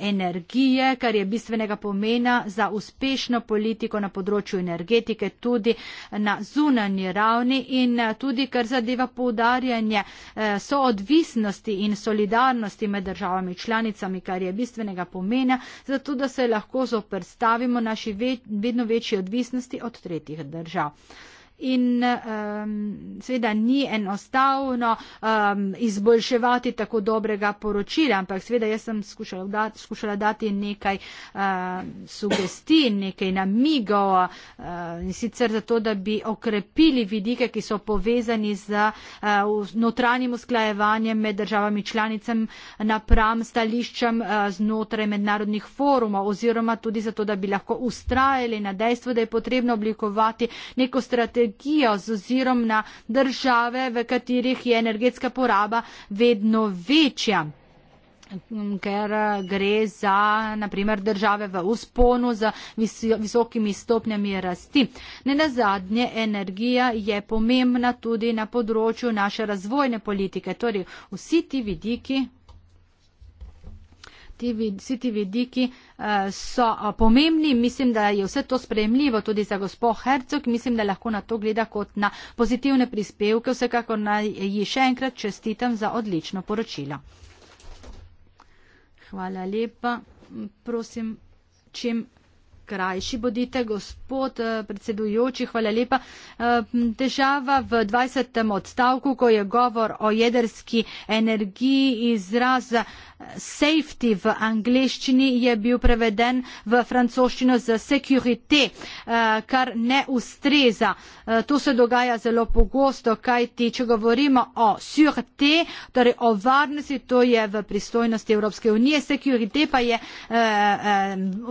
energije, kar je bistvenega pomena za uspešno politiko na področju energetike, tudi na zunanji ravni in eh, tudi, kar zadeva poudarjanje uh, soodvisnosti in solidarnosti med državami članicami, kar je bistvenega pomena, zato da se lahko zoprstavimo naši ve, vedno večji odvisnosti od tretjih držav. In um, seveda ni enostavno um, izboljševati tako dobrega poročila, ampak seveda jaz sem skušala, dat, skušala dati nekaj um, sugesti, nekaj namigov um, in sicer zato, da bi okrepili vidike, ki so povezani z um, notranjim usklajevanjem med državami članicam napram stališčem um, znotraj mednarodnih forumov oziroma tudi zato, da bi lahko ustrajali na dejstvo, da je potrebno oblikovati neko strategijo, energijo z ozirom na države, v katerih je energetska poraba vedno večja ker eh, gre za naprimer države v usponu z visokimi stopnjami rasti. Ne nazadnje, energija je pomembna tudi na področju naše razvojne politike, torej vsi ti vidiki ti, vsi ti vidiki uh, so uh, pomembni. Mislim, da je vse to sprejemljivo tudi za gospod Hercog. Mislim, da lahko na to gleda kot na pozitivne prispevke. Vsekakor naj ji še enkrat čestitam za odlično poročilo. Hvala lepa. Prosim, čim krajši. Bodite, gospod eh, predsedujoči, hvala lepa. Eh, težava v 20. odstavku, ko je govor o jedrski energiji izraz eh, safety v angleščini je bil preveden v francoščino za security, kar ne ustreza. To se dogaja zelo pogosto, kajti če govorimo o surete, torej o varnosti, to je v pristojnosti Evropske unije, security pa je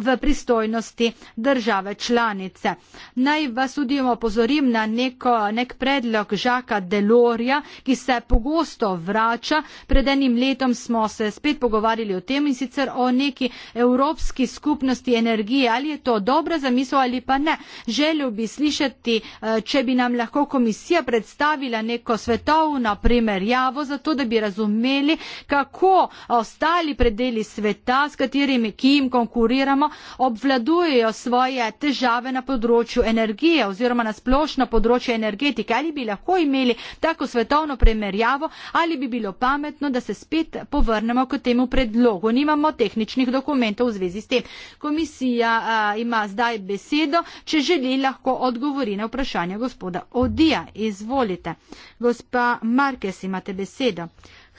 v pristojnosti te države članice. Naj vas tudi opozorim na neko, nek predlog Žaka Delorja, ki se pogosto vrača. Pred enim letom smo se spet pogovarjali o tem in sicer o neki evropski skupnosti energije. Ali je to dobra zamisel ali pa ne? Želel bi slišati, eh, če bi nam lahko komisija predstavila neko svetovno primerjavo, zato da bi razumeli, kako ostali predeli sveta, s katerimi, ki jim konkuriramo, obvladujejo rešujejo svoje težave na področju energije oziroma na splošno področje energetike? Ali bi lahko imeli tako svetovno premerjavo ali bi bilo pametno, da se spet povrnemo k temu predlogu? Nimamo tehničnih dokumentov v zvezi s tem. Komisija a, ima zdaj besedo, če želi lahko odgovori na vprašanje gospoda Odija. Izvolite. Gospa Markes, imate besedo.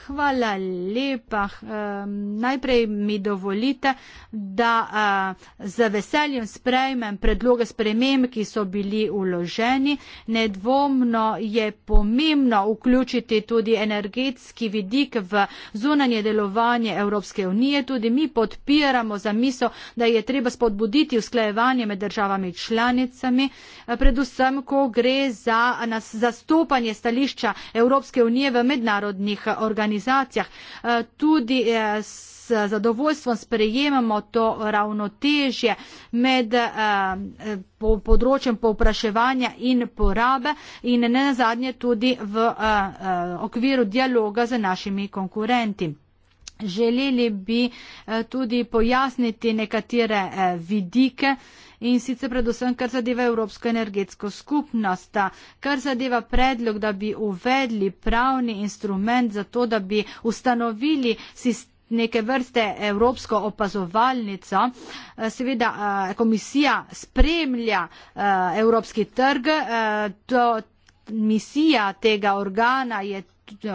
Hvala lepa. Um, najprej mi dovolite, da uh, z veseljem sprejmem predloge sprejmem, ki so bili uloženi. Nedvomno je pomembno vključiti tudi energetski vidik v zunanje delovanje Evropske unije. Tudi mi podpiramo za misel, da je treba spodbuditi usklajevanje med državami članicami, predvsem, ko gre za zastopanje stališča Evropske unije v mednarodnih organizacijah organizacijah. Eh, tudi eh, s zadovoljstvom sprejemamo to ravnotežje med eh, področjem povpraševanja in porabe in ne nazadnje tudi v okviru dialoga z našimi konkurenti. Želeli bi tudi pojasniti nekatere vidike, in sicer predvsem kar zadeva Evropsko energetsko skupnost, kar zadeva predlog, da bi uvedli pravni instrument za to, da bi ustanovili sistem neke vrste evropsko opazovalnico. Eh, seveda eh, komisija spremlja eh, evropski trg, to misija tega organa je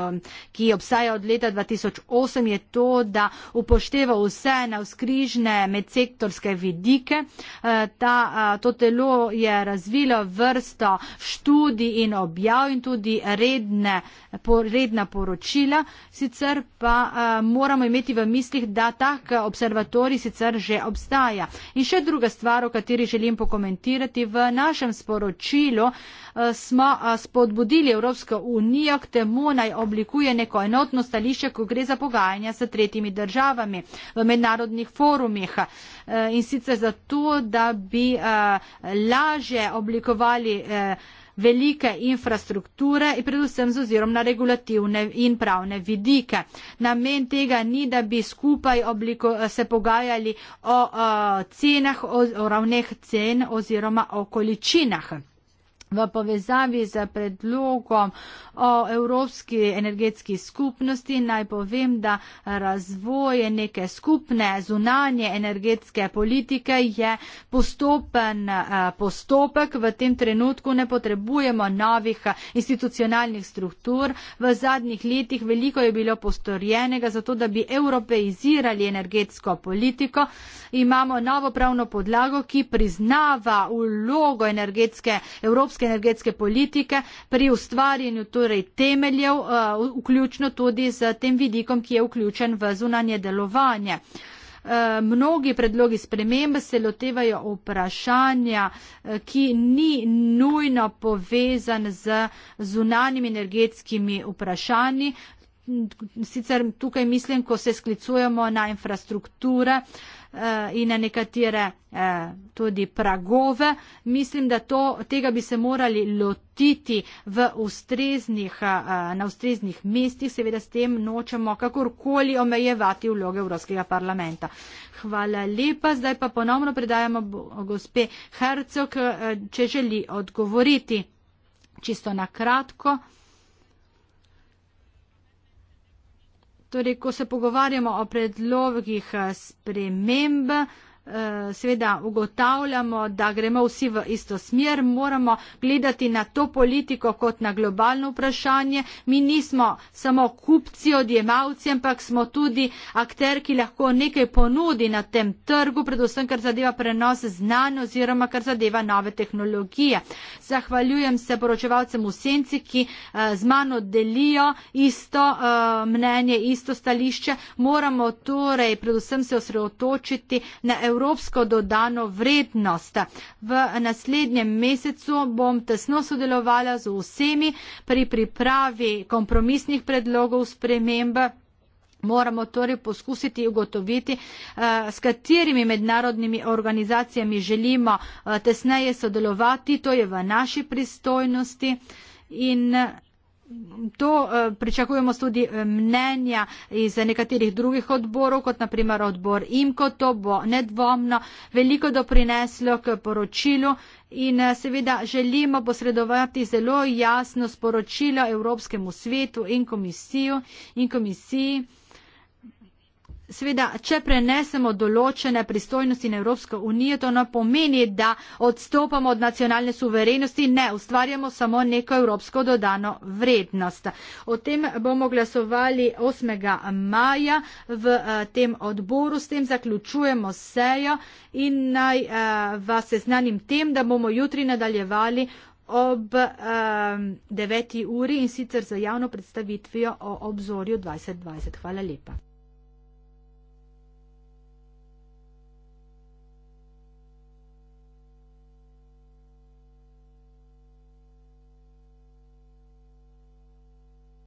Um, ki obstaja od leta 2008, je to, da upošteva vse navskrižne medsektorske vidike. Eh, ta, eh, to telo je razvilo vrsto študij in objav in tudi redne, redna poročila. Sicer pa eh, moramo imeti v mislih, da tak observatori sicer že obstaja. In še druga stvar, o kateri želim pokomentirati, v našem sporočilu smo spodbudili Evropsko unijo k temu, naj oblikuje neko enotno stališče, ko gre za pogajanja s tretjimi državami v mednarodnih forumih e, in sicer zato, da bi e, laže oblikovali e, velike infrastrukture in predvsem z ozirom na regulativne in pravne vidike. Namen tega ni, da bi skupaj obliko, se pogajali o, o cenah, o, o ravneh cen oziroma o količinah v povezavi z predlogom o Evropski energetski skupnosti naj povem, da razvoj neke skupne zunanje energetske politike je postopen eh, postopek. V tem trenutku ne potrebujemo novih eh, institucionalnih struktur. V zadnjih letih veliko je bilo postorjenega za to, da bi europeizirali energetsko politiko. Imamo novo pravno podlago, ki priznava vlogo energetske Evropske slovenske energetske politike pri ustvarjanju torej temeljev, eh, vključno tudi z tem vidikom, ki je vključen v zunanje delovanje. Eh, mnogi predlogi sprememb se lotevajo vprašanja, eh, ki ni nujno povezan z zunanjimi energetskimi vprašanji. Sicer tukaj mislim, ko se sklicujemo na infrastrukture, Eh, in na nekatere eh, tudi pragove. Mislim, da to, tega bi se morali lotiti ustreznih, eh, na ustreznih mestih, seveda s tem nočemo kakorkoli omejevati vloge Evropskega parlamenta. Hvala lepa, zdaj pa ponovno predajamo gospe Hercog, če želi odgovoriti čisto na kratko. Torej, ko se pogovarjamo o predlogih eh, sprememb, Eh, seveda ugotavljamo, da gremo vsi v isto smer, moramo gledati na to politiko kot na globalno vprašanje. Mi nismo samo kupci, odjemalci, ampak smo tudi akter, ki lahko nekaj ponudi na tem trgu, predvsem kar zadeva prenos znanja oziroma kar zadeva nove tehnologije. Zahvaljujem se poročevalcem v senci, ki eh, z mano delijo isto eh, mnenje, isto stališče. Moramo torej predvsem se osredotočiti na evropske evropsko dodano vrednost. V naslednjem mesecu bom tesno sodelovala z vsemi pri pripravi kompromisnih predlogov sprememb. Moramo torej poskusiti ugotoviti, eh, s katerimi mednarodnimi organizacijami želimo eh, tesneje sodelovati, to je v naši pristojnosti. In To eh, pričakujemo tudi eh, mnenja iz nekaterih drugih odborov, kot naprimer odbor IMKO. To bo nedvomno veliko doprineslo k poročilu in eh, seveda želimo posredovati zelo jasno sporočilo Evropskemu svetu in komisiji. In komisiji seveda, če prenesemo določene pristojnosti na Evropsko unijo, to ne pomeni, da odstopamo od nacionalne suverenosti, ne, ustvarjamo samo neko evropsko dodano vrednost. O tem bomo glasovali 8. maja v eh, tem odboru, s tem zaključujemo sejo in naj eh, vas seznanim tem, da bomo jutri nadaljevali ob um, eh, 9. uri in sicer za javno predstavitvijo o obzorju 2020. Hvala lepa.